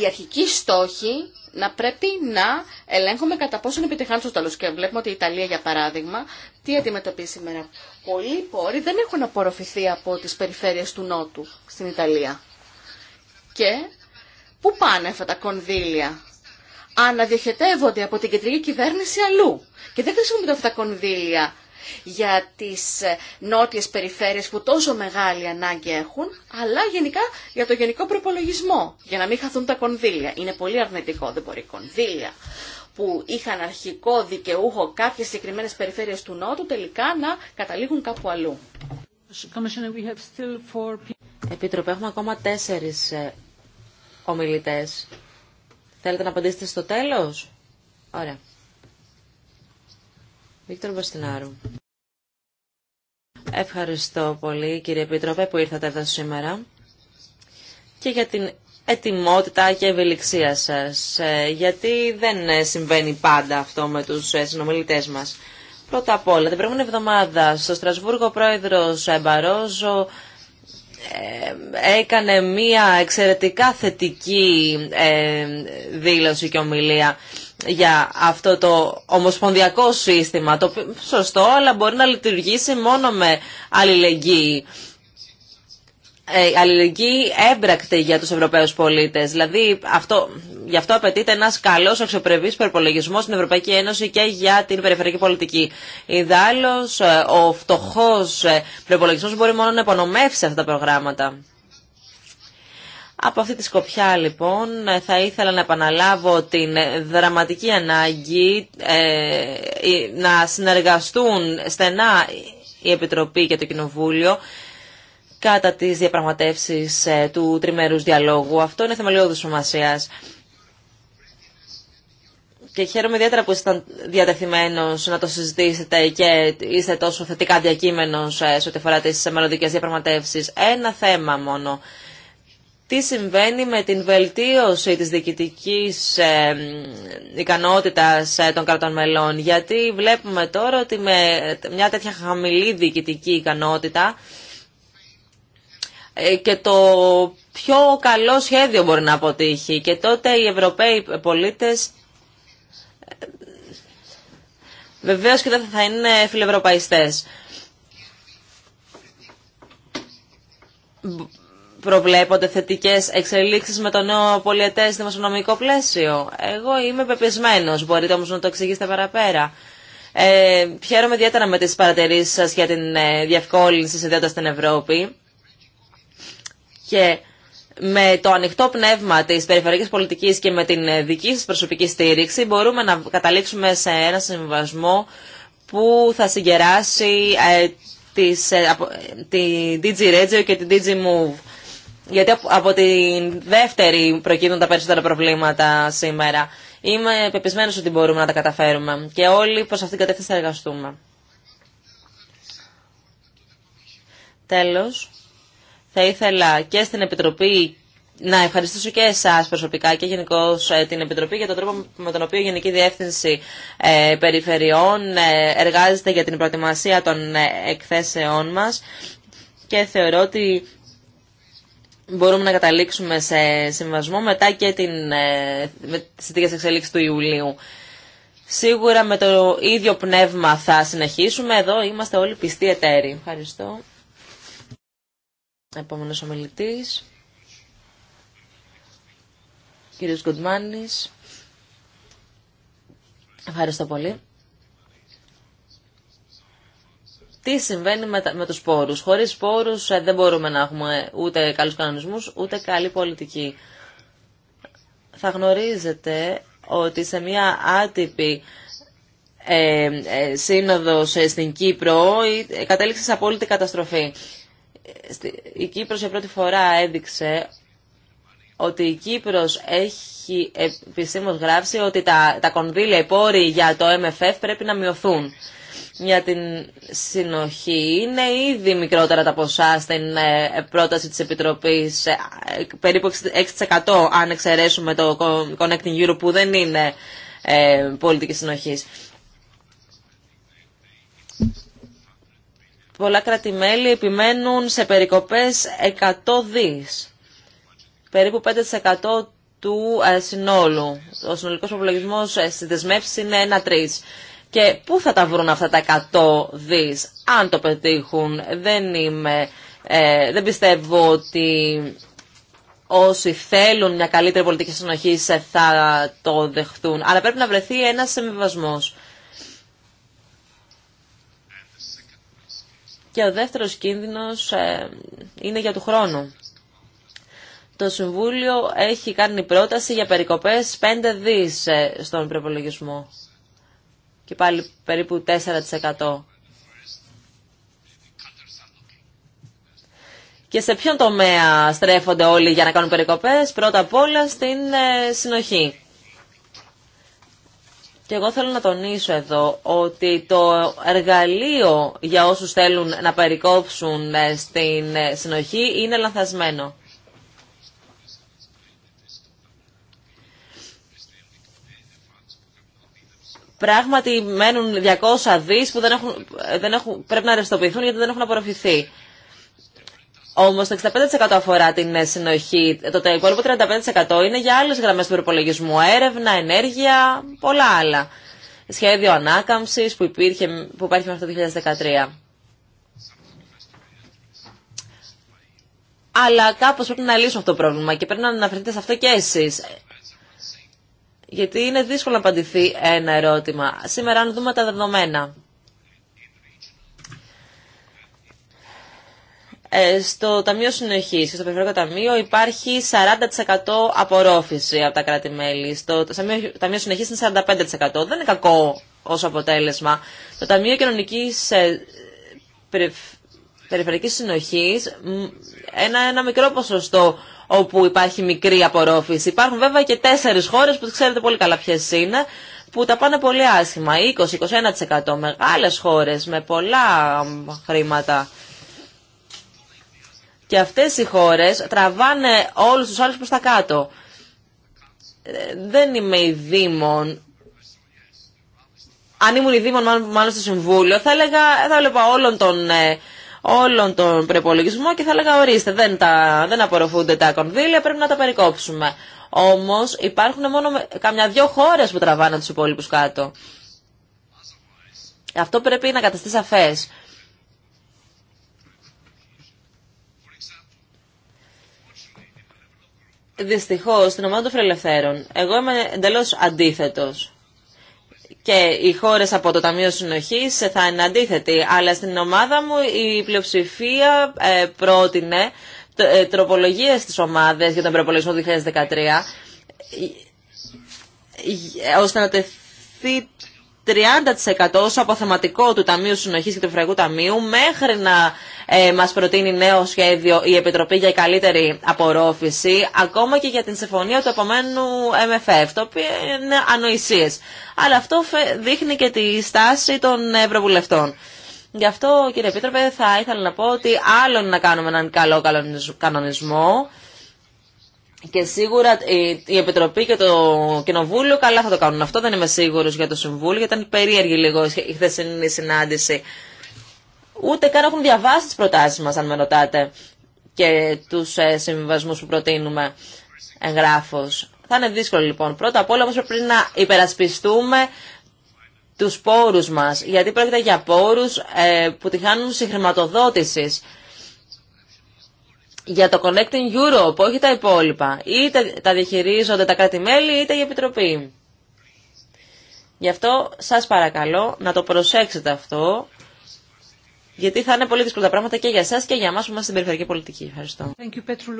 η αρχική στόχη να πρέπει να ελέγχουμε κατά πόσον επιτυχάνουν στο τέλο. Και βλέπουμε ότι η Ιταλία, για παράδειγμα, τι αντιμετωπίζει σήμερα. Πολλοί πόροι δεν έχουν απορροφηθεί από τι περιφέρειες του Νότου στην Ιταλία. Και Πού πάνε αυτά τα κονδύλια. Αναδιοχετεύονται από την κεντρική κυβέρνηση αλλού. Και δεν χρησιμοποιούνται αυτά τα κονδύλια για τις ε, νότιες περιφέρειες που τόσο μεγάλη ανάγκη έχουν, αλλά γενικά για το γενικό προπολογισμό, για να μην χαθούν τα κονδύλια. Είναι πολύ αρνητικό, δεν μπορεί κονδύλια που είχαν αρχικό δικαιούχο κάποιες συγκεκριμένες περιφέρειες του Νότου τελικά να καταλήγουν κάπου αλλού. Επίτροπε, έχουμε ακόμα τέσσερις ε, ομιλητές. Θέλετε να απαντήσετε στο τέλος? Ωραία. Βίκτορ Μπαστινάρου. Ευχαριστώ πολύ κύριε Επίτροπε που ήρθατε εδώ σήμερα και για την ετοιμότητα και ευελιξία σας, ε, γιατί δεν ε, συμβαίνει πάντα αυτό με τους ε, συνομιλητές μας. Πρώτα απ' όλα, την προηγούμενη εβδομάδα στο Στρασβούργο ο πρόεδρος ε, έκανε μία εξαιρετικά θετική ε, δήλωση και ομιλία για αυτό το ομοσπονδιακό σύστημα, το σωστό, αλλά μπορεί να λειτουργήσει μόνο με αλληλεγγύη. Ε, αλληλεγγύη έμπρακτη για τους Ευρωπαίους πολίτες. Δηλαδή αυτό, γι' αυτό απαιτείται ένας καλός αξιοπρεπής προπολογισμό στην Ευρωπαϊκή Ένωση και για την περιφερειακή πολιτική. Ιδάλλως ε, ο φτωχός ε, προπολογισμό μπορεί μόνο να υπονομεύσει αυτά τα προγράμματα. Από αυτή τη σκοπιά λοιπόν θα ήθελα να επαναλάβω την δραματική ανάγκη ε, να συνεργαστούν στενά η Επιτροπή και το Κοινοβούλιο κατά τις διαπραγματεύσεις ε, του τριμερούς διαλόγου. Αυτό είναι θεμελιώδης σημασία. Και χαίρομαι ιδιαίτερα που ήσασταν διατεθειμένος να το συζητήσετε και είστε τόσο θετικά διακείμενος ε, σε ό,τι αφορά τις μελλοντικές διαπραγματεύσεις. Ένα θέμα μόνο. Τι συμβαίνει με την βελτίωση της διοικητικής ε, ικανότητας των κρατών μελών. Γιατί βλέπουμε τώρα ότι με μια τέτοια χαμηλή διοικητική ικανότητα ε, και το πιο καλό σχέδιο μπορεί να αποτύχει. Και τότε οι Ευρωπαίοι πολίτες ε, βεβαίως και δεν θα είναι φιλευρωπαϊστές. Προβλέπονται θετικές εξελίξεις με το νέο πολιετές δημοσιονομικό πλαίσιο. Εγώ είμαι πεπισμένος, μπορείτε όμως να το εξηγήσετε παραπέρα. Ε, χαίρομαι ιδιαίτερα με τις παρατηρήσεις σας για την ε, διευκόλυνση στην Ευρώπη. Και με το ανοιχτό πνεύμα της περιφερειακής πολιτικής και με την ε, δική σας προσωπική στήριξη μπορούμε να καταλήξουμε σε ένα συμβασμό που θα συγκεράσει ε, την ε, τη DG Regio και την DG Move. Γιατί από, από δεύτερη προκύπτουν τα περισσότερα προβλήματα σήμερα. Είμαι πεπισμένο ότι μπορούμε να τα καταφέρουμε και όλοι προς αυτήν την κατεύθυνση θα εργαστούμε. Τέλος. Θα ήθελα και στην Επιτροπή να ευχαριστήσω και εσά προσωπικά και γενικώ ε, την Επιτροπή για τον τρόπο με τον οποίο η Γενική Διεύθυνση ε, Περιφερειών ε, εργάζεται για την προετοιμασία των εκθέσεών μα και θεωρώ ότι μπορούμε να καταλήξουμε σε συμβασμό μετά και την, με τις του Ιουλίου. Σίγουρα με το ίδιο πνεύμα θα συνεχίσουμε. Εδώ είμαστε όλοι πιστοί εταίροι. Ευχαριστώ. Επόμενος ομιλητής, κύριος Γκουτμάνης. Ευχαριστώ πολύ. Τι συμβαίνει με, με τους πόρους. Χωρίς πόρους ε, δεν μπορούμε να έχουμε ούτε καλούς κανονισμούς, ούτε καλή πολιτική. Θα γνωρίζετε ότι σε μια άτυπη ε, ε σύνοδος ε, στην Κύπρο κατέληξε σε απόλυτη καταστροφή η Κύπρος για πρώτη φορά έδειξε ότι η Κύπρος έχει επισήμως γράψει ότι τα, τα κονδύλια, οι πόροι για το MFF πρέπει να μειωθούν. Για την συνοχή είναι ήδη μικρότερα τα ποσά στην ε, πρόταση της Επιτροπής, ε, περίπου 6% αν εξαιρέσουμε το Connecting Europe που δεν είναι ε, πολιτική συνοχής. πολλά κράτη-μέλη επιμένουν σε περικοπές 100 δις, περίπου 5% του ε, συνόλου. Ο συνολικός προπολογισμός ε, στις δεσμεύσεις είναι 1-3. Και πού θα τα βρουν αυτά τα 100 δις, αν το πετύχουν. Δεν, είμαι, ε, δεν πιστεύω ότι όσοι θέλουν μια καλύτερη πολιτική συνοχή θα το δεχτούν. Αλλά πρέπει να βρεθεί ένας συμβιβασμός. και ο δεύτερος κίνδυνος ε, είναι για του χρόνου. Το Συμβούλιο έχει κάνει πρόταση για περικοπές 5 δις ε, στον προπολογισμό και πάλι περίπου 4%. Και σε ποιον τομέα στρέφονται όλοι για να κάνουν περικοπές, πρώτα απ' όλα στην ε, συνοχή. Και εγώ θέλω να τονίσω εδώ ότι το εργαλείο για όσους θέλουν να περικόψουν ε, στην ε, συνοχή είναι λανθασμένο. Πράγματι μένουν 200 δις που δεν έχουν, ε, δεν έχουν, πρέπει να ρευστοποιηθούν γιατί δεν έχουν απορροφηθεί. Όμω το 65% αφορά την ε, συνοχή. Το υπόλοιπο 35% είναι για άλλε γραμμέ του προπολογισμού. Έρευνα, ενέργεια, πολλά άλλα. Σχέδιο ανάκαμψη που, υπήρχε, που υπάρχει μέχρι το 2013. Αλλά κάπω πρέπει να λύσουμε αυτό το πρόβλημα και πρέπει να αναφερθείτε σε αυτό και εσεί. Γιατί είναι δύσκολο να απαντηθεί ένα ερώτημα. Σήμερα, αν δούμε τα δεδομένα. Ε, στο Ταμείο Συνοχής και στο Περιφερειακό Ταμείο υπάρχει 40% απορρόφηση από τα κράτη-μέλη. Στο Ταμείο Συνοχής είναι 45%. Δεν είναι κακό ω αποτέλεσμα. Το Ταμείο Κοινωνικής ε, Περιφερειακής Συνοχής ένα, ένα μικρό ποσοστό όπου υπάρχει μικρή απορρόφηση. Υπάρχουν βέβαια και τέσσερις χώρες που ξέρετε πολύ καλά ποιε είναι που τα πάνε πολύ άσχημα, 20-21% μεγάλες χώρες με πολλά χρήματα. Και αυτές οι χώρες τραβάνε όλους τους άλλους προς τα κάτω. Ε, δεν είμαι η δήμον. Αν ήμουν η Δήμων μάλλον στο Συμβούλιο, θα έλεγα, θα έλεγα όλον τον ε, όλον τον προπολογισμό και θα έλεγα ορίστε δεν, τα, δεν απορροφούνται τα κονδύλια, πρέπει να τα περικόψουμε. Όμως υπάρχουν μόνο καμιά δυο χώρες που τραβάνε τους υπόλοιπους κάτω. Αυτό πρέπει να καταστεί σαφές. Δυστυχώ, στην ομάδα των φιλελευθέρων εγώ είμαι εντελώ αντίθετος και οι χώρες από το Ταμείο Συνοχής θα είναι αντίθετοι αλλά στην ομάδα μου η πλειοψηφία ε, πρότεινε ε, τροπολογίες στις ομάδες για τον προπολογισμό 2013 ε, ώστε να τεθεί 30% ως αποθεματικό του Ταμείου Συνοχής και του Φραγκού Ταμείου μέχρι να ε, μας προτείνει νέο σχέδιο η Επιτροπή για καλύτερη απορρόφηση ακόμα και για την συμφωνία του επομένου MFF, το οποίο είναι ανοησίες. Αλλά αυτό δείχνει και τη στάση των Ευρωβουλευτών. Γι' αυτό κύριε Επίτροπε θα ήθελα να πω ότι άλλο να κάνουμε έναν καλό κανονισμό και σίγουρα ε, η Επιτροπή και το Κοινοβούλιο καλά θα το κάνουν. Αυτό δεν είμαι σίγουρος για το Συμβούλιο, γιατί ήταν περίεργη λίγο η χθεσινή συνάντηση. Ούτε καν έχουν διαβάσει τι προτάσει μα αν με ρωτάτε, και τους ε, συμβιβασμού που προτείνουμε εγγράφω. Θα είναι δύσκολο λοιπόν. Πρώτα απ' όλα όμω πρέπει να υπερασπιστούμε του πόρου μα, γιατί πρόκειται για πόρους ε, που τη χάνουν συγχρηματοδότησης για το Connecting Europe, όχι τα υπόλοιπα. Είτε τα διαχειρίζονται τα κράτη-μέλη, είτε η Επιτροπή. Γι' αυτό σας παρακαλώ να το προσέξετε αυτό, γιατί θα είναι πολύ δύσκολα τα πράγματα και για εσάς και για εμάς που είμαστε στην περιφερειακή πολιτική. Ευχαριστώ. Thank you, Petru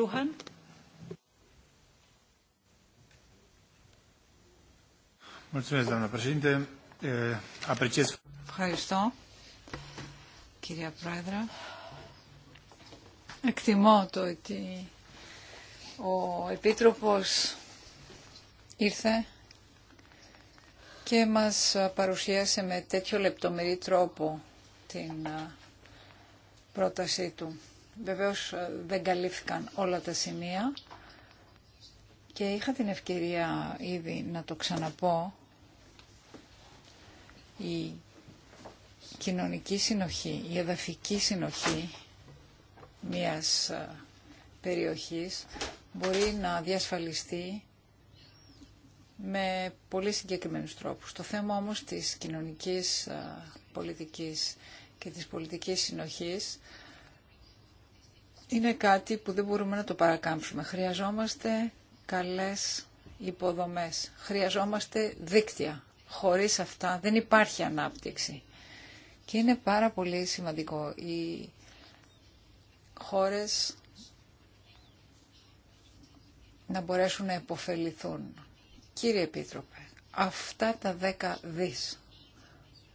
Luhan. E, Ευχαριστώ, κυρία Πρόεδρε. Εκτιμώ το ότι ο Επίτροπος ήρθε και μας παρουσίασε με τέτοιο λεπτομερή τρόπο την πρότασή του. Βεβαίως δεν καλύφθηκαν όλα τα σημεία και είχα την ευκαιρία ήδη να το ξαναπώ. Η κοινωνική συνοχή, η εδαφική συνοχή μιας ε, περιοχής μπορεί να διασφαλιστεί με πολύ συγκεκριμένους τρόπους. Το θέμα όμως της κοινωνικής ε, πολιτικής και της πολιτικής συνοχής είναι κάτι που δεν μπορούμε να το παρακάμψουμε. Χρειαζόμαστε καλές υποδομές. Χρειαζόμαστε δίκτυα. Χωρίς αυτά δεν υπάρχει ανάπτυξη. Και είναι πάρα πολύ σημαντικό η χώρες να μπορέσουν να υποφεληθούν. Κύριε Επίτροπε, αυτά τα δέκα δις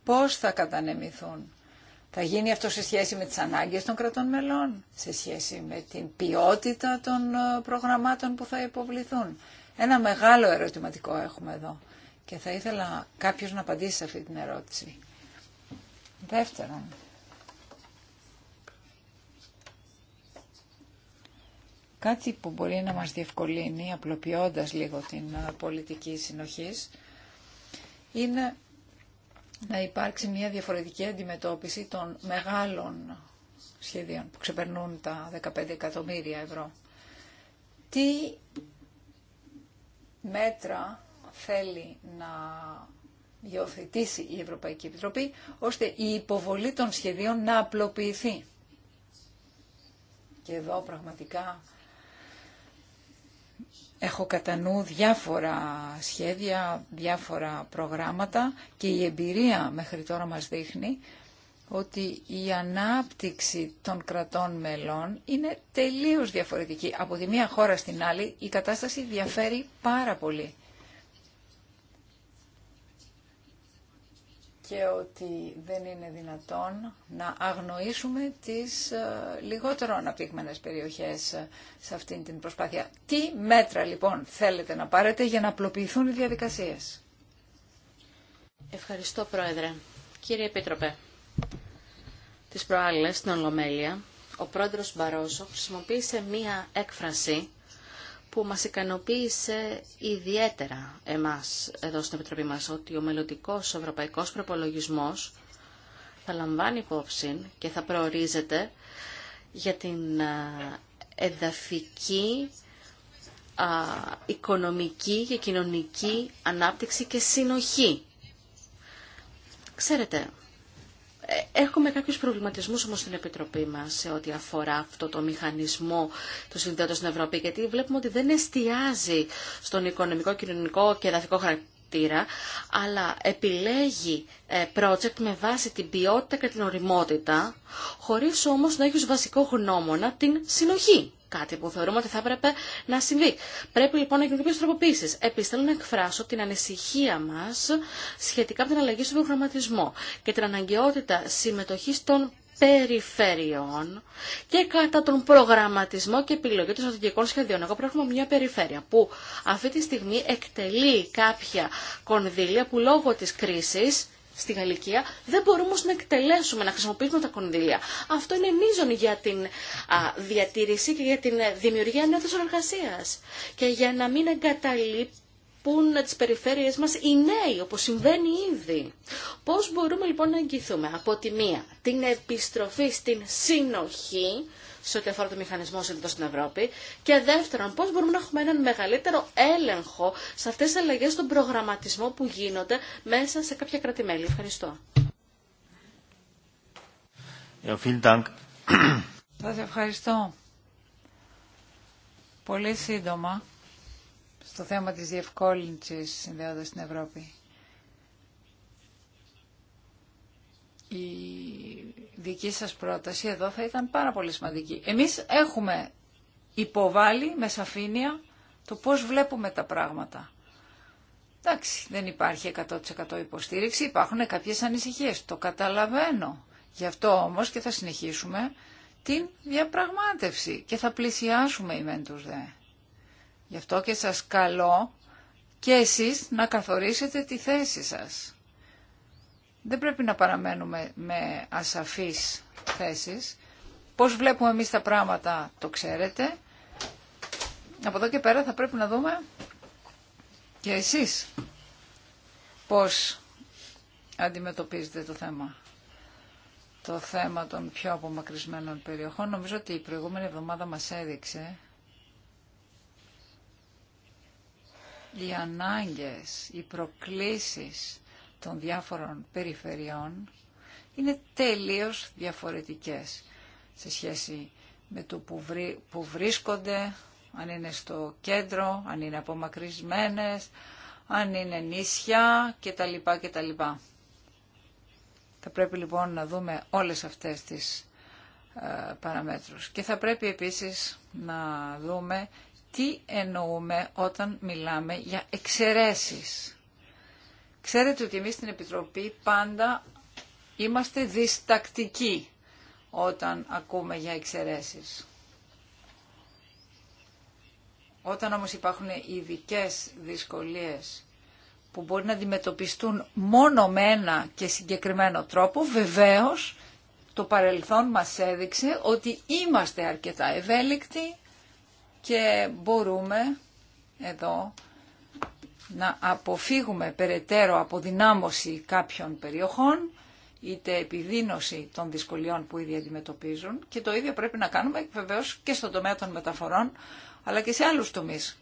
πώς θα κατανεμηθούν. Θα γίνει αυτό σε σχέση με τις ανάγκες των κρατών μελών, σε σχέση με την ποιότητα των ε, προγραμμάτων που θα υποβληθούν. Ένα μεγάλο ερωτηματικό έχουμε εδώ και θα ήθελα κάποιος να απαντήσει σε αυτή την ερώτηση. Δεύτερον, Κάτι που μπορεί να μας διευκολύνει, απλοποιώντας λίγο την ε, πολιτική συνοχής, είναι να υπάρξει μια διαφορετική αντιμετώπιση των μεγάλων σχεδίων που ξεπερνούν τα 15 εκατομμύρια ευρώ. Τι μέτρα θέλει να υιοθετήσει η Ευρωπαϊκή Επιτροπή, ώστε η υποβολή των σχεδίων να απλοποιηθεί. Και εδώ πραγματικά Έχω κατά νου διάφορα σχέδια, διάφορα προγράμματα και η εμπειρία μέχρι τώρα μας δείχνει ότι η ανάπτυξη των κρατών μελών είναι τελείως διαφορετική. Από τη μία χώρα στην άλλη η κατάσταση διαφέρει πάρα πολύ. και ότι δεν είναι δυνατόν να αγνοήσουμε τις ε, λιγότερο αναπτύγμενες περιοχές ε, σε αυτήν την προσπάθεια. Τι μέτρα λοιπόν θέλετε να πάρετε για να απλοποιηθούν οι διαδικασίες. Ευχαριστώ Πρόεδρε. Κύριε Επίτροπε, τις προάλλες στην Ολομέλεια ο πρόεδρος Μπαρόσο χρησιμοποίησε μία έκφραση που μας ικανοποίησε ιδιαίτερα εμάς εδώ στην Επιτροπή μας, ότι ο μελλοντικό ευρωπαϊκός προπολογισμό θα λαμβάνει υπόψη και θα προορίζεται για την εδαφική, οικονομική και κοινωνική ανάπτυξη και συνοχή. Ξέρετε, Έχουμε κάποιους προβληματισμούς όμως στην Επιτροπή μας σε ό,τι αφορά αυτό το μηχανισμό του συνδέοντος στην Ευρώπη, γιατί βλέπουμε ότι δεν εστιάζει στον οικονομικό, κοινωνικό και εδαφικό χαρακτήρα, αλλά επιλέγει ε, project με βάση την ποιότητα και την οριμότητα, χωρίς όμως να έχει βασικό γνώμονα την συνοχή κάτι που θεωρούμε ότι θα έπρεπε να συμβεί. Πρέπει λοιπόν να γίνουν κάποιε τροποποίησει. Επίση, θέλω να εκφράσω την ανησυχία μα σχετικά με την αλλαγή στον προγραμματισμό και την αναγκαιότητα συμμετοχή των περιφερειών και κατά τον προγραμματισμό και επιλογή των στρατηγικών σχεδίων. Εγώ έχουμε μια περιφέρεια που αυτή τη στιγμή εκτελεί κάποια κονδύλια που λόγω της κρίσης στη Γαλλικία, δεν μπορούμε να εκτελέσουμε, να χρησιμοποιήσουμε τα κονδύλια. Αυτό είναι μείζον για την διατήρηση και για την δημιουργία νέων εργασία. εργασίας. Και για να μην εγκαταλείπουν τις περιφέρειες μας οι νέοι, όπως συμβαίνει ήδη. Πώς μπορούμε λοιπόν να εγγυθούμε από τη μία την επιστροφή στην συνοχή, σε ό,τι αφορά το μηχανισμό συνήθω στην Ευρώπη. Και δεύτερον, πώ μπορούμε να έχουμε έναν μεγαλύτερο έλεγχο σε αυτέ τι αλλαγέ στον προγραμματισμό που γίνονται μέσα σε κάποια κράτη-μέλη. Ευχαριστώ. Σας ευχαριστώ. Πολύ σύντομα στο θέμα της διευκόλυνσης συνδέοντας την Ευρώπη. Η δική σας πρόταση εδώ θα ήταν πάρα πολύ σημαντική. Εμείς έχουμε υποβάλει με σαφήνεια το πώς βλέπουμε τα πράγματα. Εντάξει, δεν υπάρχει 100% υποστήριξη, υπάρχουν κάποιες ανησυχίες, το καταλαβαίνω. Γι' αυτό όμως και θα συνεχίσουμε την διαπραγμάτευση και θα πλησιάσουμε οι μεν δε. Γι' αυτό και σας καλώ και εσείς να καθορίσετε τη θέση σας δεν πρέπει να παραμένουμε με ασαφείς θέσεις. Πώς βλέπουμε εμείς τα πράγματα το ξέρετε. Από εδώ και πέρα θα πρέπει να δούμε και εσείς πώς αντιμετωπίζετε το θέμα. Το θέμα των πιο απομακρυσμένων περιοχών. Νομίζω ότι η προηγούμενη εβδομάδα μας έδειξε οι ανάγκες, οι προκλήσεις των διάφορων περιφερειών είναι τελείως διαφορετικές σε σχέση με το που βρίσκονται, αν είναι στο κέντρο, αν είναι απομακρυσμένες, αν είναι νησιά κτλ. κτλ. Θα πρέπει λοιπόν να δούμε όλες αυτές τις ε, παραμέτρους. Και θα πρέπει επίσης να δούμε τι εννοούμε όταν μιλάμε για εξαιρέσεις. Ξέρετε ότι εμείς στην Επιτροπή πάντα είμαστε διστακτικοί όταν ακούμε για εξαιρεσει. Όταν όμως υπάρχουν ειδικέ δυσκολίες που μπορεί να αντιμετωπιστούν μόνο με ένα και συγκεκριμένο τρόπο, βεβαίως το παρελθόν μας έδειξε ότι είμαστε αρκετά ευέλικτοι και μπορούμε εδώ να αποφύγουμε περαιτέρω αποδυνάμωση κάποιων περιοχών, είτε επιδείνωση των δυσκολιών που ήδη αντιμετωπίζουν και το ίδιο πρέπει να κάνουμε βεβαίως και στον τομέα των μεταφορών, αλλά και σε άλλους τομείς.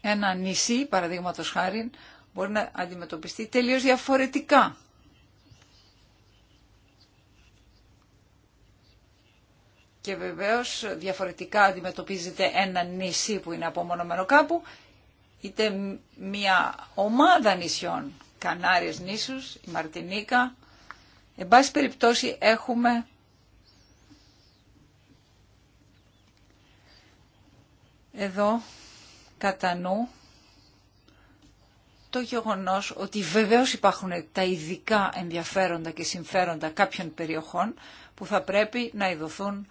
Ένα νησί, παραδείγματο χάρη, μπορεί να αντιμετωπιστεί τελείως διαφορετικά και βεβαίως διαφορετικά αντιμετωπίζεται ένα νησί που είναι απομονωμένο κάπου, είτε μια ομάδα νησιών, Κανάριες νήσους, η Μαρτινίκα. Εν πάση περιπτώσει έχουμε εδώ κατά νου το γεγονός ότι βεβαίως υπάρχουν τα ειδικά ενδιαφέροντα και συμφέροντα κάποιων περιοχών που θα πρέπει να ειδωθούν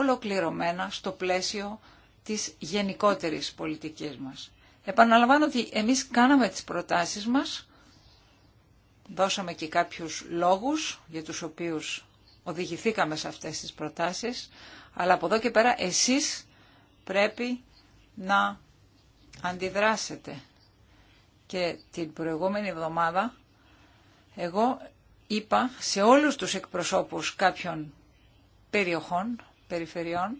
ολοκληρωμένα στο πλαίσιο της γενικότερης πολιτικής μας. Επαναλαμβάνω ότι εμείς κάναμε τις προτάσεις μας, δώσαμε και κάποιους λόγους για τους οποίους οδηγηθήκαμε σε αυτές τις προτάσεις, αλλά από εδώ και πέρα εσείς πρέπει να αντιδράσετε. Και την προηγούμενη εβδομάδα εγώ είπα σε όλους τους εκπροσώπους κάποιων περιοχών περιφερειών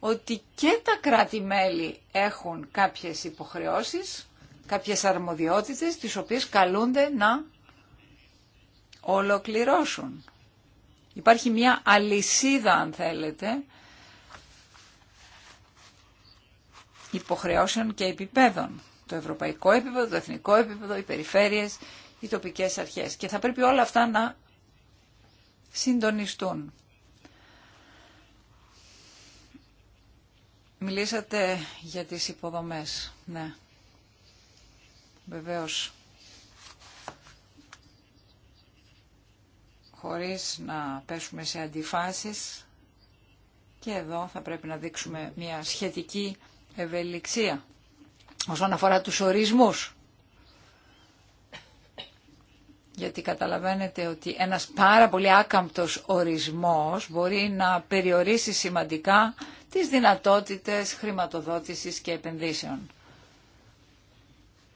ότι και τα κράτη-μέλη έχουν κάποιες υποχρεώσεις, κάποιες αρμοδιότητες, τις οποίες καλούνται να ολοκληρώσουν. Υπάρχει μια αλυσίδα, αν θέλετε, υποχρεώσεων και επιπέδων. Το ευρωπαϊκό επίπεδο, το εθνικό επίπεδο, οι περιφέρειες, οι τοπικές αρχές. Και θα πρέπει όλα αυτά να συντονιστούν. Μιλήσατε για τις υποδομές, ναι. Βεβαίως, χωρίς να πέσουμε σε αντιφάσεις και εδώ θα πρέπει να δείξουμε μια σχετική ευελιξία όσον αφορά τους ορισμούς. Γιατί καταλαβαίνετε ότι ένας πάρα πολύ άκαμπτος ορισμός μπορεί να περιορίσει σημαντικά τις δυνατότητες χρηματοδότησης και επενδύσεων.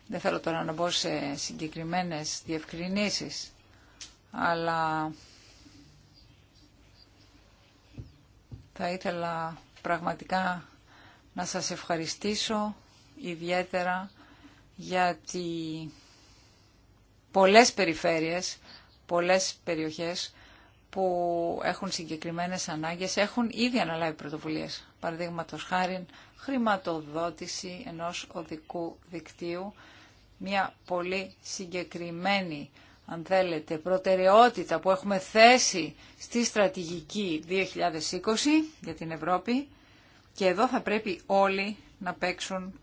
Δεν θέλω τώρα να μπω σε συγκεκριμένες διευκρινήσεις, αλλά θα ήθελα πραγματικά να σας ευχαριστήσω ιδιαίτερα γιατί πολλές περιφέρειες, πολλές περιοχές που έχουν συγκεκριμένες ανάγκες έχουν ήδη αναλάβει πρωτοβουλίες. Παραδείγματο χάρη χρηματοδότηση ενός οδικού δικτύου, μια πολύ συγκεκριμένη αν θέλετε, προτεραιότητα που έχουμε θέσει στη στρατηγική 2020 για την Ευρώπη και εδώ θα πρέπει όλοι να παίξουν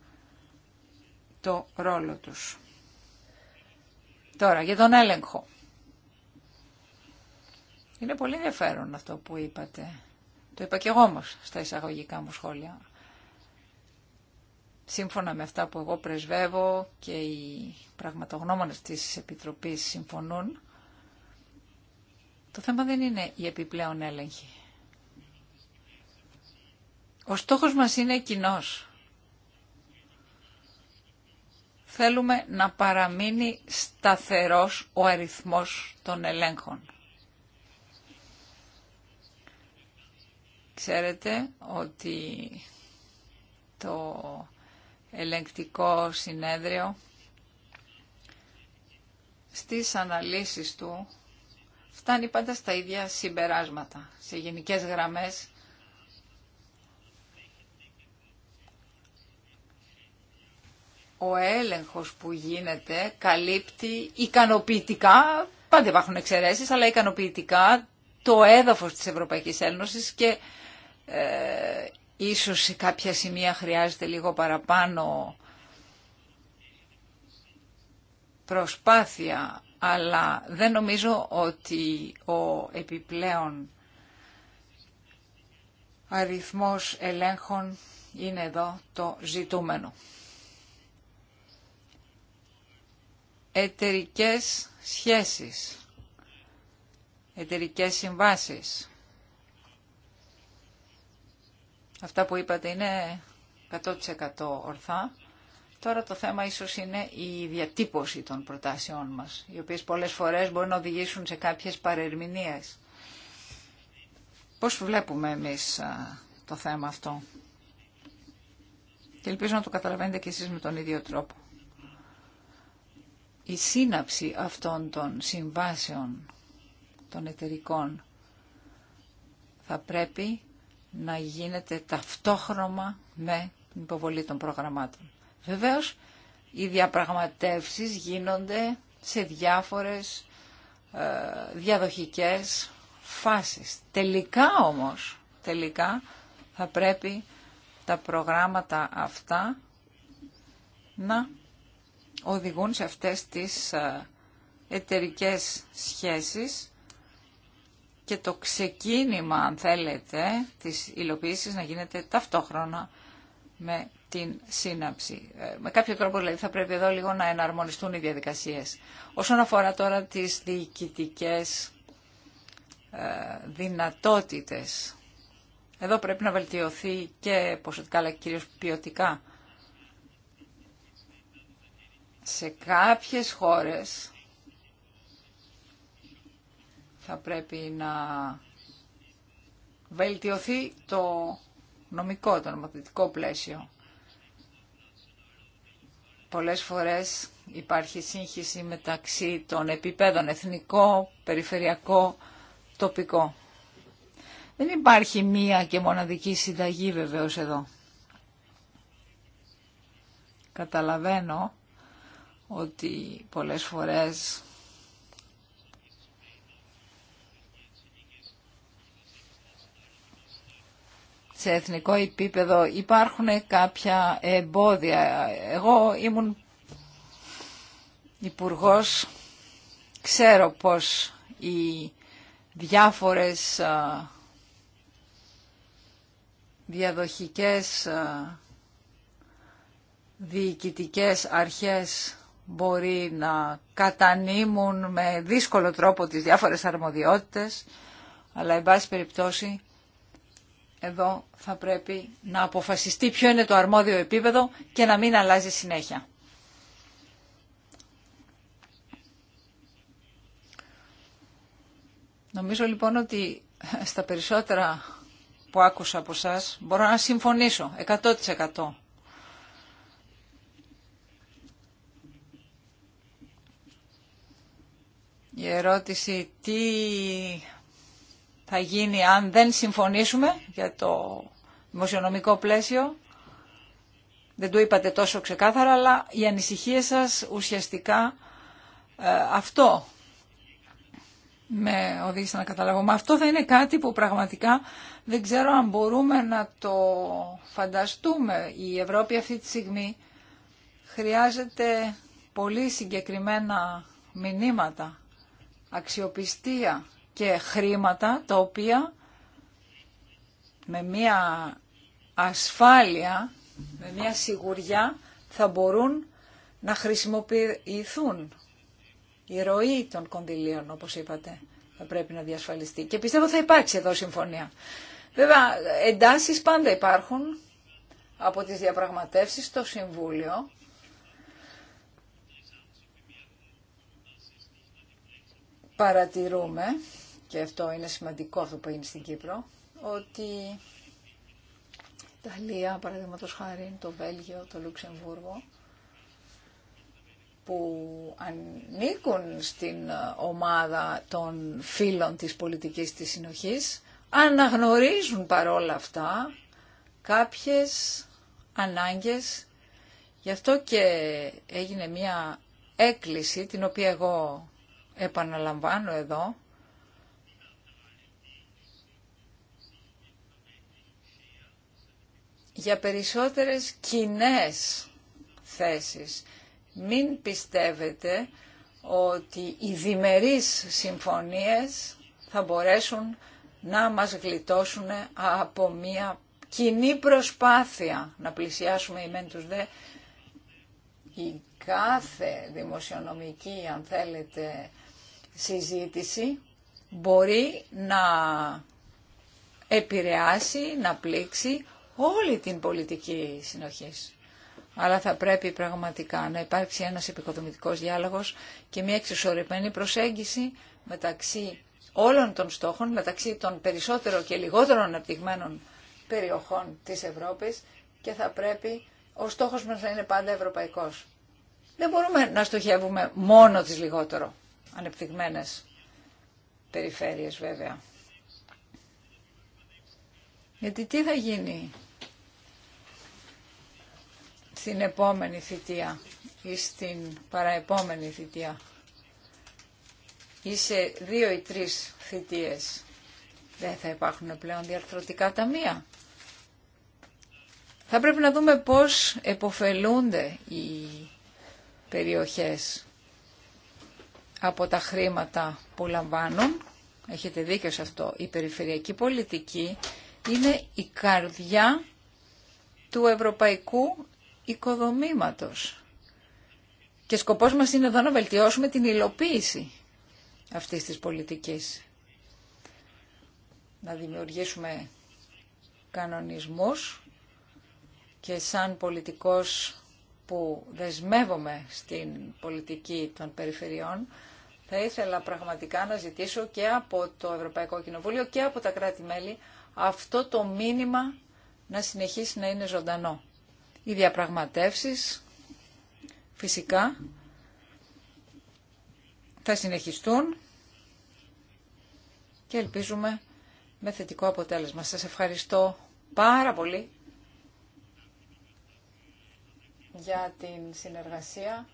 το ρόλο τους. Τώρα, για τον έλεγχο. Είναι πολύ ενδιαφέρον αυτό που είπατε. Το είπα και εγώ όμω στα εισαγωγικά μου σχόλια. Σύμφωνα με αυτά που εγώ πρεσβεύω και οι πραγματογνώμονες της Επιτροπής συμφωνούν, το θέμα δεν είναι η επιπλέον έλεγχη. Ο στόχος μας είναι κοινό. Θέλουμε να παραμείνει σταθερός ο αριθμός των ελέγχων. Ξέρετε ότι το ελεγκτικό συνέδριο στις αναλύσεις του φτάνει πάντα στα ίδια συμπεράσματα, σε γενικές γραμμές. Ο έλεγχος που γίνεται καλύπτει ικανοποιητικά, πάντα υπάρχουν εξαιρέσεις, αλλά ικανοποιητικά το έδαφος της Ευρωπαϊκής Ένωσης και ε, ίσως σε κάποια σημεία χρειάζεται λίγο παραπάνω προσπάθεια, αλλά δεν νομίζω ότι ο επιπλέον αριθμός ελέγχων είναι εδώ το ζητούμενο. Εταιρικές σχέσεις, εταιρικές συμβάσεις. Αυτά που είπατε είναι 100% ορθά. Τώρα το θέμα ίσως είναι η διατύπωση των προτάσεών μας, οι οποίες πολλές φορές μπορεί να οδηγήσουν σε κάποιες παρερμηνίες. Πώς βλέπουμε εμείς το θέμα αυτό. Και ελπίζω να το καταλαβαίνετε και εσείς με τον ίδιο τρόπο. Η σύναψη αυτών των συμβάσεων των εταιρικών θα πρέπει να γίνεται ταυτόχρονα με την υποβολή των προγραμμάτων. Βεβαίως, οι διαπραγματεύσεις γίνονται σε διάφορες ε, διαδοχικές φάσεις. Τελικά όμως, τελικά θα πρέπει τα προγράμματα αυτά να οδηγούν σε αυτές τις ε, εταιρικές σχέσεις και το ξεκίνημα, αν θέλετε, της υλοποίησης να γίνεται ταυτόχρονα με την σύναψη. Ε, με κάποιο τρόπο δηλαδή θα πρέπει εδώ λίγο να εναρμονιστούν οι διαδικασίες. Όσον αφορά τώρα τις διοικητικέ ε, δυνατότητες, εδώ πρέπει να βελτιωθεί και ποσοτικά αλλά και κυρίως ποιοτικά. Σε κάποιες χώρες θα πρέπει να βελτιωθεί το νομικό, το νομοθετικό πλαίσιο. Πολλές φορές υπάρχει σύγχυση μεταξύ των επιπέδων εθνικό, περιφερειακό, τοπικό. Δεν υπάρχει μία και μοναδική συνταγή βεβαίως εδώ. Καταλαβαίνω ότι πολλές φορές σε εθνικό επίπεδο υπάρχουν κάποια εμπόδια. Εγώ ήμουν υπουργό, ξέρω πως οι διάφορες διαδοχικές διοικητικές αρχές μπορεί να κατανείμουν με δύσκολο τρόπο τις διάφορες αρμοδιότητες, αλλά εν πάση περιπτώσει εδώ θα πρέπει να αποφασιστεί ποιο είναι το αρμόδιο επίπεδο και να μην αλλάζει συνέχεια. Νομίζω λοιπόν ότι στα περισσότερα που άκουσα από εσά μπορώ να συμφωνήσω 100%. Η ερώτηση τι θα γίνει αν δεν συμφωνήσουμε για το δημοσιονομικό πλαίσιο. Δεν το είπατε τόσο ξεκάθαρα, αλλά οι ανησυχίες σας ουσιαστικά ε, αυτό με οδήγησε να καταλάβω. Μα αυτό θα είναι κάτι που πραγματικά δεν ξέρω αν μπορούμε να το φανταστούμε. Η Ευρώπη αυτή τη στιγμή χρειάζεται πολύ συγκεκριμένα μηνύματα, αξιοπιστία, και χρήματα τα οποία με μια ασφάλεια, με μια σιγουριά θα μπορούν να χρησιμοποιηθούν. Η ροή των κονδυλίων, όπως είπατε, θα πρέπει να διασφαλιστεί. Και πιστεύω θα υπάρξει εδώ συμφωνία. Βέβαια, εντάσεις πάντα υπάρχουν από τις διαπραγματεύσεις στο Συμβούλιο. Παρατηρούμε και αυτό είναι σημαντικό αυτό που έγινε στην Κύπρο, ότι η Ιταλία, παραδείγματος χάρη, το Βέλγιο, το Λουξεμβούργο, που ανήκουν στην ομάδα των φίλων της πολιτικής της συνοχής, αναγνωρίζουν παρόλα αυτά κάποιες ανάγκες. Γι' αυτό και έγινε μια έκκληση, την οποία εγώ επαναλαμβάνω εδώ, για περισσότερες κοινέ θέσεις. Μην πιστεύετε ότι οι διμερείς συμφωνίες θα μπορέσουν να μας γλιτώσουν από μια κοινή προσπάθεια να πλησιάσουμε ή μεν τους δε. Η κάθε δημοσιονομική, αν θέλετε, συζήτηση μπορεί να επηρεάσει, να πλήξει όλη την πολιτική συνοχής. Αλλά θα πρέπει πραγματικά να υπάρξει ένας επικοδομητικός διάλογος και μια εξισορροπημένη προσέγγιση μεταξύ όλων των στόχων, μεταξύ των περισσότερων και λιγότερων αναπτυγμένων περιοχών της Ευρώπης και θα πρέπει ο στόχος μας να είναι πάντα ευρωπαϊκός. Δεν μπορούμε να στοχεύουμε μόνο τις λιγότερο ανεπτυγμένες περιφέρειες βέβαια. Γιατί τι θα γίνει στην επόμενη θητεία ή στην παραεπόμενη θητεία ή σε δύο ή τρεις θητείες δεν θα υπάρχουν πλέον διαρθρωτικά ταμεία. Θα πρέπει να δούμε πώς εποφελούνται οι περιοχές από τα χρήματα που λαμβάνουν. Έχετε δίκιο σε αυτό. Η περιφερειακή πολιτική είναι η καρδιά του ευρωπαϊκού οικοδομήματος. Και σκοπός μας είναι εδώ να βελτιώσουμε την υλοποίηση αυτής της πολιτικής. Να δημιουργήσουμε κανονισμούς και σαν πολιτικός που δεσμεύομαι στην πολιτική των περιφερειών, θα ήθελα πραγματικά να ζητήσω και από το Ευρωπαϊκό Κοινοβούλιο και από τα κράτη-μέλη αυτό το μήνυμα να συνεχίσει να είναι ζωντανό οι διαπραγματεύσεις φυσικά θα συνεχιστούν και ελπίζουμε με θετικό αποτέλεσμα. Σας ευχαριστώ πάρα πολύ για την συνεργασία.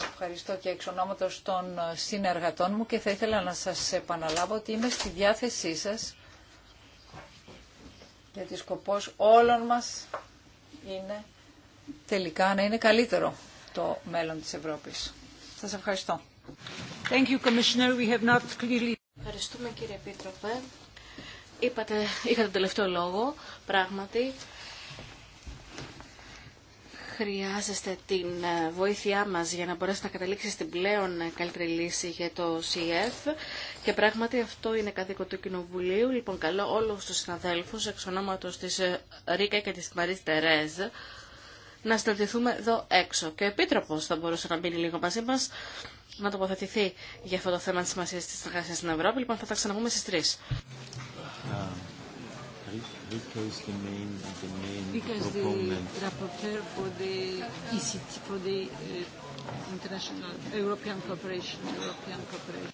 Ευχαριστώ και εξ ονόματος των συνεργατών μου και θα ήθελα να σας επαναλάβω ότι είμαι στη διάθεσή σας γιατί σκοπός όλων μας είναι τελικά να είναι καλύτερο το μέλλον της Ευρώπης. Σας ευχαριστώ. Thank you, Commissioner. We have not clearly... Ευχαριστούμε κύριε Επίτροπε. Είπατε, είχατε τον τελευταίο λόγο, πράγματι χρειάζεστε την ε, βοήθειά μας για να μπορέσει να καταλήξει στην πλέον ε, καλύτερη λύση για το CF και πράγματι αυτό είναι καθήκον του Κοινοβουλίου. Λοιπόν, καλώ όλους τους συναδέλφους εξ ονόματος της ε, Ρίκα και της Μαρίς Τερέζ να στρατηθούμε εδώ έξω. Και ο Επίτροπος θα μπορούσε να μείνει λίγο μαζί μας να τοποθετηθεί για αυτό το θέμα της σημασίας της συνεργασίας στην Ευρώπη. Λοιπόν, θα τα ξαναπούμε στις 3. Because is the main, the main because proponent. the rapporteur for the ECT, for the uh, international European cooperation, European cooperation.